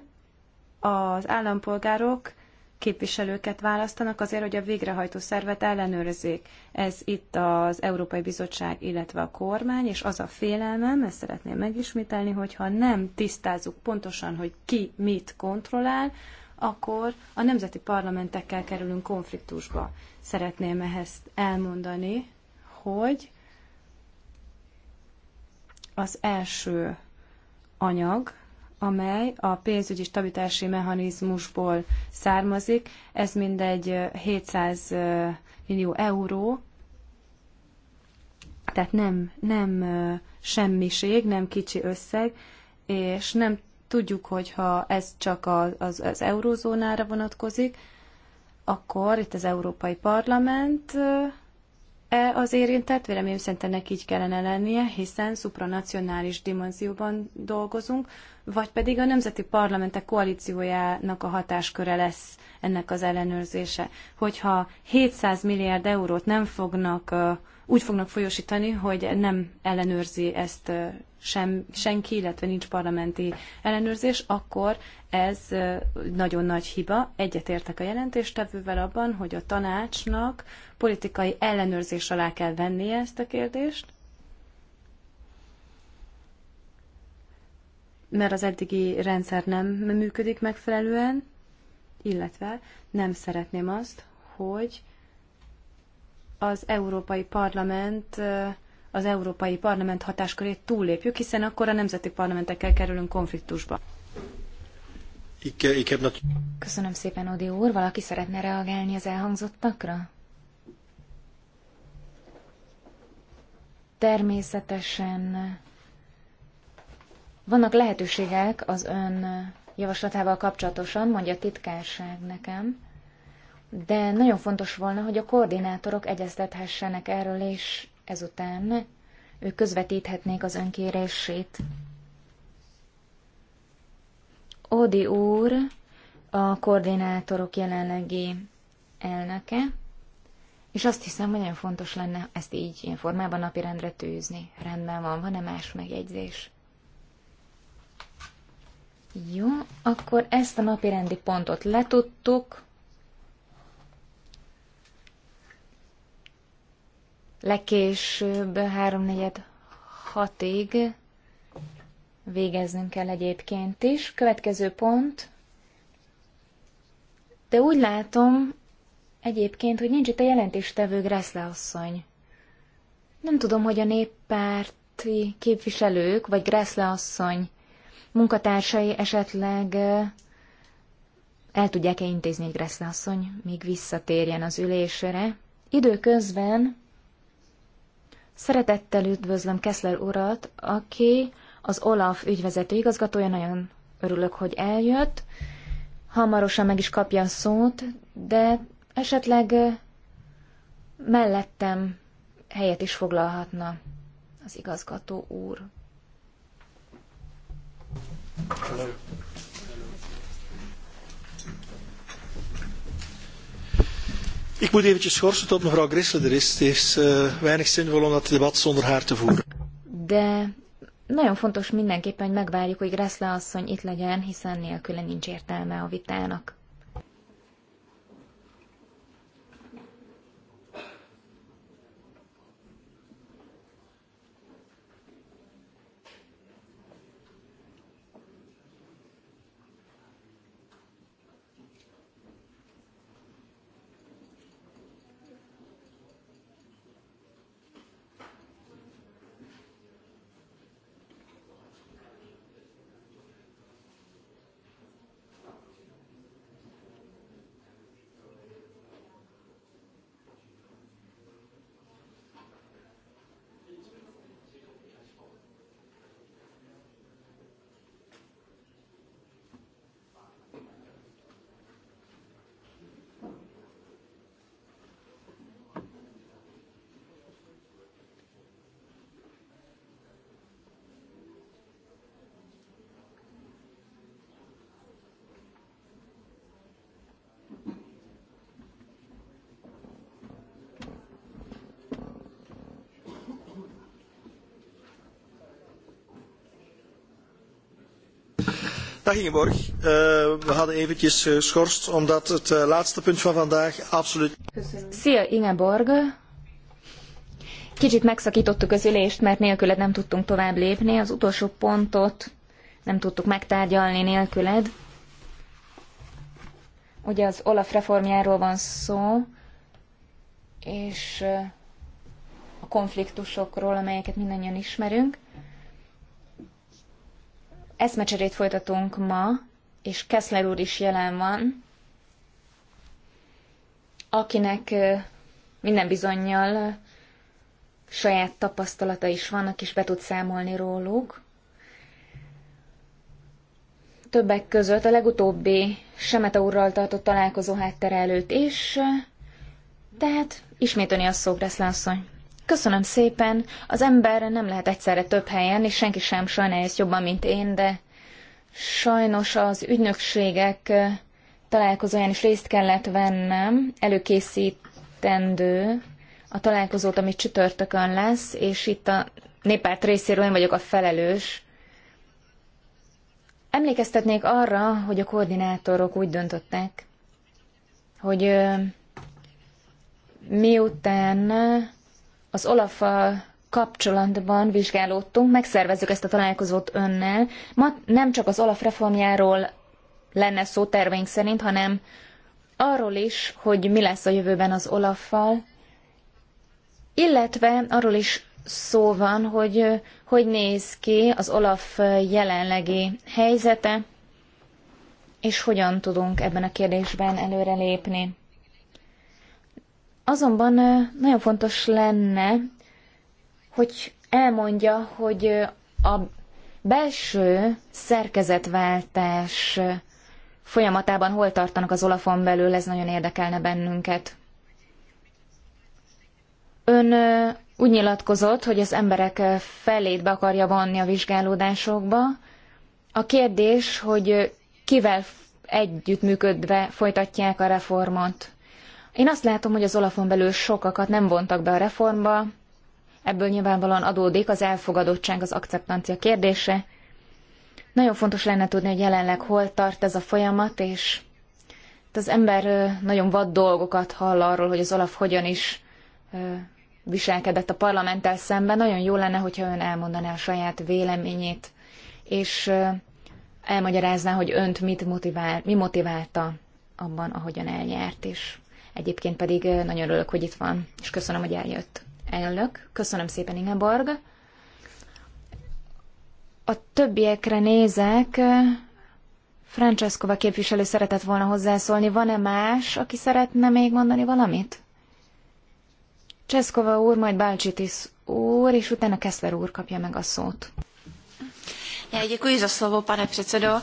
az állampolgárok képviselőket választanak azért, hogy a végrehajtó szervet ellenőrzék. Ez itt az Európai Bizottság, illetve a kormány, és az a félelmem, ezt szeretném megismételni, hogyha nem tisztázzuk pontosan, hogy ki mit kontrollál, akkor a nemzeti parlamentekkel kerülünk konfliktusba. Szeretném ehhez elmondani, hogy az első anyag, amely a pénzügyi stabilitási mechanizmusból származik. Ez mindegy 700 millió euró, tehát nem, nem semmiség, nem kicsi összeg, és nem tudjuk, hogyha ez csak az, az, az eurózónára vonatkozik, akkor itt az Európai Parlament E az érintett, véleményem szerint ennek így kellene lennie, hiszen szupranacionális dimenzióban dolgozunk, vagy pedig a nemzeti parlamentek koalíciójának a hatásköre lesz ennek az ellenőrzése. Hogyha 700 milliárd eurót nem fognak uh, úgy fognak folyosítani, hogy nem ellenőrzi ezt sem, senki, illetve nincs parlamenti ellenőrzés, akkor ez nagyon nagy hiba. Egyetértek a jelentéstevővel abban, hogy a tanácsnak politikai ellenőrzés alá kell vennie ezt a kérdést, mert az eddigi rendszer nem működik megfelelően, illetve nem szeretném azt, hogy az Európai Parlament az Európai Parlament hatáskörét túllépjük, hiszen akkor a nemzeti parlamentekkel kerülünk konfliktusba. Köszönöm szépen, Odi úr. Valaki szeretne reagálni az elhangzottakra? Természetesen vannak lehetőségek az ön javaslatával kapcsolatosan, mondja a titkárság nekem de nagyon fontos volna, hogy a koordinátorok egyeztethessenek erről, és ezután ők közvetíthetnék az önkérését. Odi úr a koordinátorok jelenlegi elnöke, és azt hiszem, hogy nagyon fontos lenne ezt így ilyen formában napirendre tűzni. Rendben van, van-e más megjegyzés? Jó, akkor ezt a napirendi pontot letudtuk. legkésőbb háromnegyed hatig végeznünk kell egyébként is. Következő pont. De úgy látom egyébként, hogy nincs itt a jelentéstevő Greszle asszony. Nem tudom, hogy a néppárti képviselők, vagy Greszle asszony munkatársai esetleg el tudják-e intézni, hogy Greszle asszony még visszatérjen az ülésre. Időközben Szeretettel üdvözlöm Keszler urat, aki az OLAF ügyvezető igazgatója, nagyon örülök, hogy eljött. Hamarosan meg is kapja a szót, de esetleg mellettem helyet is foglalhatna az igazgató úr. Hello. Ik moet eventjes schorsen tot mevrouw Grissel er is. Het is uh, weinig zinvol om dat debat zonder haar te voeren. De nagyon fontos mindenképpen, hogy megvárjuk, hogy Gressle asszony itt legyen, hiszen nélküle nincs értelme a vitának. Dag Ingeborg. Uh, we hadden eventjes geschorst eh, omdat het uh, laatste punt van vandaag absoluut... Szia Ingeborg. Kicsit megszakítottuk az ülést, mert nélküled nem tudtunk tovább lépni. Az utolsó pontot nem tudtuk megtárgyalni nélküled. Ugye az Olaf reformjáról van szó, és a konfliktusokról, amelyeket mindannyian ismerünk. Eszmecserét folytatunk ma, és Kessler úr is jelen van, akinek minden bizonyal saját tapasztalata is vannak, és be tud számolni róluk. Többek között a legutóbbi Semeta úrral tartott találkozó háttere előtt is, tehát ismét öni a szó, Greszlászony. Köszönöm szépen. Az ember nem lehet egyszerre több helyen, és senki sem sajnálja ezt jobban, mint én, de sajnos az ügynökségek találkozóján is részt kellett vennem, előkészítendő a találkozót, amit csütörtökön lesz, és itt a néppárt részéről én vagyok a felelős. Emlékeztetnék arra, hogy a koordinátorok úgy döntöttek, hogy miután az olaf kapcsolatban vizsgálódtunk, megszervezzük ezt a találkozót önnel. Ma nem csak az Olaf reformjáról lenne szó terveink szerint, hanem arról is, hogy mi lesz a jövőben az Olaffal, illetve arról is szó van, hogy hogy néz ki az Olaf jelenlegi helyzete, és hogyan tudunk ebben a kérdésben előrelépni. Azonban nagyon fontos lenne, hogy elmondja, hogy a belső szerkezetváltás folyamatában hol tartanak az olafon belül, ez nagyon érdekelne bennünket. Ön úgy nyilatkozott, hogy az emberek felét be akarja vonni a vizsgálódásokba. A kérdés, hogy kivel együttműködve folytatják a reformot. Én azt látom, hogy az Olafon belül sokakat nem vontak be a reformba, ebből nyilvánvalóan adódik az elfogadottság, az akceptancia kérdése. Nagyon fontos lenne tudni, hogy jelenleg hol tart ez a folyamat, és hát az ember nagyon vad dolgokat hall arról, hogy az Olaf hogyan is viselkedett a parlamenttel szemben. Nagyon jó lenne, hogyha ön elmondaná a saját véleményét, és elmagyarázná, hogy önt mit motivál, mi motiválta abban, ahogyan elnyert, és Egyébként pedig nagyon örülök, hogy itt van, és köszönöm, hogy eljött. Elnök, köszönöm szépen Ingeborg. A többiekre nézek, Francescova képviselő szeretett volna hozzászólni. Van-e más, aki szeretne még mondani valamit? Cseszkova úr, majd Balcsitis úr, és utána Keszler úr kapja meg a szót. Ja Děkuji za slovo, pane předsedo.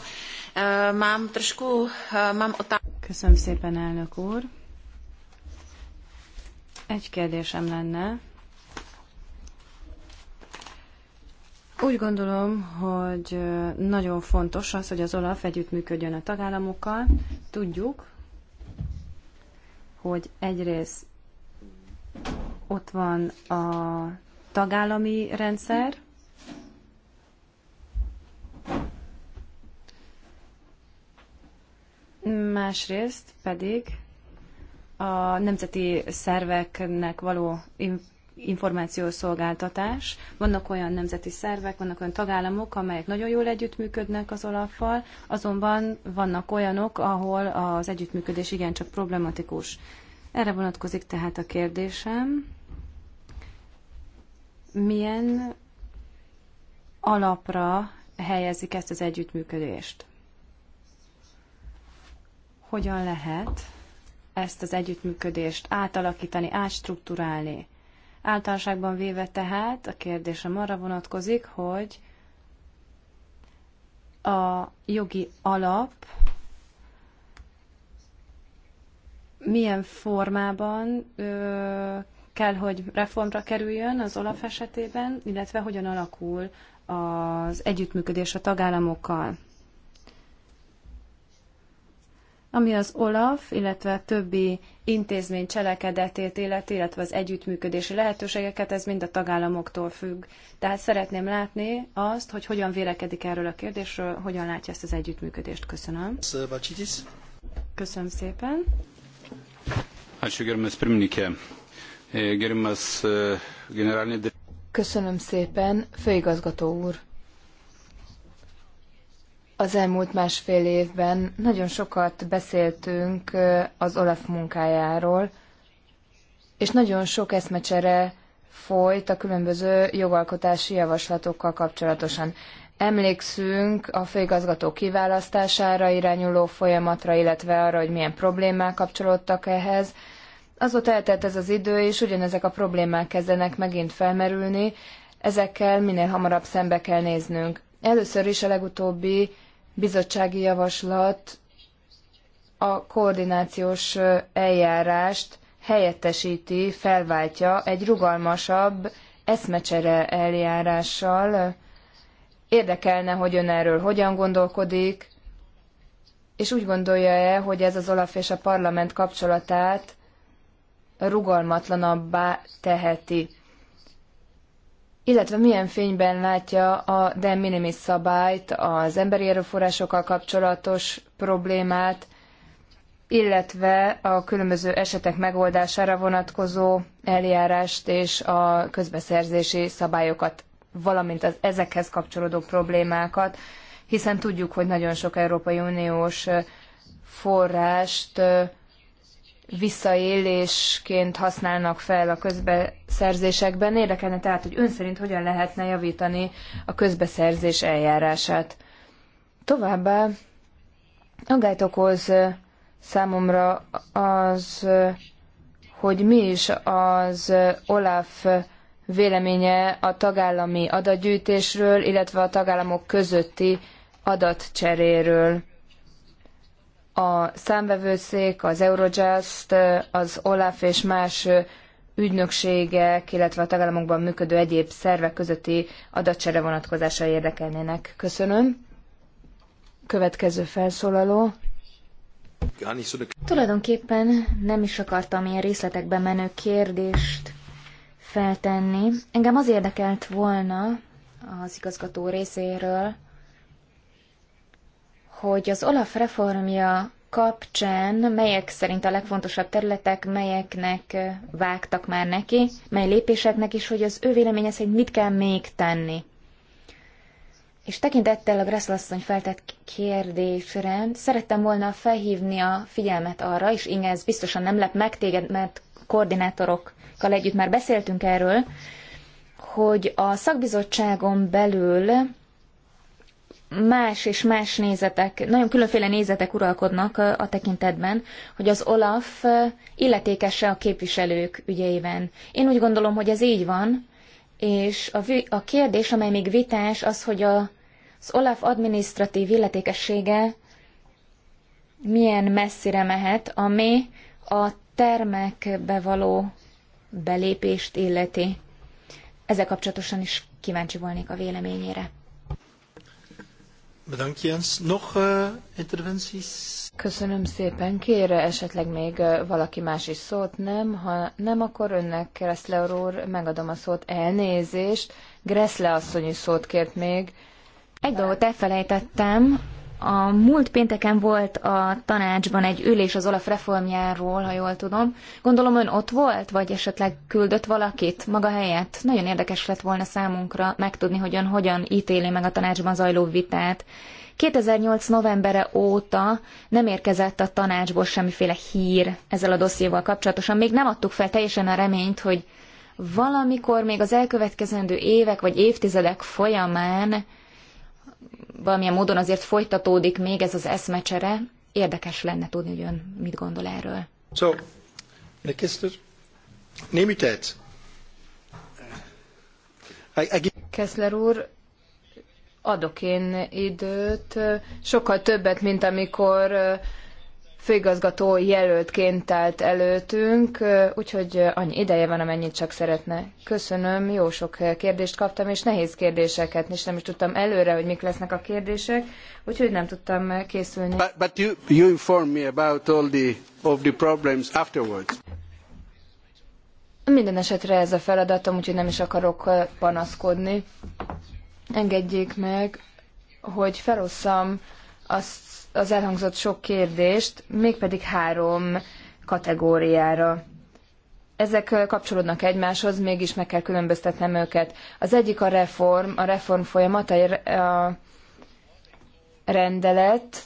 Mám trošku, mám otázku. Köszönöm szépen, elnök úr. Egy kérdésem lenne. Úgy gondolom, hogy nagyon fontos az, hogy az OLAF együttműködjön a tagállamokkal. Tudjuk, hogy egyrészt ott van a tagállami rendszer, másrészt pedig a nemzeti szerveknek való információszolgáltatás. Vannak olyan nemzeti szervek, vannak olyan tagállamok, amelyek nagyon jól együttműködnek az olaffal, azonban vannak olyanok, ahol az együttműködés igencsak problematikus. Erre vonatkozik tehát a kérdésem. Milyen alapra helyezik ezt az együttműködést? Hogyan lehet ezt az együttműködést átalakítani, átstruktúrálni. Általánoságban véve tehát a kérdésem arra vonatkozik, hogy a jogi alap milyen formában ö, kell, hogy reformra kerüljön az Olaf esetében, illetve hogyan alakul az együttműködés a tagállamokkal ami az OLAF, illetve a többi intézmény cselekedetét illeti, illetve az együttműködési lehetőségeket, ez mind a tagállamoktól függ. Tehát szeretném látni azt, hogy hogyan vélekedik erről a kérdésről, hogyan látja ezt az együttműködést. Köszönöm. Köszönöm szépen. E, e, Köszönöm szépen, főigazgató úr. Az elmúlt másfél évben nagyon sokat beszéltünk az Olaf munkájáról, és nagyon sok eszmecsere folyt a különböző jogalkotási javaslatokkal kapcsolatosan. Emlékszünk a főigazgató kiválasztására irányuló folyamatra, illetve arra, hogy milyen problémák kapcsolódtak ehhez. Azóta eltelt ez az idő, és ugyanezek a problémák kezdenek megint felmerülni, ezekkel minél hamarabb szembe kell néznünk. Először is a legutóbbi bizottsági javaslat a koordinációs eljárást helyettesíti, felváltja egy rugalmasabb eszmecsere eljárással. Érdekelne, hogy ön erről hogyan gondolkodik, és úgy gondolja-e, hogy ez az Olaf és a parlament kapcsolatát rugalmatlanabbá teheti illetve milyen fényben látja a de minimis szabályt, az emberi erőforrásokkal kapcsolatos problémát, illetve a különböző esetek megoldására vonatkozó eljárást és a közbeszerzési szabályokat, valamint az ezekhez kapcsolódó problémákat, hiszen tudjuk, hogy nagyon sok Európai Uniós forrást visszaélésként használnak fel a közbeszerzésekben. Érdekelne tehát, hogy ön szerint hogyan lehetne javítani a közbeszerzés eljárását. Továbbá aggályt okoz számomra az, hogy mi is az Olaf véleménye a tagállami adatgyűjtésről, illetve a tagállamok közötti adatcseréről a számvevőszék, az Eurojust, az OLAF és más ügynökségek, illetve a tagállamokban működő egyéb szervek közötti adatcsere vonatkozásai érdekelnének. Köszönöm. Következő felszólaló. Tulajdonképpen nem is akartam ilyen részletekbe menő kérdést feltenni. Engem az érdekelt volna az igazgató részéről, hogy az Olaf reformja kapcsán melyek szerint a legfontosabb területek, melyeknek vágtak már neki, mely lépéseknek is, hogy az ő véleménye szerint mit kell még tenni. És tekintettel a Gresselasszony feltett kérdésre, szerettem volna felhívni a figyelmet arra, és igen, ez biztosan nem lep meg téged, mert koordinátorokkal együtt már beszéltünk erről, hogy a szakbizottságon belül más és más nézetek, nagyon különféle nézetek uralkodnak a tekintetben, hogy az Olaf illetékese a képviselők ügyeiben. Én úgy gondolom, hogy ez így van, és a, a kérdés, amely még vitás, az, hogy a, az Olaf adminisztratív illetékessége milyen messzire mehet, ami a termekbe való belépést illeti. Ezzel kapcsolatosan is kíváncsi volnék a véleményére. Bedankt Jens. Nog uh, interventies? Köszönöm szépen. Kér esetleg még eh, valaki más is szót? Nem? Ha nem, akkor önnek, Kressler úr, megadom a szót. Elnézést. Gressle asszony is szót kért még. Egy dolgot elfelejtettem, a múlt pénteken volt a tanácsban egy ülés az Olaf reformjáról, ha jól tudom. Gondolom ön ott volt, vagy esetleg küldött valakit maga helyett? Nagyon érdekes lett volna számunkra megtudni, hogy ön hogyan ítéli meg a tanácsban zajló vitát. 2008. novembere óta nem érkezett a tanácsból semmiféle hír ezzel a dossziéval kapcsolatosan. Még nem adtuk fel teljesen a reményt, hogy valamikor még az elkövetkezendő évek vagy évtizedek folyamán valamilyen módon azért folytatódik még ez az eszmecsere. Érdekes lenne tudni, hogy ön mit gondol erről. So, kister, némi Keszler úr, adok én időt, sokkal többet, mint amikor főigazgató jelöltként állt előtünk, úgyhogy annyi ideje van, amennyit csak szeretne. Köszönöm, jó sok kérdést kaptam, és nehéz kérdéseket, és nem is tudtam előre, hogy mik lesznek a kérdések, úgyhogy nem tudtam készülni. But, but you, you inform me about all the, of the problems afterwards. Minden esetre ez a feladatom, úgyhogy nem is akarok panaszkodni. Engedjék meg, hogy felosszam azt az elhangzott sok kérdést, mégpedig három kategóriára. Ezek kapcsolódnak egymáshoz, mégis meg kell különböztetnem őket. Az egyik a reform, a reform folyamat, a rendelet,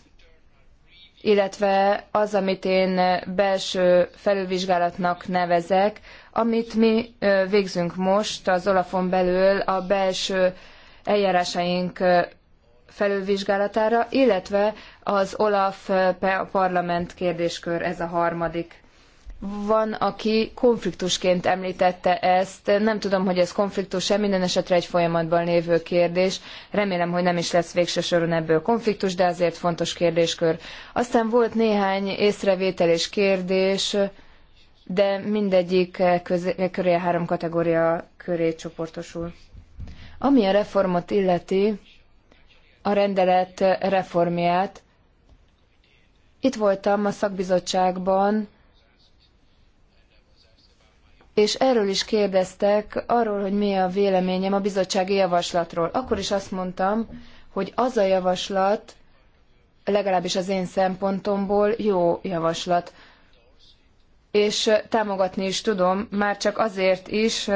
illetve az, amit én belső felülvizsgálatnak nevezek, amit mi végzünk most az Olafon belül a belső eljárásaink felülvizsgálatára, illetve az Olaf eh, parlament kérdéskör, ez a harmadik. Van, aki konfliktusként említette ezt, nem tudom, hogy ez konfliktus-e, minden esetre egy folyamatban lévő kérdés. Remélem, hogy nem is lesz végső soron ebből konfliktus, de azért fontos kérdéskör. Aztán volt néhány észrevétel és kérdés, de mindegyik eh, közé, köré a három kategória köré csoportosul. Ami a reformot illeti, a rendelet reformját. Itt voltam a szakbizottságban, és erről is kérdeztek, arról, hogy mi a véleményem a bizottsági javaslatról. Akkor is azt mondtam, hogy az a javaslat, legalábbis az én szempontomból jó javaslat. És támogatni is tudom, már csak azért is,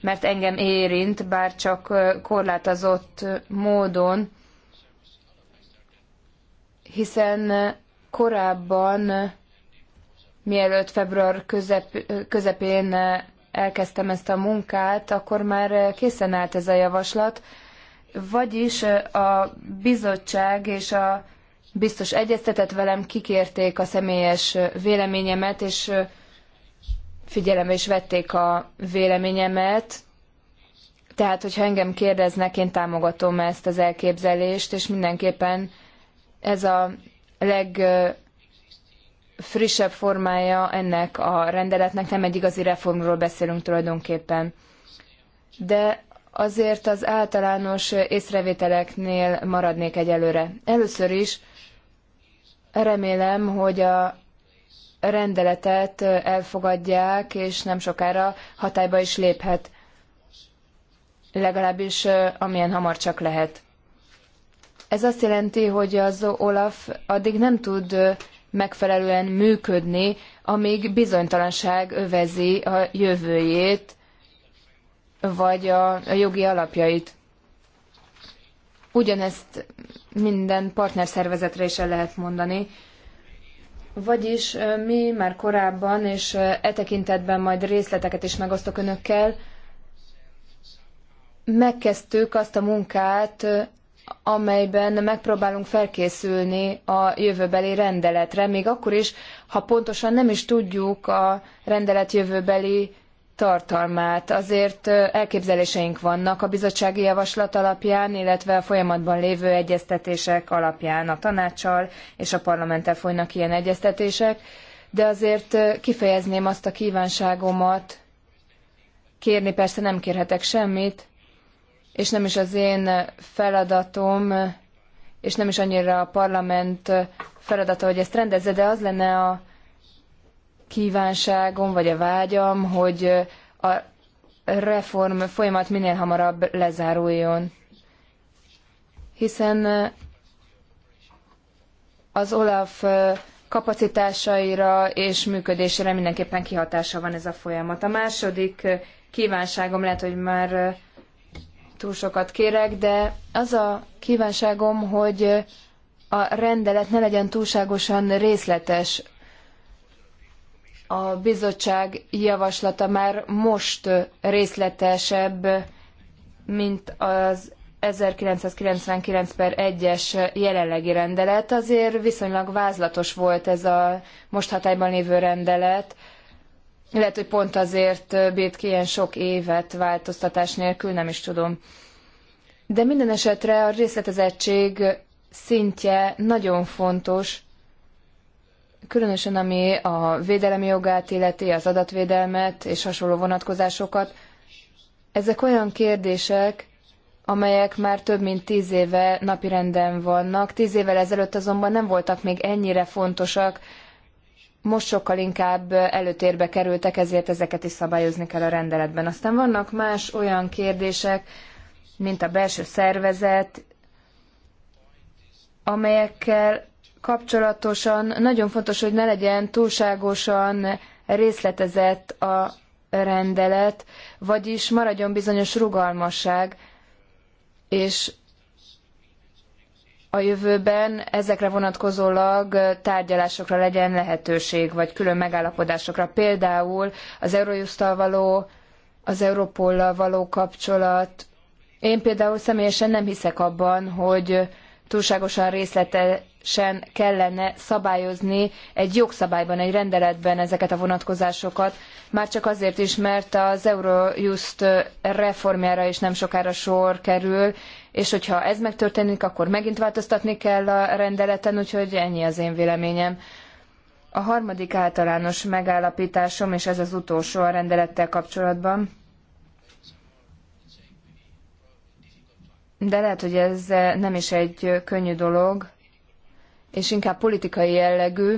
mert engem érint, bár csak korlátozott módon hiszen korábban, mielőtt február közep, közepén elkezdtem ezt a munkát, akkor már készen állt ez a javaslat, vagyis a bizottság és a biztos egyeztetett velem, kikérték a személyes véleményemet, és figyelembe is vették a véleményemet. Tehát, hogyha engem kérdeznek, én támogatom ezt az elképzelést, és mindenképpen ez a legfrissebb formája ennek a rendeletnek, nem egy igazi reformról beszélünk tulajdonképpen. De azért az általános észrevételeknél maradnék egyelőre. Először is remélem, hogy a rendeletet elfogadják, és nem sokára hatályba is léphet. Legalábbis amilyen hamar csak lehet. Ez azt jelenti, hogy az Olaf addig nem tud megfelelően működni, amíg bizonytalanság övezi a jövőjét, vagy a, a jogi alapjait. Ugyanezt minden partnerszervezetre is el lehet mondani. Vagyis mi már korábban, és e tekintetben majd részleteket is megosztok önökkel, megkezdtük azt a munkát, amelyben megpróbálunk felkészülni a jövőbeli rendeletre, még akkor is, ha pontosan nem is tudjuk a rendelet jövőbeli tartalmát. Azért elképzeléseink vannak a bizottsági javaslat alapján, illetve a folyamatban lévő egyeztetések alapján a tanácssal és a parlamenttel folynak ilyen egyeztetések, de azért kifejezném azt a kívánságomat, kérni persze nem kérhetek semmit, és nem is az én feladatom, és nem is annyira a parlament feladata, hogy ezt rendezze, de az lenne a kívánságom, vagy a vágyam, hogy a reform folyamat minél hamarabb lezáruljon. Hiszen az Olaf kapacitásaira és működésére mindenképpen kihatása van ez a folyamat. A második kívánságom lehet, hogy már túl sokat kérek, de az a kívánságom, hogy a rendelet ne legyen túlságosan részletes. A bizottság javaslata már most részletesebb, mint az 1999 per 1-es jelenlegi rendelet. Azért viszonylag vázlatos volt ez a most hatályban lévő rendelet. Lehet, hogy pont azért bírt ki ilyen sok évet változtatás nélkül, nem is tudom. De minden esetre a részletezettség szintje nagyon fontos, különösen ami a védelemi jogát illeti, az adatvédelmet és hasonló vonatkozásokat. Ezek olyan kérdések, amelyek már több mint tíz éve napirenden vannak. Tíz évvel ezelőtt azonban nem voltak még ennyire fontosak, most sokkal inkább előtérbe kerültek, ezért ezeket is szabályozni kell a rendeletben. Aztán vannak más olyan kérdések, mint a belső szervezet, amelyekkel kapcsolatosan nagyon fontos, hogy ne legyen túlságosan részletezett a rendelet, vagyis maradjon bizonyos rugalmasság, és a jövőben ezekre vonatkozólag tárgyalásokra legyen lehetőség, vagy külön megállapodásokra. Például az Eurojusttal való, az Europollal való kapcsolat. Én például személyesen nem hiszek abban, hogy túlságosan részletesen kellene szabályozni egy jogszabályban, egy rendeletben ezeket a vonatkozásokat, már csak azért is, mert az Eurojust reformjára is nem sokára sor kerül, és hogyha ez megtörténik, akkor megint változtatni kell a rendeleten, úgyhogy ennyi az én véleményem. A harmadik általános megállapításom, és ez az utolsó a rendelettel kapcsolatban, de lehet, hogy ez nem is egy könnyű dolog, és inkább politikai jellegű,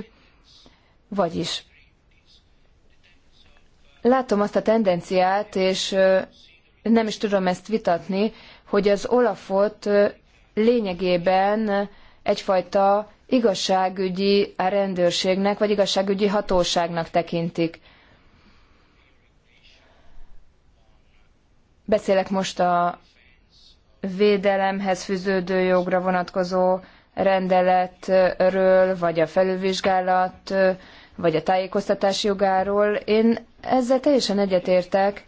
vagyis látom azt a tendenciát, és nem is tudom ezt vitatni, hogy az Olafot lényegében egyfajta igazságügyi rendőrségnek vagy igazságügyi hatóságnak tekintik. Beszélek most a védelemhez fűződő jogra vonatkozó rendeletről, vagy a felülvizsgálat, vagy a tájékoztatás jogáról. Én ezzel teljesen egyetértek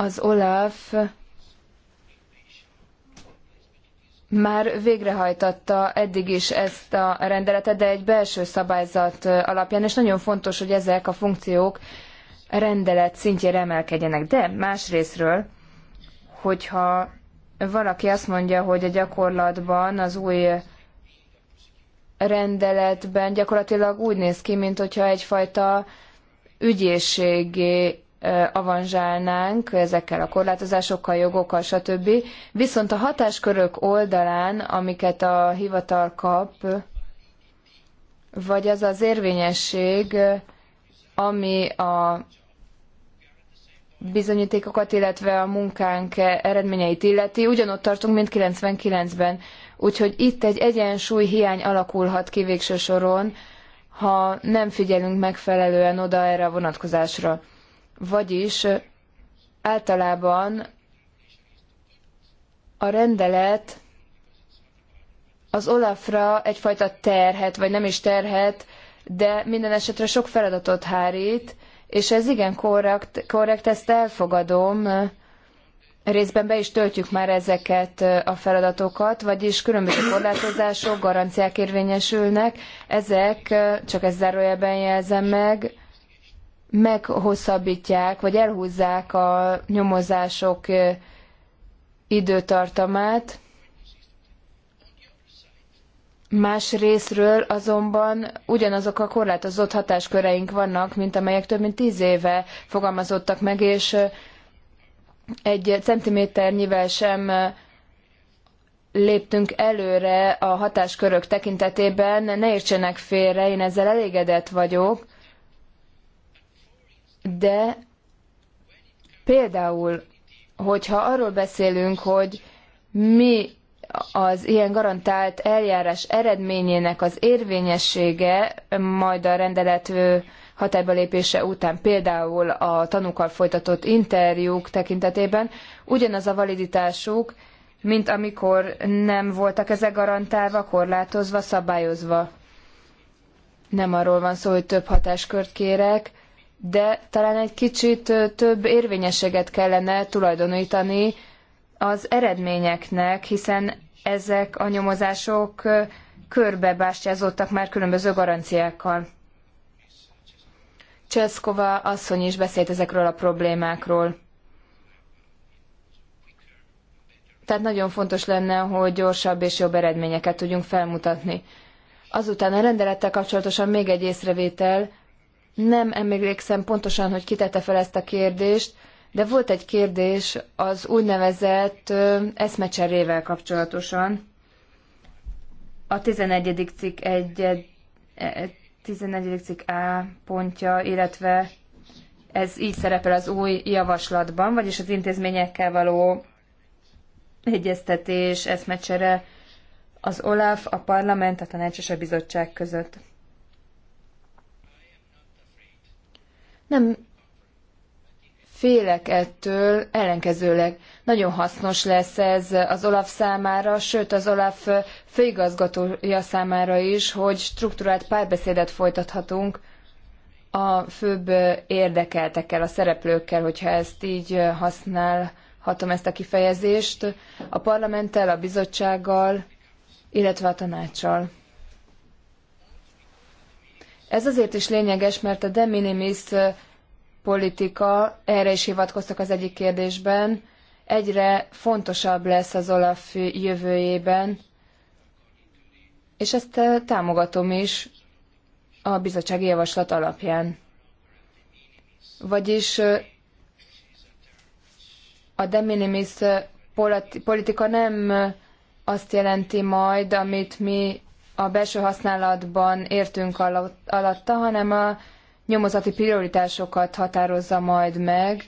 az Olaf már végrehajtatta eddig is ezt a rendeletet, de egy belső szabályzat alapján, és nagyon fontos, hogy ezek a funkciók rendelet szintjére emelkedjenek. De másrésztről, hogyha valaki azt mondja, hogy a gyakorlatban az új rendeletben gyakorlatilag úgy néz ki, mint hogyha egyfajta ügyészségé avanzsálnánk ezekkel a korlátozásokkal, jogokkal, stb. Viszont a hatáskörök oldalán, amiket a hivatal kap, vagy az az érvényesség, ami a bizonyítékokat, illetve a munkánk eredményeit illeti, ugyanott tartunk, mint 99-ben. Úgyhogy itt egy egyensúly hiány alakulhat ki végső soron, ha nem figyelünk megfelelően oda erre a vonatkozásra. Vagyis általában a rendelet az Olafra egyfajta terhet, vagy nem is terhet, de minden esetre sok feladatot hárít, és ez igen korrekt, korrekt ezt elfogadom, részben be is töltjük már ezeket a feladatokat, vagyis különböző korlátozások, garanciák érvényesülnek, ezek, csak ezt zárójelben jelzem meg, meghosszabbítják, vagy elhúzzák a nyomozások időtartamát. Más részről azonban ugyanazok a korlátozott hatásköreink vannak, mint amelyek több mint tíz éve fogalmazottak meg, és egy centiméternyivel sem léptünk előre a hatáskörök tekintetében. Ne értsenek félre, én ezzel elégedett vagyok, de például, hogyha arról beszélünk, hogy mi az ilyen garantált eljárás eredményének az érvényessége majd a rendelet hatályba lépése után például a tanúkkal folytatott interjúk tekintetében ugyanaz a validitásuk, mint amikor nem voltak ezek garantálva, korlátozva, szabályozva. Nem arról van szó, hogy több hatáskört kérek, de talán egy kicsit több érvényességet kellene tulajdonítani az eredményeknek, hiszen ezek a nyomozások körbebástyázottak már különböző garanciákkal. Cseszkova asszony is beszélt ezekről a problémákról. Tehát nagyon fontos lenne, hogy gyorsabb és jobb eredményeket tudjunk felmutatni. Azután a rendelettel kapcsolatosan még egy észrevétel, nem emlékszem pontosan, hogy kitette fel ezt a kérdést, de volt egy kérdés az úgynevezett eszmecserével kapcsolatosan. A 11. cikk 1, 11. E, e, cikk A pontja, illetve ez így szerepel az új javaslatban, vagyis az intézményekkel való egyeztetés, eszmecsere az OLAF, a parlament, a tanács és a bizottság között. Nem félek ettől, ellenkezőleg nagyon hasznos lesz ez az Olaf számára, sőt az Olaf főigazgatója számára is, hogy strukturált párbeszédet folytathatunk a főbb érdekeltekkel, a szereplőkkel, hogyha ezt így használhatom ezt a kifejezést, a parlamenttel, a bizottsággal, illetve a tanácssal. Ez azért is lényeges, mert a de minimis politika, erre is hivatkoztak az egyik kérdésben, egyre fontosabb lesz az Olaf jövőjében, és ezt támogatom is a bizottsági javaslat alapján. Vagyis a de minimis politika nem azt jelenti majd, amit mi a belső használatban értünk alatta, hanem a nyomozati prioritásokat határozza majd meg,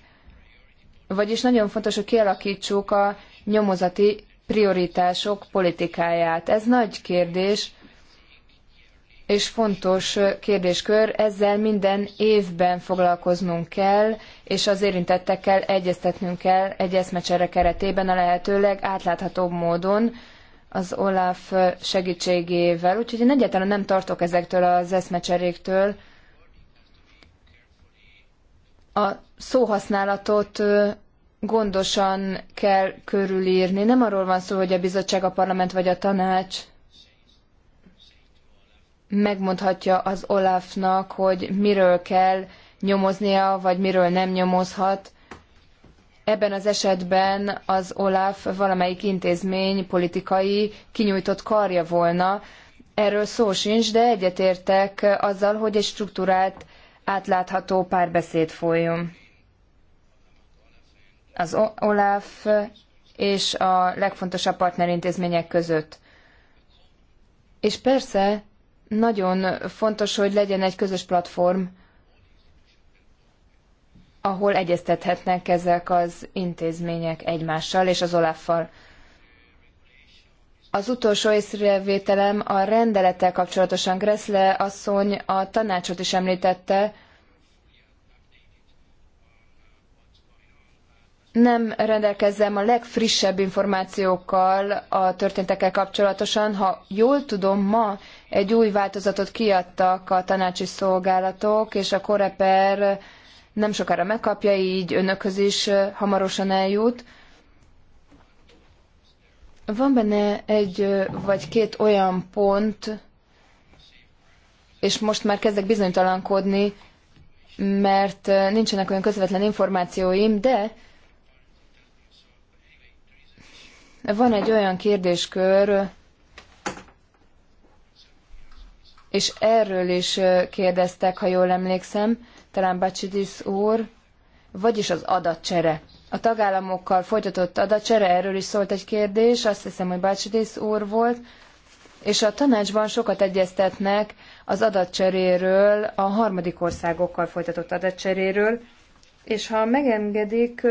vagyis nagyon fontos, hogy kialakítsuk a nyomozati prioritások politikáját. Ez nagy kérdés, és fontos kérdéskör, ezzel minden évben foglalkoznunk kell, és az érintettekkel egyeztetnünk kell egy eszmecsere keretében a lehetőleg átláthatóbb módon, az Olaf segítségével, úgyhogy én egyáltalán nem tartok ezektől az eszmecseréktől. A szóhasználatot gondosan kell körülírni. Nem arról van szó, hogy a bizottság, a parlament vagy a tanács megmondhatja az Olafnak, hogy miről kell nyomoznia, vagy miről nem nyomozhat. Ebben az esetben az OLAF valamelyik intézmény politikai kinyújtott karja volna. Erről szó sincs, de egyetértek azzal, hogy egy struktúrált, átlátható párbeszéd folyjon. Az OLAF és a legfontosabb partnerintézmények között. És persze nagyon fontos, hogy legyen egy közös platform ahol egyeztethetnek ezek az intézmények egymással és az OLAF-fal. Az utolsó észrevételem a rendelettel kapcsolatosan Gressle asszony a tanácsot is említette. Nem rendelkezem a legfrissebb információkkal a történtekkel kapcsolatosan. Ha jól tudom, ma egy új változatot kiadtak a tanácsi szolgálatok, és a Koreper nem sokára megkapja, így önökhöz is hamarosan eljut. Van benne egy vagy két olyan pont, és most már kezdek bizonytalankodni, mert nincsenek olyan közvetlen információim, de van egy olyan kérdéskör, és erről is kérdeztek, ha jól emlékszem, talán Bacsidis úr, vagyis az adatcsere. A tagállamokkal folytatott adatcsere, erről is szólt egy kérdés, azt hiszem, hogy Bacsidis úr volt, és a tanácsban sokat egyeztetnek az adatcseréről, a harmadik országokkal folytatott adatcseréről, és ha megengedik,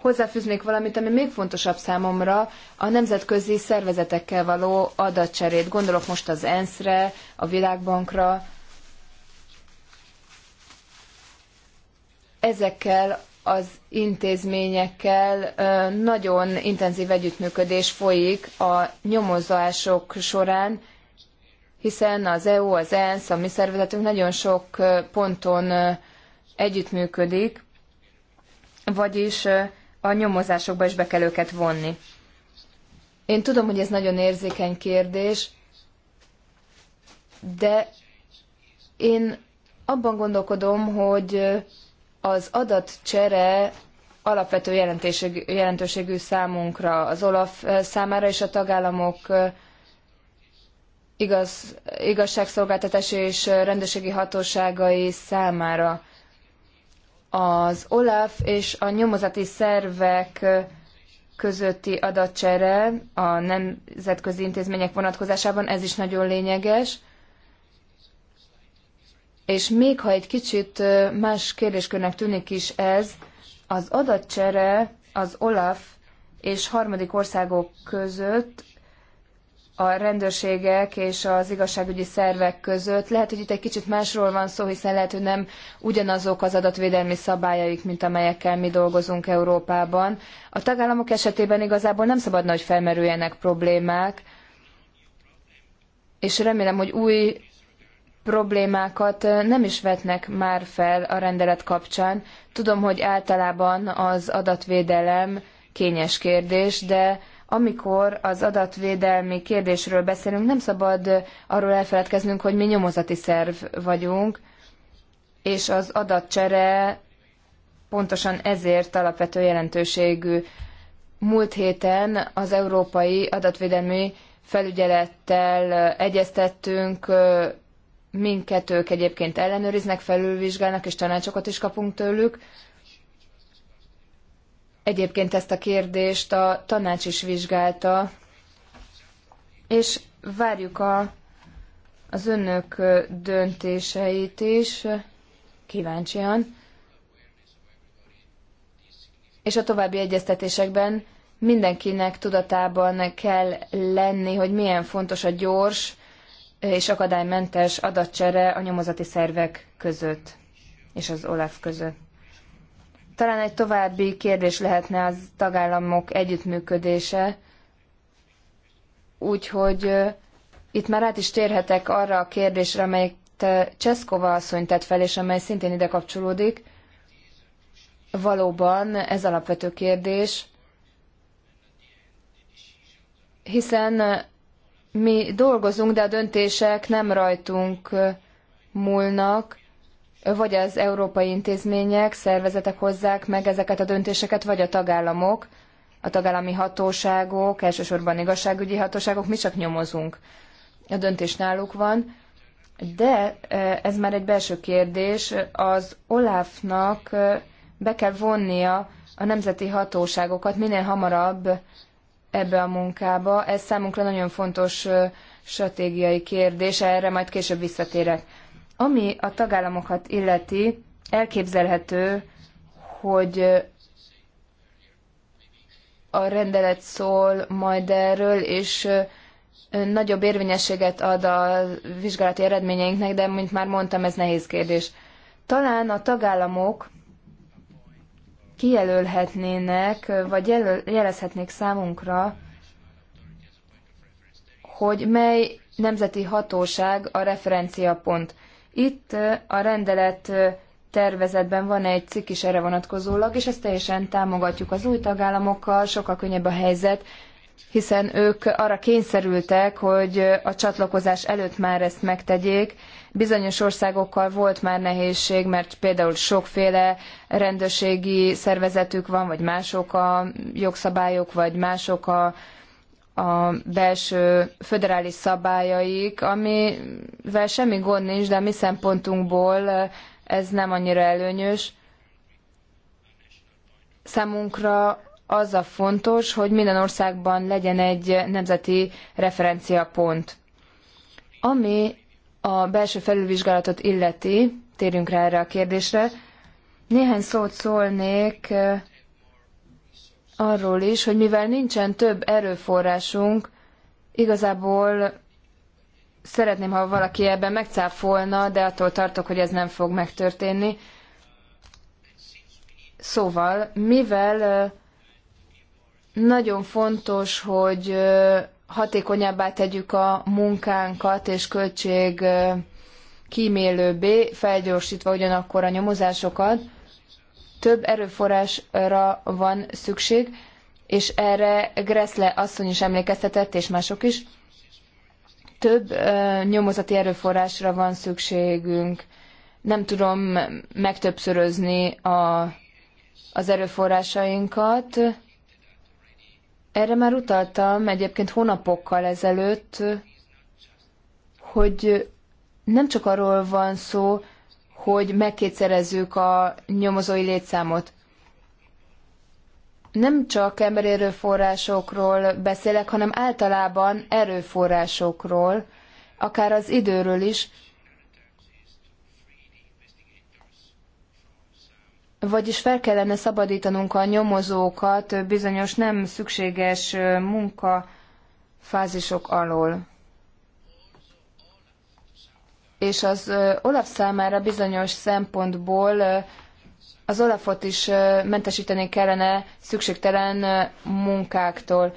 hozzáfűznék valamit, ami még fontosabb számomra, a nemzetközi szervezetekkel való adatcserét. Gondolok most az ENSZ-re, a Világbankra, ezekkel az intézményekkel nagyon intenzív együttműködés folyik a nyomozások során, hiszen az EU, az ENSZ, a mi szervezetünk nagyon sok ponton együttműködik, vagyis a nyomozásokba is be kell őket vonni. Én tudom, hogy ez nagyon érzékeny kérdés, de én abban gondolkodom, hogy az adatcsere alapvető jelentőségű számunkra, az OLAF eh, számára és a tagállamok eh, igaz, igazságszolgáltatási és eh, rendőrségi hatóságai számára. Az OLAF és a nyomozati szervek közötti adatcsere a nemzetközi intézmények vonatkozásában, ez is nagyon lényeges. És még ha egy kicsit más kérdéskörnek tűnik is ez, az adatcsere az OLAF és harmadik országok között a rendőrségek és az igazságügyi szervek között. Lehet, hogy itt egy kicsit másról van szó, hiszen lehet, hogy nem ugyanazok az adatvédelmi szabályaik, mint amelyekkel mi dolgozunk Európában. A tagállamok esetében igazából nem szabadna, hogy felmerüljenek problémák, és remélem, hogy új problémákat nem is vetnek már fel a rendelet kapcsán. Tudom, hogy általában az adatvédelem kényes kérdés, de amikor az adatvédelmi kérdésről beszélünk, nem szabad arról elfeledkeznünk, hogy mi nyomozati szerv vagyunk, és az adatcsere pontosan ezért alapvető jelentőségű. Múlt héten az Európai Adatvédelmi Felügyelettel egyeztettünk, minket ők egyébként ellenőriznek, felülvizsgálnak, és tanácsokat is kapunk tőlük. Egyébként ezt a kérdést a tanács is vizsgálta, és várjuk a, az önök döntéseit is kíváncsian. És a további egyeztetésekben mindenkinek tudatában kell lenni, hogy milyen fontos a gyors és akadálymentes adatcsere a nyomozati szervek között és az OLAF között. Talán egy további kérdés lehetne az tagállamok együttműködése, úgyhogy itt már át is térhetek arra a kérdésre, amelyet Cseszkova asszony tett fel, és amely szintén ide kapcsolódik. Valóban ez alapvető kérdés, hiszen mi dolgozunk, de a döntések nem rajtunk múlnak, vagy az európai intézmények, szervezetek hozzák meg ezeket a döntéseket, vagy a tagállamok, a tagállami hatóságok, elsősorban igazságügyi hatóságok, mi csak nyomozunk. A döntés náluk van. De ez már egy belső kérdés, az Olafnak be kell vonnia a nemzeti hatóságokat minél hamarabb ebbe a munkába. Ez számunkra nagyon fontos stratégiai kérdés, erre majd később visszatérek. Ami a tagállamokat illeti, elképzelhető, hogy a rendelet szól majd erről, és nagyobb érvényességet ad a vizsgálati eredményeinknek, de mint már mondtam, ez nehéz kérdés. Talán a tagállamok kijelölhetnének, vagy jelöl, jelezhetnék számunkra, hogy mely nemzeti hatóság a referenciapont. Itt a rendelet tervezetben van egy cikk is erre vonatkozólag, és ezt teljesen támogatjuk az új tagállamokkal, sokkal könnyebb a helyzet, hiszen ők arra kényszerültek, hogy a csatlakozás előtt már ezt megtegyék. Bizonyos országokkal volt már nehézség, mert például sokféle rendőrségi szervezetük van, vagy mások a jogszabályok, vagy mások a, a belső föderális szabályaik, amivel semmi gond nincs, de a mi szempontunkból ez nem annyira előnyös. Számunkra az a fontos, hogy minden országban legyen egy nemzeti referenciapont. Ami a belső felülvizsgálatot illeti, térjünk rá erre a kérdésre, néhány szót szólnék arról is, hogy mivel nincsen több erőforrásunk, igazából szeretném, ha valaki ebben megcáfolna, de attól tartok, hogy ez nem fog megtörténni. Szóval, mivel nagyon fontos, hogy hatékonyabbá tegyük a munkánkat, és költség kímélőbbé, felgyorsítva ugyanakkor a nyomozásokat, több erőforrásra van szükség, és erre Gressle asszony is emlékeztetett, és mások is. Több nyomozati erőforrásra van szükségünk. Nem tudom megtöbbszörözni a, az erőforrásainkat. Erre már utaltam egyébként hónapokkal ezelőtt, hogy nem csak arról van szó, hogy megkétszerezzük a nyomozói létszámot. Nem csak emberi erőforrásokról beszélek, hanem általában erőforrásokról, akár az időről is, Vagyis fel kellene szabadítanunk a nyomozókat bizonyos nem szükséges munkafázisok alól. És az Olaf számára bizonyos szempontból az Olafot is mentesíteni kellene szükségtelen munkáktól.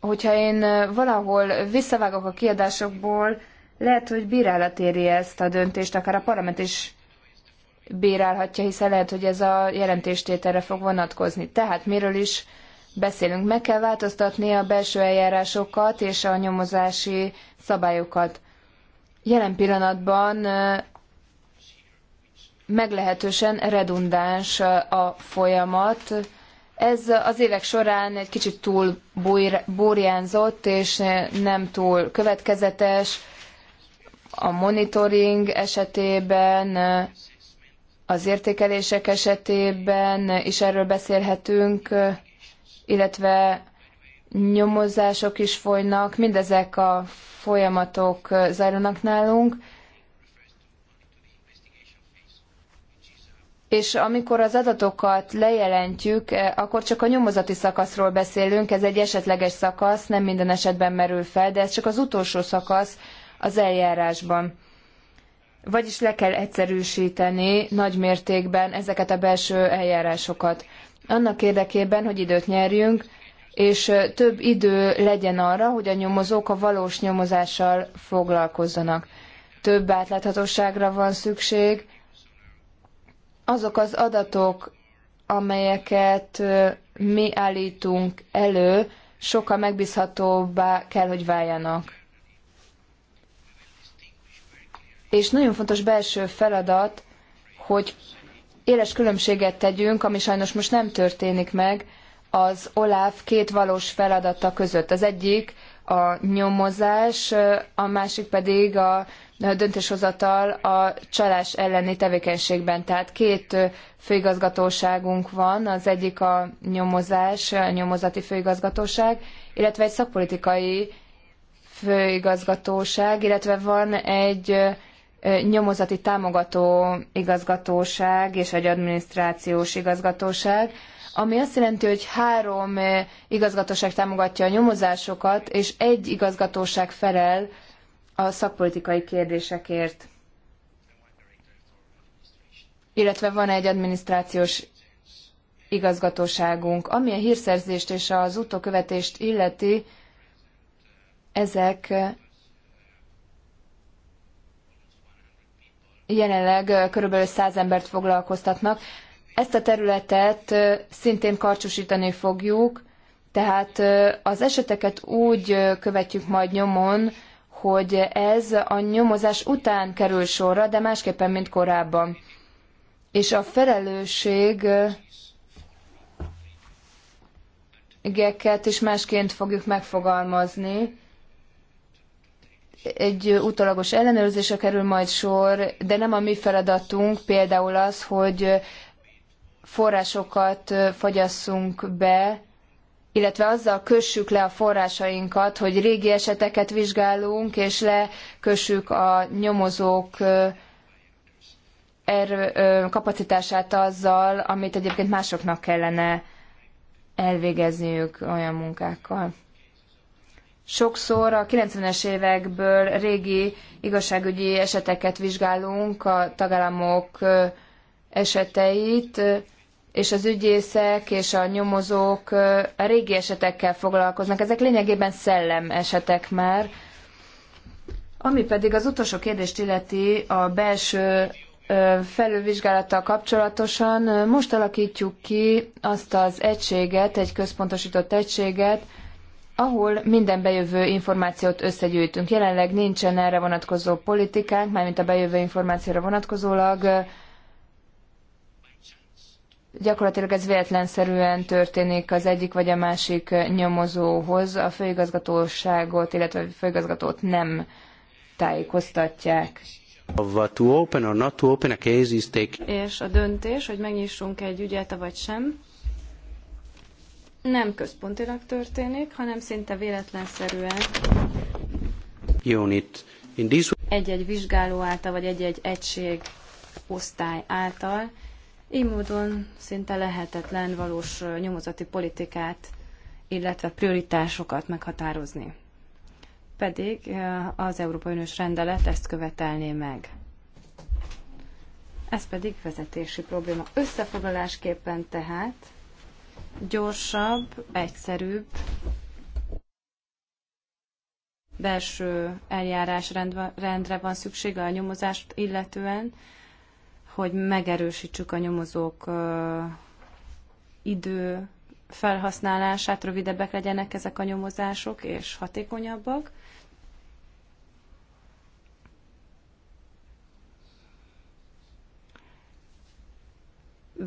Hogyha én valahol visszavágok a kiadásokból, lehet, hogy bírálat éri ezt a döntést, akár a parlament is bírálhatja, hiszen lehet, hogy ez a jelentéstételre fog vonatkozni. Tehát miről is beszélünk? Meg kell változtatni a belső eljárásokat és a nyomozási szabályokat. Jelen pillanatban meglehetősen redundáns a folyamat. Ez az évek során egy kicsit túl búrjánzott, és nem túl következetes, a monitoring esetében, az értékelések esetében is erről beszélhetünk, illetve nyomozások is folynak, mindezek a folyamatok zajlanak nálunk. És amikor az adatokat lejelentjük, eh, akkor csak a nyomozati szakaszról beszélünk, ez egy esetleges szakasz, nem minden esetben merül fel, de ez csak az utolsó szakasz, az eljárásban. Vagyis le kell egyszerűsíteni nagy mértékben ezeket a belső eljárásokat. Annak érdekében, hogy időt nyerjünk, és több idő legyen arra, hogy a nyomozók a valós nyomozással foglalkozzanak. Több átláthatóságra van szükség. Azok az adatok, amelyeket mi állítunk elő, sokkal megbízhatóbbá kell, hogy váljanak. és nagyon fontos belső feladat, hogy éles különbséget tegyünk, ami sajnos most nem történik meg, az OLAF két valós feladata között. Az egyik a nyomozás, a másik pedig a döntéshozatal a csalás elleni tevékenységben. Tehát két főigazgatóságunk van, az egyik a nyomozás, a nyomozati főigazgatóság, illetve egy szakpolitikai főigazgatóság, illetve van egy nyomozati támogató igazgatóság és egy adminisztrációs igazgatóság, ami azt jelenti, hogy három igazgatóság támogatja a nyomozásokat, és egy igazgatóság felel a szakpolitikai kérdésekért. Illetve van egy adminisztrációs igazgatóságunk. Ami a hírszerzést és az utókövetést illeti, ezek jelenleg körülbelül 100 embert foglalkoztatnak. Ezt a területet szintén karcsúsítani fogjuk, tehát az eseteket úgy követjük majd nyomon, hogy ez a nyomozás után kerül sorra, de másképpen, mint korábban. És a felelősség geket is másként fogjuk megfogalmazni, egy utolagos ellenőrzésre kerül majd sor, de nem a mi feladatunk például az, hogy forrásokat fagyasszunk be, illetve azzal kössük le a forrásainkat, hogy régi eseteket vizsgálunk, és lekössük a nyomozók erő, kapacitását azzal, amit egyébként másoknak kellene elvégezniük olyan munkákkal sokszor a 90-es évekből régi igazságügyi eseteket vizsgálunk, a tagállamok eseteit, és az ügyészek és a nyomozók a régi esetekkel foglalkoznak. Ezek lényegében szellem esetek már. Ami pedig az utolsó kérdést illeti a belső felülvizsgálattal kapcsolatosan, most alakítjuk ki azt az egységet, egy központosított egységet, ahol minden bejövő információt összegyűjtünk. Jelenleg nincsen erre vonatkozó politikánk, mármint a bejövő információra vonatkozólag. Gyakorlatilag ez véletlenszerűen történik az egyik vagy a másik nyomozóhoz. A főigazgatóságot, illetve a főigazgatót nem tájékoztatják. És a döntés, hogy megnyissunk egy ügyet, vagy sem, nem központilag történik, hanem szinte véletlenszerűen unit. In this... egy-egy vizsgáló által, vagy egy-egy egység osztály által. Így módon szinte lehetetlen valós nyomozati politikát, illetve prioritásokat meghatározni. Pedig az Európai Uniós rendelet ezt követelné meg. Ez pedig vezetési probléma. Összefoglalásképpen tehát gyorsabb, egyszerűbb belső eljárás rendre van szüksége a nyomozást illetően, hogy megerősítsük a nyomozók idő felhasználását, rövidebbek legyenek ezek a nyomozások, és hatékonyabbak.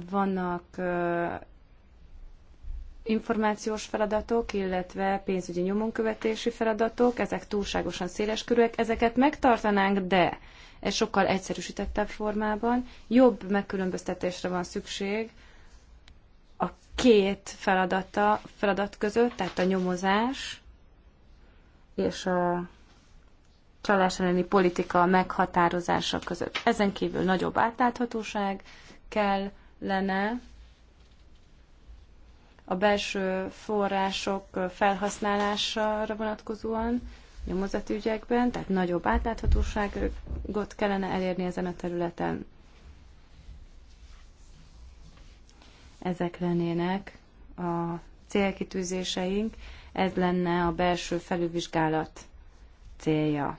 Vannak információs feladatok, illetve pénzügyi nyomonkövetési feladatok, ezek túlságosan széleskörűek, ezeket megtartanánk, de ez sokkal egyszerűsítettebb formában. Jobb megkülönböztetésre van szükség a két feladata, feladat között, tehát a nyomozás és a csalás elleni politika meghatározása között. Ezen kívül nagyobb átláthatóság kell lenne a belső források felhasználására vonatkozóan nyomozati ügyekben, tehát nagyobb átláthatóságot kellene elérni ezen a területen. Ezek lennének a célkitűzéseink, ez lenne a belső felülvizsgálat célja.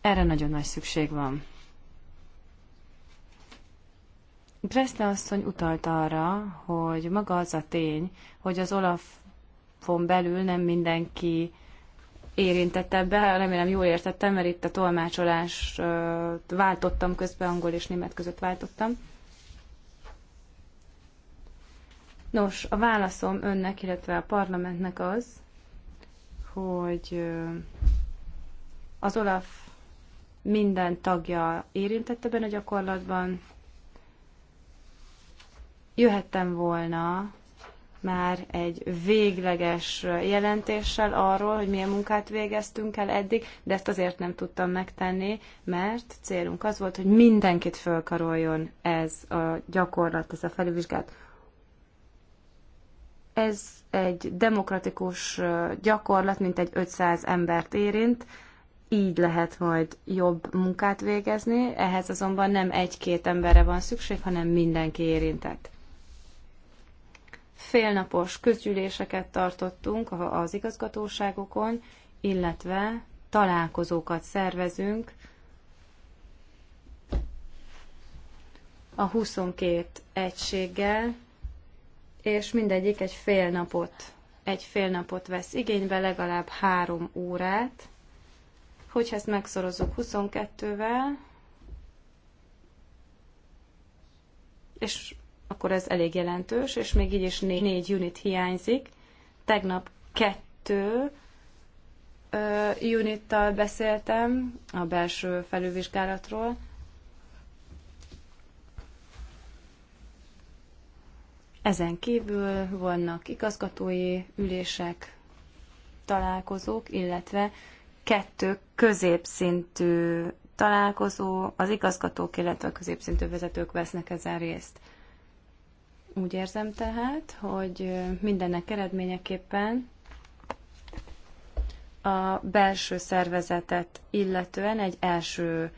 Erre nagyon nagy szükség van. Dresden asszony utalta arra, hogy maga az a tény, hogy az Olafon belül nem mindenki érintette be, remélem jól értettem, mert itt a tolmácsolás váltottam közben, angol és német között váltottam. Nos, a válaszom önnek, illetve a parlamentnek az, hogy az Olaf minden tagja érintette ebben a gyakorlatban, jöhettem volna már egy végleges jelentéssel arról, hogy milyen munkát végeztünk el eddig, de ezt azért nem tudtam megtenni, mert célunk az volt, hogy mindenkit fölkaroljon ez a gyakorlat, ez a felülvizsgálat. Ez egy demokratikus gyakorlat, mint egy 500 embert érint, így lehet majd jobb munkát végezni, ehhez azonban nem egy-két emberre van szükség, hanem mindenki érintett félnapos közgyűléseket tartottunk az igazgatóságokon, illetve találkozókat szervezünk a 22 egységgel, és mindegyik egy fél napot, egy fél napot vesz igénybe, legalább három órát. Hogyha ezt megszorozzuk 22-vel, és akkor ez elég jelentős, és még így is négy, négy unit hiányzik. Tegnap kettő ö, unittal beszéltem a belső felülvizsgálatról. Ezen kívül vannak igazgatói ülések, találkozók, illetve kettő középszintű találkozó, az igazgatók, illetve a középszintű vezetők vesznek ezen részt. Úgy érzem tehát, hogy mindennek eredményeképpen a belső szervezetet illetően egy első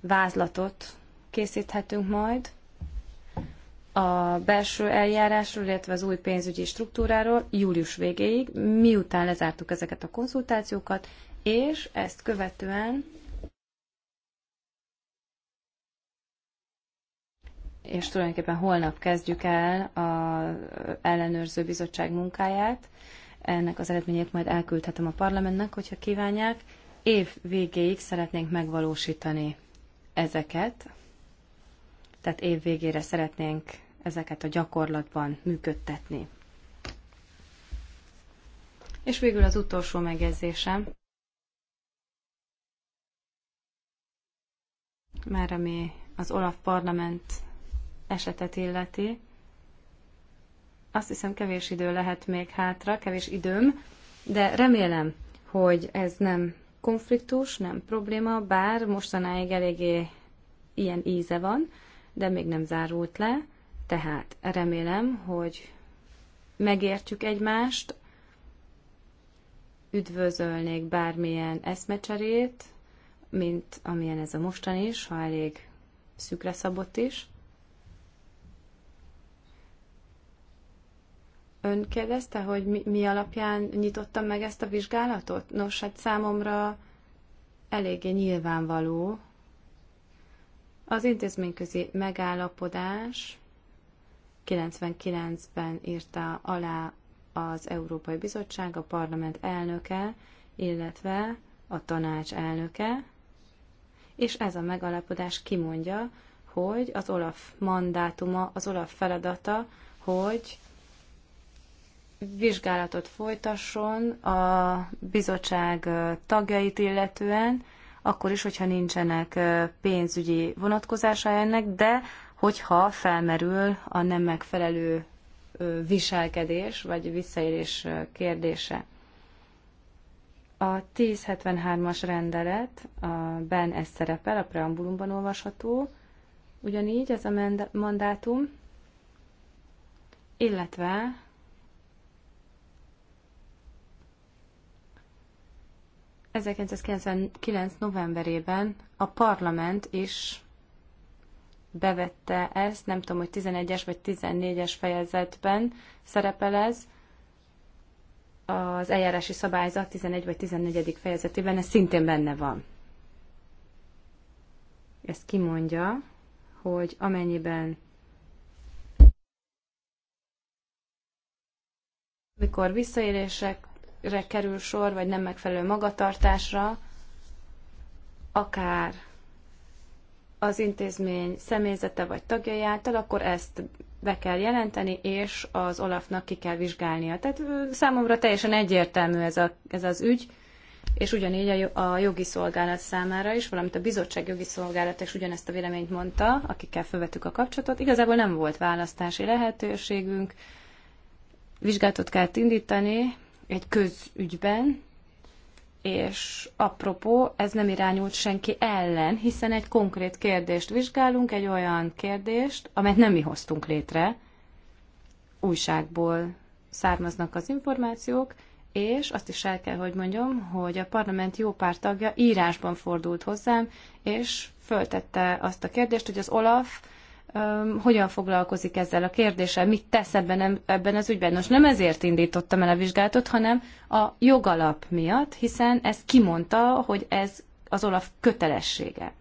vázlatot készíthetünk majd a belső eljárásról, illetve az új pénzügyi struktúráról július végéig, miután lezártuk ezeket a konzultációkat, és ezt követően és tulajdonképpen holnap kezdjük el az ellenőrző bizottság munkáját. Ennek az eredményét majd elküldhetem a parlamentnek, hogyha kívánják. Év végéig szeretnénk megvalósítani ezeket, tehát év végére szeretnénk ezeket a gyakorlatban működtetni. És végül az utolsó megjegyzésem. Már ami az Olaf Parlament esetet illeti, azt hiszem kevés idő lehet még hátra, kevés időm, de remélem, hogy ez nem konfliktus, nem probléma, bár mostanáig eléggé ilyen íze van, de még nem zárult le, tehát remélem, hogy megértjük egymást, üdvözölnék bármilyen eszmecserét, mint amilyen ez a mostan is, ha elég szükre szabott is. Ön kérdezte, hogy mi, mi alapján nyitottam meg ezt a vizsgálatot? Nos, hát számomra eléggé nyilvánvaló. Az intézményközi megállapodás 99-ben írta alá az Európai Bizottság, a parlament elnöke, illetve a tanács elnöke, és ez a megalapodás kimondja, hogy az Olaf mandátuma, az Olaf feladata, hogy vizsgálatot folytasson a bizottság tagjait illetően, akkor is, hogyha nincsenek pénzügyi vonatkozása ennek, de hogyha felmerül a nem megfelelő viselkedés vagy visszaérés kérdése. A 1073-as rendelet, a ben ez szerepel, a preambulumban olvasható, ugyanígy ez a mandátum, illetve 1999. novemberében a parlament is bevette ezt, nem tudom, hogy 11-es vagy 14-es fejezetben szerepel ez, az eljárási szabályzat 11 vagy 14. fejezetében, ez szintén benne van. Ez kimondja, hogy amennyiben mikor visszaélések re kerül sor, vagy nem megfelelő magatartásra, akár az intézmény személyzete vagy tagjai által, akkor ezt be kell jelenteni, és az Olafnak ki kell vizsgálnia. Tehát számomra teljesen egyértelmű ez, a, ez az ügy, és ugyanígy a, a jogi szolgálat számára is, valamint a bizottság jogi szolgálata is ugyanezt a véleményt mondta, akikkel felvettük a kapcsolatot. Igazából nem volt választási lehetőségünk, vizsgálatot kellett indítani, egy közügyben, és apropó, ez nem irányult senki ellen, hiszen egy konkrét kérdést vizsgálunk, egy olyan kérdést, amelyet nem mi hoztunk létre, újságból származnak az információk, és azt is el kell, hogy mondjam, hogy a parlament jó pár tagja írásban fordult hozzám, és föltette azt a kérdést, hogy az Olaf hogyan foglalkozik ezzel a kérdéssel, mit tesz ebben, ebben az ügyben. Nos, nem ezért indítottam el a vizsgálatot, hanem a jogalap miatt, hiszen ez kimondta, hogy ez az Olaf kötelessége.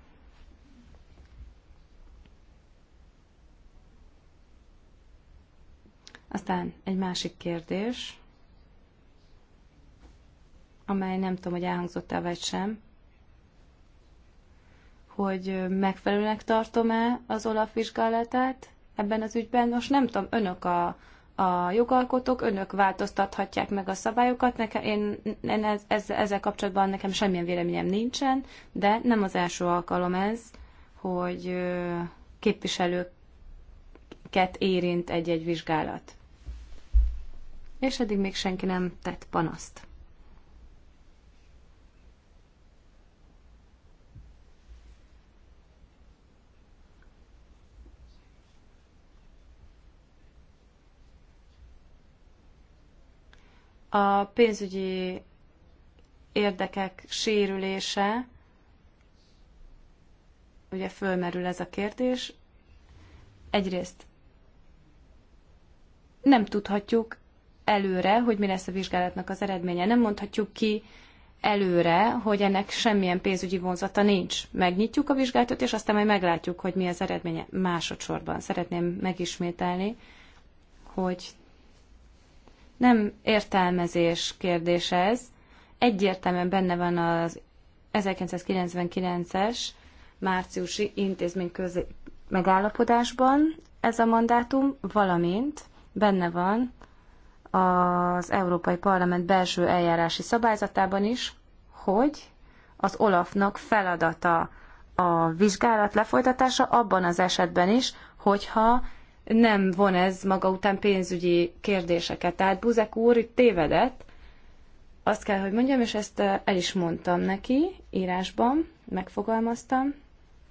Aztán egy másik kérdés, amely nem tudom, hogy elhangzott e vagy sem hogy megfelelőnek tartom-e az Olaf vizsgálatát ebben az ügyben. Most nem tudom, önök a, a jogalkotók, önök változtathatják meg a szabályokat. Nekem, én, én ez, ez, ezzel kapcsolatban nekem semmilyen véleményem nincsen, de nem az első alkalom ez, hogy képviselőket érint egy-egy vizsgálat. És eddig még senki nem tett panaszt. a pénzügyi érdekek sérülése, ugye fölmerül ez a kérdés. Egyrészt nem tudhatjuk előre, hogy mi lesz a vizsgálatnak az eredménye. Nem mondhatjuk ki előre, hogy ennek semmilyen pénzügyi vonzata nincs. Megnyitjuk a vizsgálatot, és aztán majd meglátjuk, hogy mi az eredménye. Másodszorban szeretném megismételni, hogy nem értelmezés kérdés ez. Egyértelműen benne van az 1999-es márciusi intézményközi megállapodásban ez a mandátum, valamint benne van az Európai Parlament belső eljárási szabályzatában is, hogy az Olafnak feladata a vizsgálat lefolytatása abban az esetben is, hogyha nem von ez maga után pénzügyi kérdéseket. Tehát Buzek úr itt tévedett, azt kell, hogy mondjam, és ezt eh, el is mondtam neki írásban, megfogalmaztam.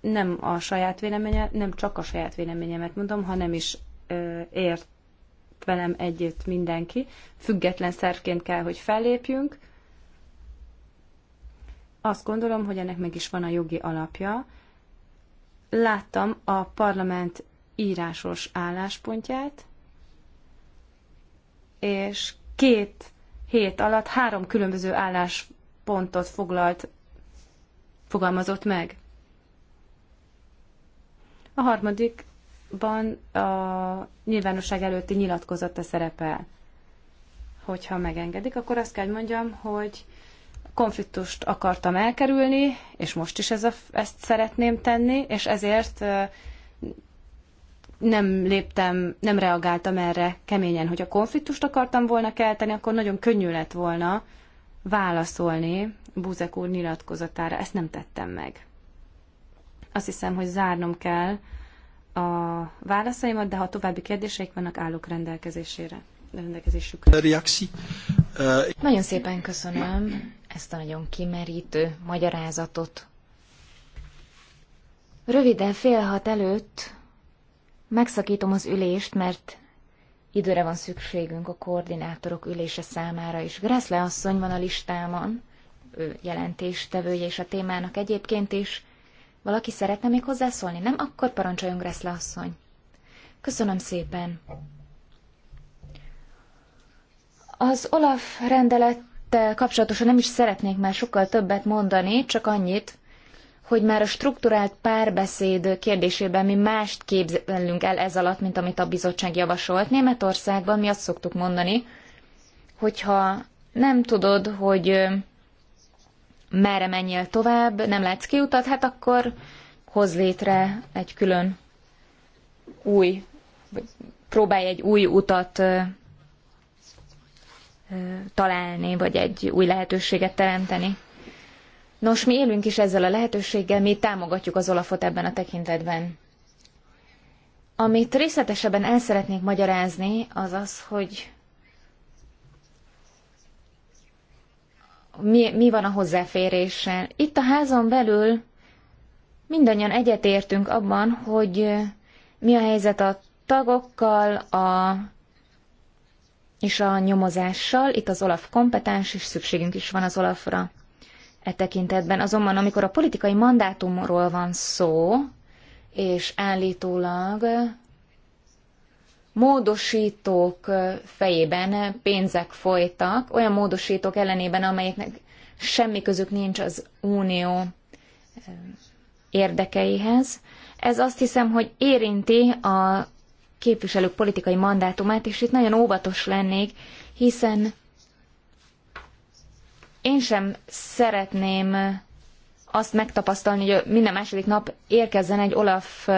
Nem a saját véleménye, nem csak a saját véleményemet mondom, hanem is ö, eh, ért velem együtt mindenki. Független szervként kell, hogy fellépjünk. Azt gondolom, hogy ennek meg is van a jogi alapja. Láttam a parlament írásos álláspontját, és két hét alatt három különböző álláspontot foglalt, fogalmazott meg. A harmadikban a nyilvánosság előtti nyilatkozata szerepel. Hogyha megengedik, akkor azt kell mondjam, hogy konfliktust akartam elkerülni, és most is ez a, ezt szeretném tenni, és ezért nem léptem, nem reagáltam erre keményen, hogy a konfliktust akartam volna kelteni, akkor nagyon könnyű lett volna válaszolni Búzek úr nyilatkozatára. Ezt nem tettem meg. Azt hiszem, hogy zárnom kell a válaszaimat, de ha további kérdéseik vannak, állok rendelkezésére. Rendelkezésükre. Nagyon szépen köszönöm ezt a nagyon kimerítő magyarázatot. Röviden fél hat előtt Megszakítom az ülést, mert időre van szükségünk a koordinátorok ülése számára is. Greszle asszony van a listámon, ő jelentéstevője és a témának egyébként is. Valaki szeretne még hozzászólni, nem? Akkor parancsoljon Greszle asszony. Köszönöm szépen. Az Olaf rendelettel kapcsolatosan nem is szeretnék már sokkal többet mondani, csak annyit, hogy már a strukturált párbeszéd kérdésében mi mást képzelünk el ez alatt, mint amit a bizottság javasolt. Németországban mi azt szoktuk mondani, hogyha nem tudod, hogy merre menjél tovább, nem látsz kiutat, hát akkor hoz létre egy külön új, vagy próbálj egy új utat találni, vagy egy új lehetőséget teremteni. Nos, mi élünk is ezzel a lehetőséggel, mi támogatjuk az Olafot ebben a tekintetben. Amit részletesebben el szeretnék magyarázni, az az, hogy mi, mi van a hozzáféréssel. Itt a házon belül mindannyian egyetértünk abban, hogy mi a helyzet a tagokkal a, és a nyomozással. Itt az Olaf kompetens, és szükségünk is van az Olafra e tekintetben. Azonban, amikor a politikai mandátumról van szó, és állítólag módosítók fejében pénzek folytak, olyan módosítók ellenében, amelyeknek semmi közük nincs az unió eh, érdekeihez. Ez azt hiszem, hogy érinti a képviselők politikai mandátumát, és itt nagyon óvatos lennék, hiszen én sem szeretném azt megtapasztalni, hogy minden második nap érkezzen egy Olaf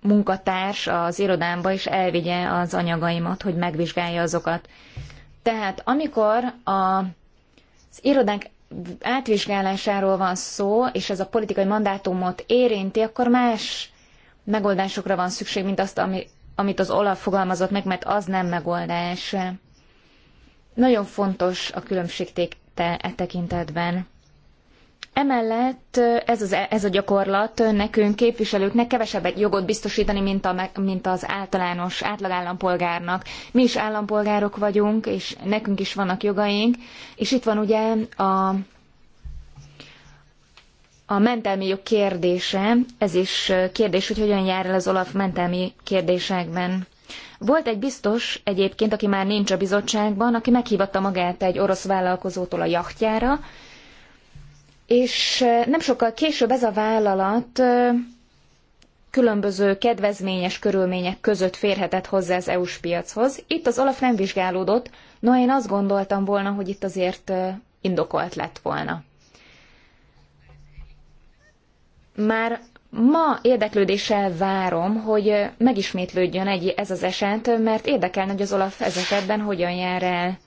munkatárs az irodámba, és elvigye az anyagaimat, hogy megvizsgálja azokat. Tehát amikor a, az irodánk átvizsgálásáról van szó, és ez a politikai mandátumot érinti, akkor más megoldásokra van szükség, mint azt, ami, amit az Olaf fogalmazott meg, mert az nem megoldás. Nagyon fontos a különbségték te e tekintetben. Emellett ez, az, e, ez a gyakorlat nekünk képviselőknek kevesebb jogot biztosítani, mint, a, mint az általános átlagállampolgárnak. Mi is állampolgárok vagyunk, és nekünk is vannak jogaink, és itt van ugye a, a mentelmi jog kérdése, ez is kérdés, hogy hogyan jár el az Olaf mentelmi kérdésekben. Volt egy biztos egyébként, aki már nincs a bizottságban, aki meghívatta magát egy orosz vállalkozótól a jachtjára, és nem sokkal később ez a vállalat különböző kedvezményes körülmények között férhetett hozzá az EU-s piachoz. Itt az Olaf nem vizsgálódott, no én azt gondoltam volna, hogy itt azért indokolt lett volna. Már Ma érdeklődéssel várom, hogy megismétlődjön egy, ez az eset, mert érdekelne, hogy az Olaf ez esetben hogyan jár el.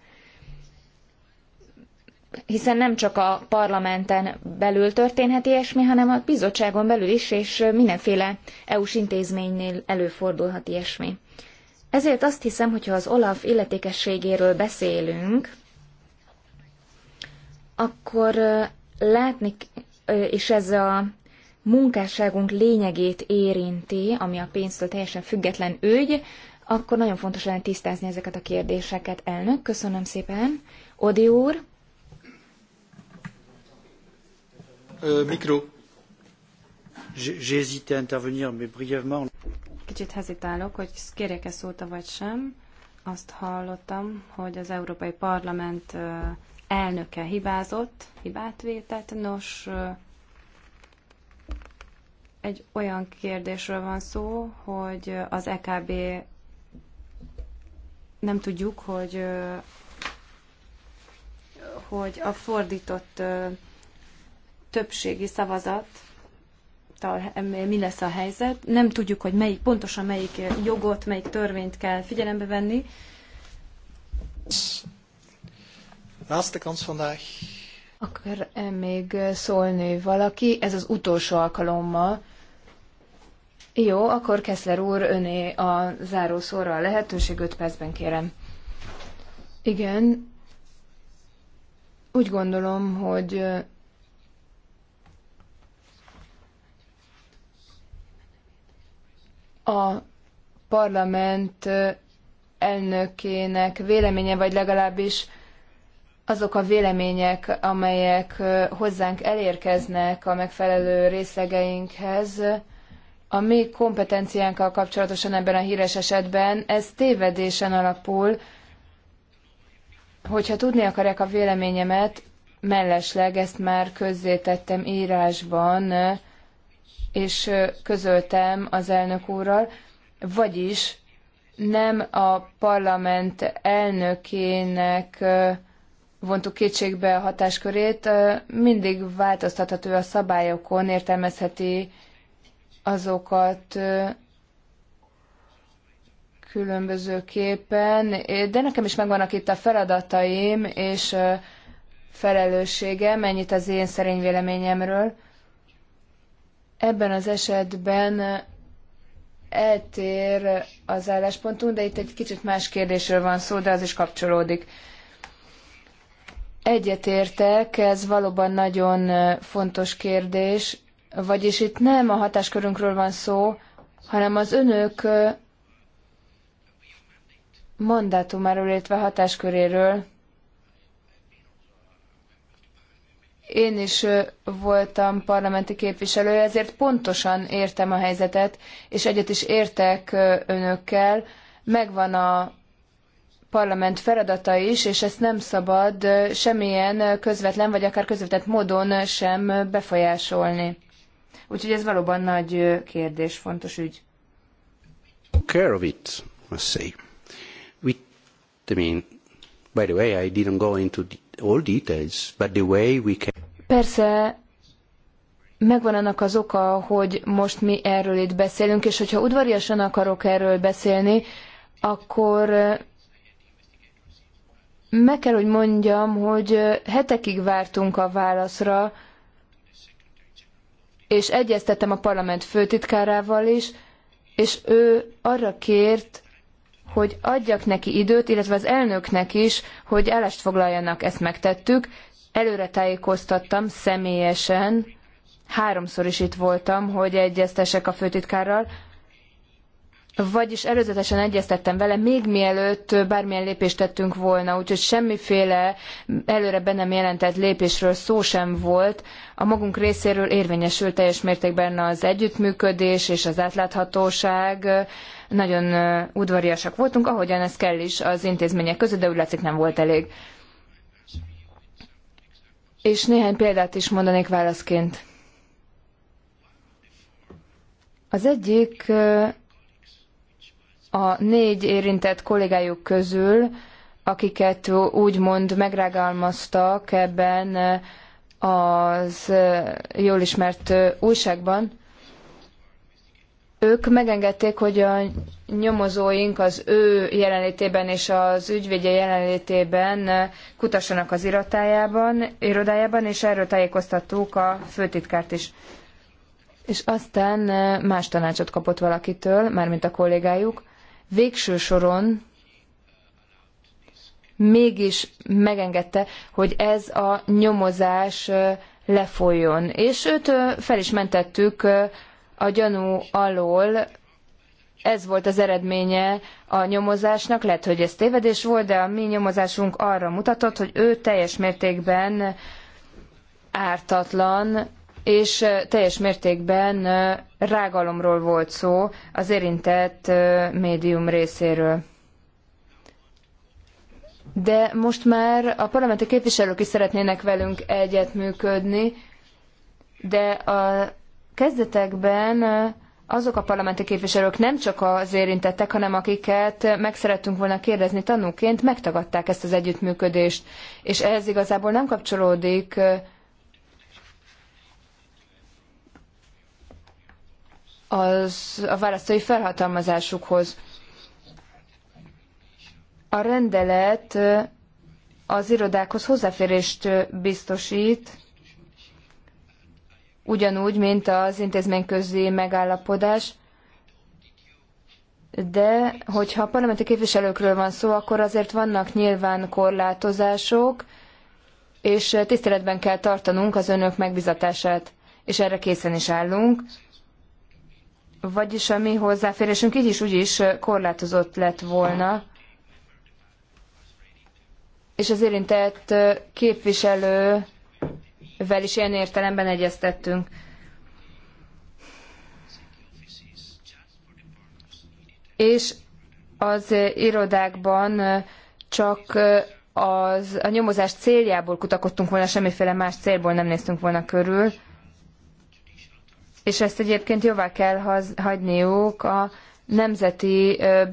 Hiszen nem csak a parlamenten belül történhet ilyesmi, hanem a bizottságon belül is, és mindenféle EU-s intézménynél előfordulhat ilyesmi. Ezért azt hiszem, hogyha az Olaf illetékességéről beszélünk, akkor látni, és ez a munkásságunk lényegét érinti, ami a pénztől teljesen független ügy, akkor nagyon fontos lenne tisztázni ezeket a kérdéseket. Elnök, köszönöm szépen. Odi úr. Mikro. J'hésite à intervenir, mais brièvement. Kicsit hezitálok, hogy kérjek-e szóta vagy sem. Azt hallottam, hogy az Európai Parlament elnöke hibázott, hibát vétett. Nos, egy olyan kérdésről van szó, hogy az EKB nem tudjuk, hogy, hogy a fordított többségi szavazat mi lesz a helyzet. Nem tudjuk, hogy melyik, pontosan melyik jogot, melyik törvényt kell figyelembe venni. Laatste kans vandaag. Akkor még szólni valaki? Ez az utolsó alkalommal, jó, akkor Keszler úr, öné a zárószóra a lehetőség, 5 percben kérem. Igen, úgy gondolom, hogy a parlament elnökének véleménye, vagy legalábbis azok a vélemények, amelyek hozzánk elérkeznek a megfelelő részlegeinkhez, a mi kompetenciánkkal kapcsolatosan ebben a híres esetben, ez tévedésen alapul, hogyha tudni akarják a véleményemet, mellesleg ezt már közzétettem írásban, és közöltem az elnök úrral, vagyis nem a parlament elnökének vontuk kétségbe a hatáskörét, mindig változtathat ő a szabályokon, értelmezheti azokat különbözőképpen, de nekem is megvannak itt a feladataim és felelősségem, ennyit az én szerény véleményemről. Ebben az esetben eltér az álláspontunk, de itt egy kicsit más kérdésről van szó, de az is kapcsolódik. Egyetértek, ez valóban nagyon fontos kérdés, vagyis itt nem a hatáskörünkről van szó, hanem az önök mandátumáról, illetve hatásköréről. Én is voltam parlamenti képviselő, ezért pontosan értem a helyzetet, és egyet is értek önökkel. Megvan a parlament feladata is, és ezt nem szabad semmilyen közvetlen vagy akár közvetett módon sem befolyásolni. Úgyhogy ez valóban nagy kérdés, fontos ügy. Care of it, must say. We, I mean, by the way, I didn't go into all details, but the way we can... Persze, megvan annak az oka, hogy most mi erről itt beszélünk, és hogyha udvariasan akarok erről beszélni, akkor meg kell, hogy mondjam, hogy hetekig vártunk a válaszra, és egyeztettem a parlament főtitkárával is, és ő arra kért, hogy adjak neki időt, illetve az elnöknek is, hogy állást foglaljanak, ezt megtettük. Előre tájékoztattam személyesen, háromszor is itt voltam, hogy egyeztessek a főtitkárral, vagyis előzetesen egyeztettem vele, még mielőtt bármilyen lépést tettünk volna, úgyhogy semmiféle előre be nem jelentett lépésről szó sem volt. A magunk részéről érvényesül teljes mértékben az együttműködés és az átláthatóság. Nagyon udvariasak voltunk, ahogyan ez kell is az intézmények között, de úgy látszik nem volt elég. És néhány példát is mondanék válaszként. Az egyik a négy érintett kollégájuk közül, akiket úgymond megrágalmaztak ebben az jól ismert újságban, ők megengedték, hogy a nyomozóink az ő jelenlétében és az ügyvédje jelenlétében kutassanak az irodájában, irodájában és erről tájékoztattuk a főtitkárt is. És aztán más tanácsot kapott valakitől, mármint a kollégájuk, végső soron mégis megengedte, hogy ez a nyomozás lefolyjon. És őt fel is mentettük a gyanú alól, ez volt az eredménye a nyomozásnak, lehet, hogy ez tévedés volt, de a mi nyomozásunk arra mutatott, hogy ő teljes mértékben ártatlan, és teljes mértékben rágalomról volt szó az érintett médium részéről. De most már a parlamenti képviselők is szeretnének velünk egyetműködni, de a kezdetekben azok a parlamenti képviselők nem csak az érintettek, hanem akiket meg szerettünk volna kérdezni tanúként, megtagadták ezt az együttműködést. És ez igazából nem kapcsolódik az, a választói felhatalmazásukhoz. A rendelet eh, az irodákhoz hozzáférést eh, biztosít, ugyanúgy, mint az intézményközi megállapodás, de hogyha parlamenti képviselőkről van szó, akkor azért vannak nyilván korlátozások, és eh, tiszteletben kell tartanunk az önök megbizatását, és erre készen is állunk. Vagyis a mi hozzáférésünk így is úgy is korlátozott lett volna. És az érintett képviselővel is ilyen értelemben egyeztettünk. És az irodákban csak az, a nyomozás céljából kutakodtunk volna, semmiféle más célból nem néztünk volna körül és ezt egyébként jóvá kell hagyniuk a nemzeti ö,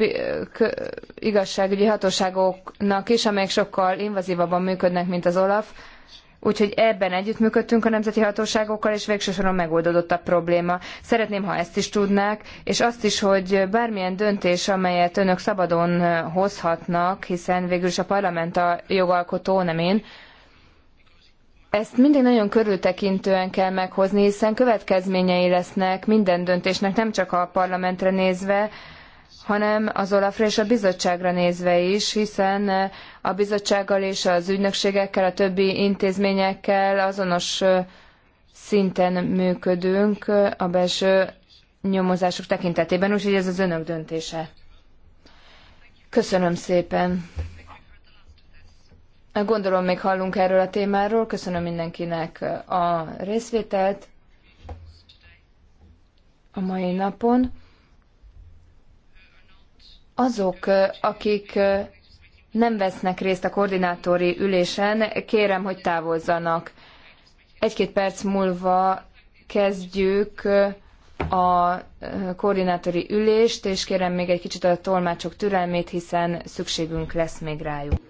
kö, igazságügyi hatóságoknak is, amelyek sokkal invazívabban működnek, mint az OLAF. Úgyhogy ebben együttműködtünk a nemzeti hatóságokkal, és végső soron megoldódott a probléma. Szeretném, ha ezt is tudnák, és azt is, hogy bármilyen döntés, amelyet önök szabadon hozhatnak, hiszen végül is a parlament a jogalkotó, nem én, ezt mindig nagyon körültekintően kell meghozni, hiszen következményei lesznek minden döntésnek, nem csak a parlamentre nézve, hanem az Olafra és a bizottságra nézve is, hiszen a bizottsággal és az ügynökségekkel, a többi intézményekkel azonos szinten működünk a belső nyomozások tekintetében, úgyhogy ez az önök döntése. Köszönöm szépen. Gondolom még hallunk erről a témáról. Köszönöm mindenkinek uh, a részvételt a mai napon. Azok, uh, akik uh, nem vesznek részt a koordinátori ülésen, kérem, hogy távozzanak. Egy-két perc múlva kezdjük a koordinátori ülést, és kérem még egy kicsit a tolmácsok türelmét, hiszen szükségünk lesz még rájuk.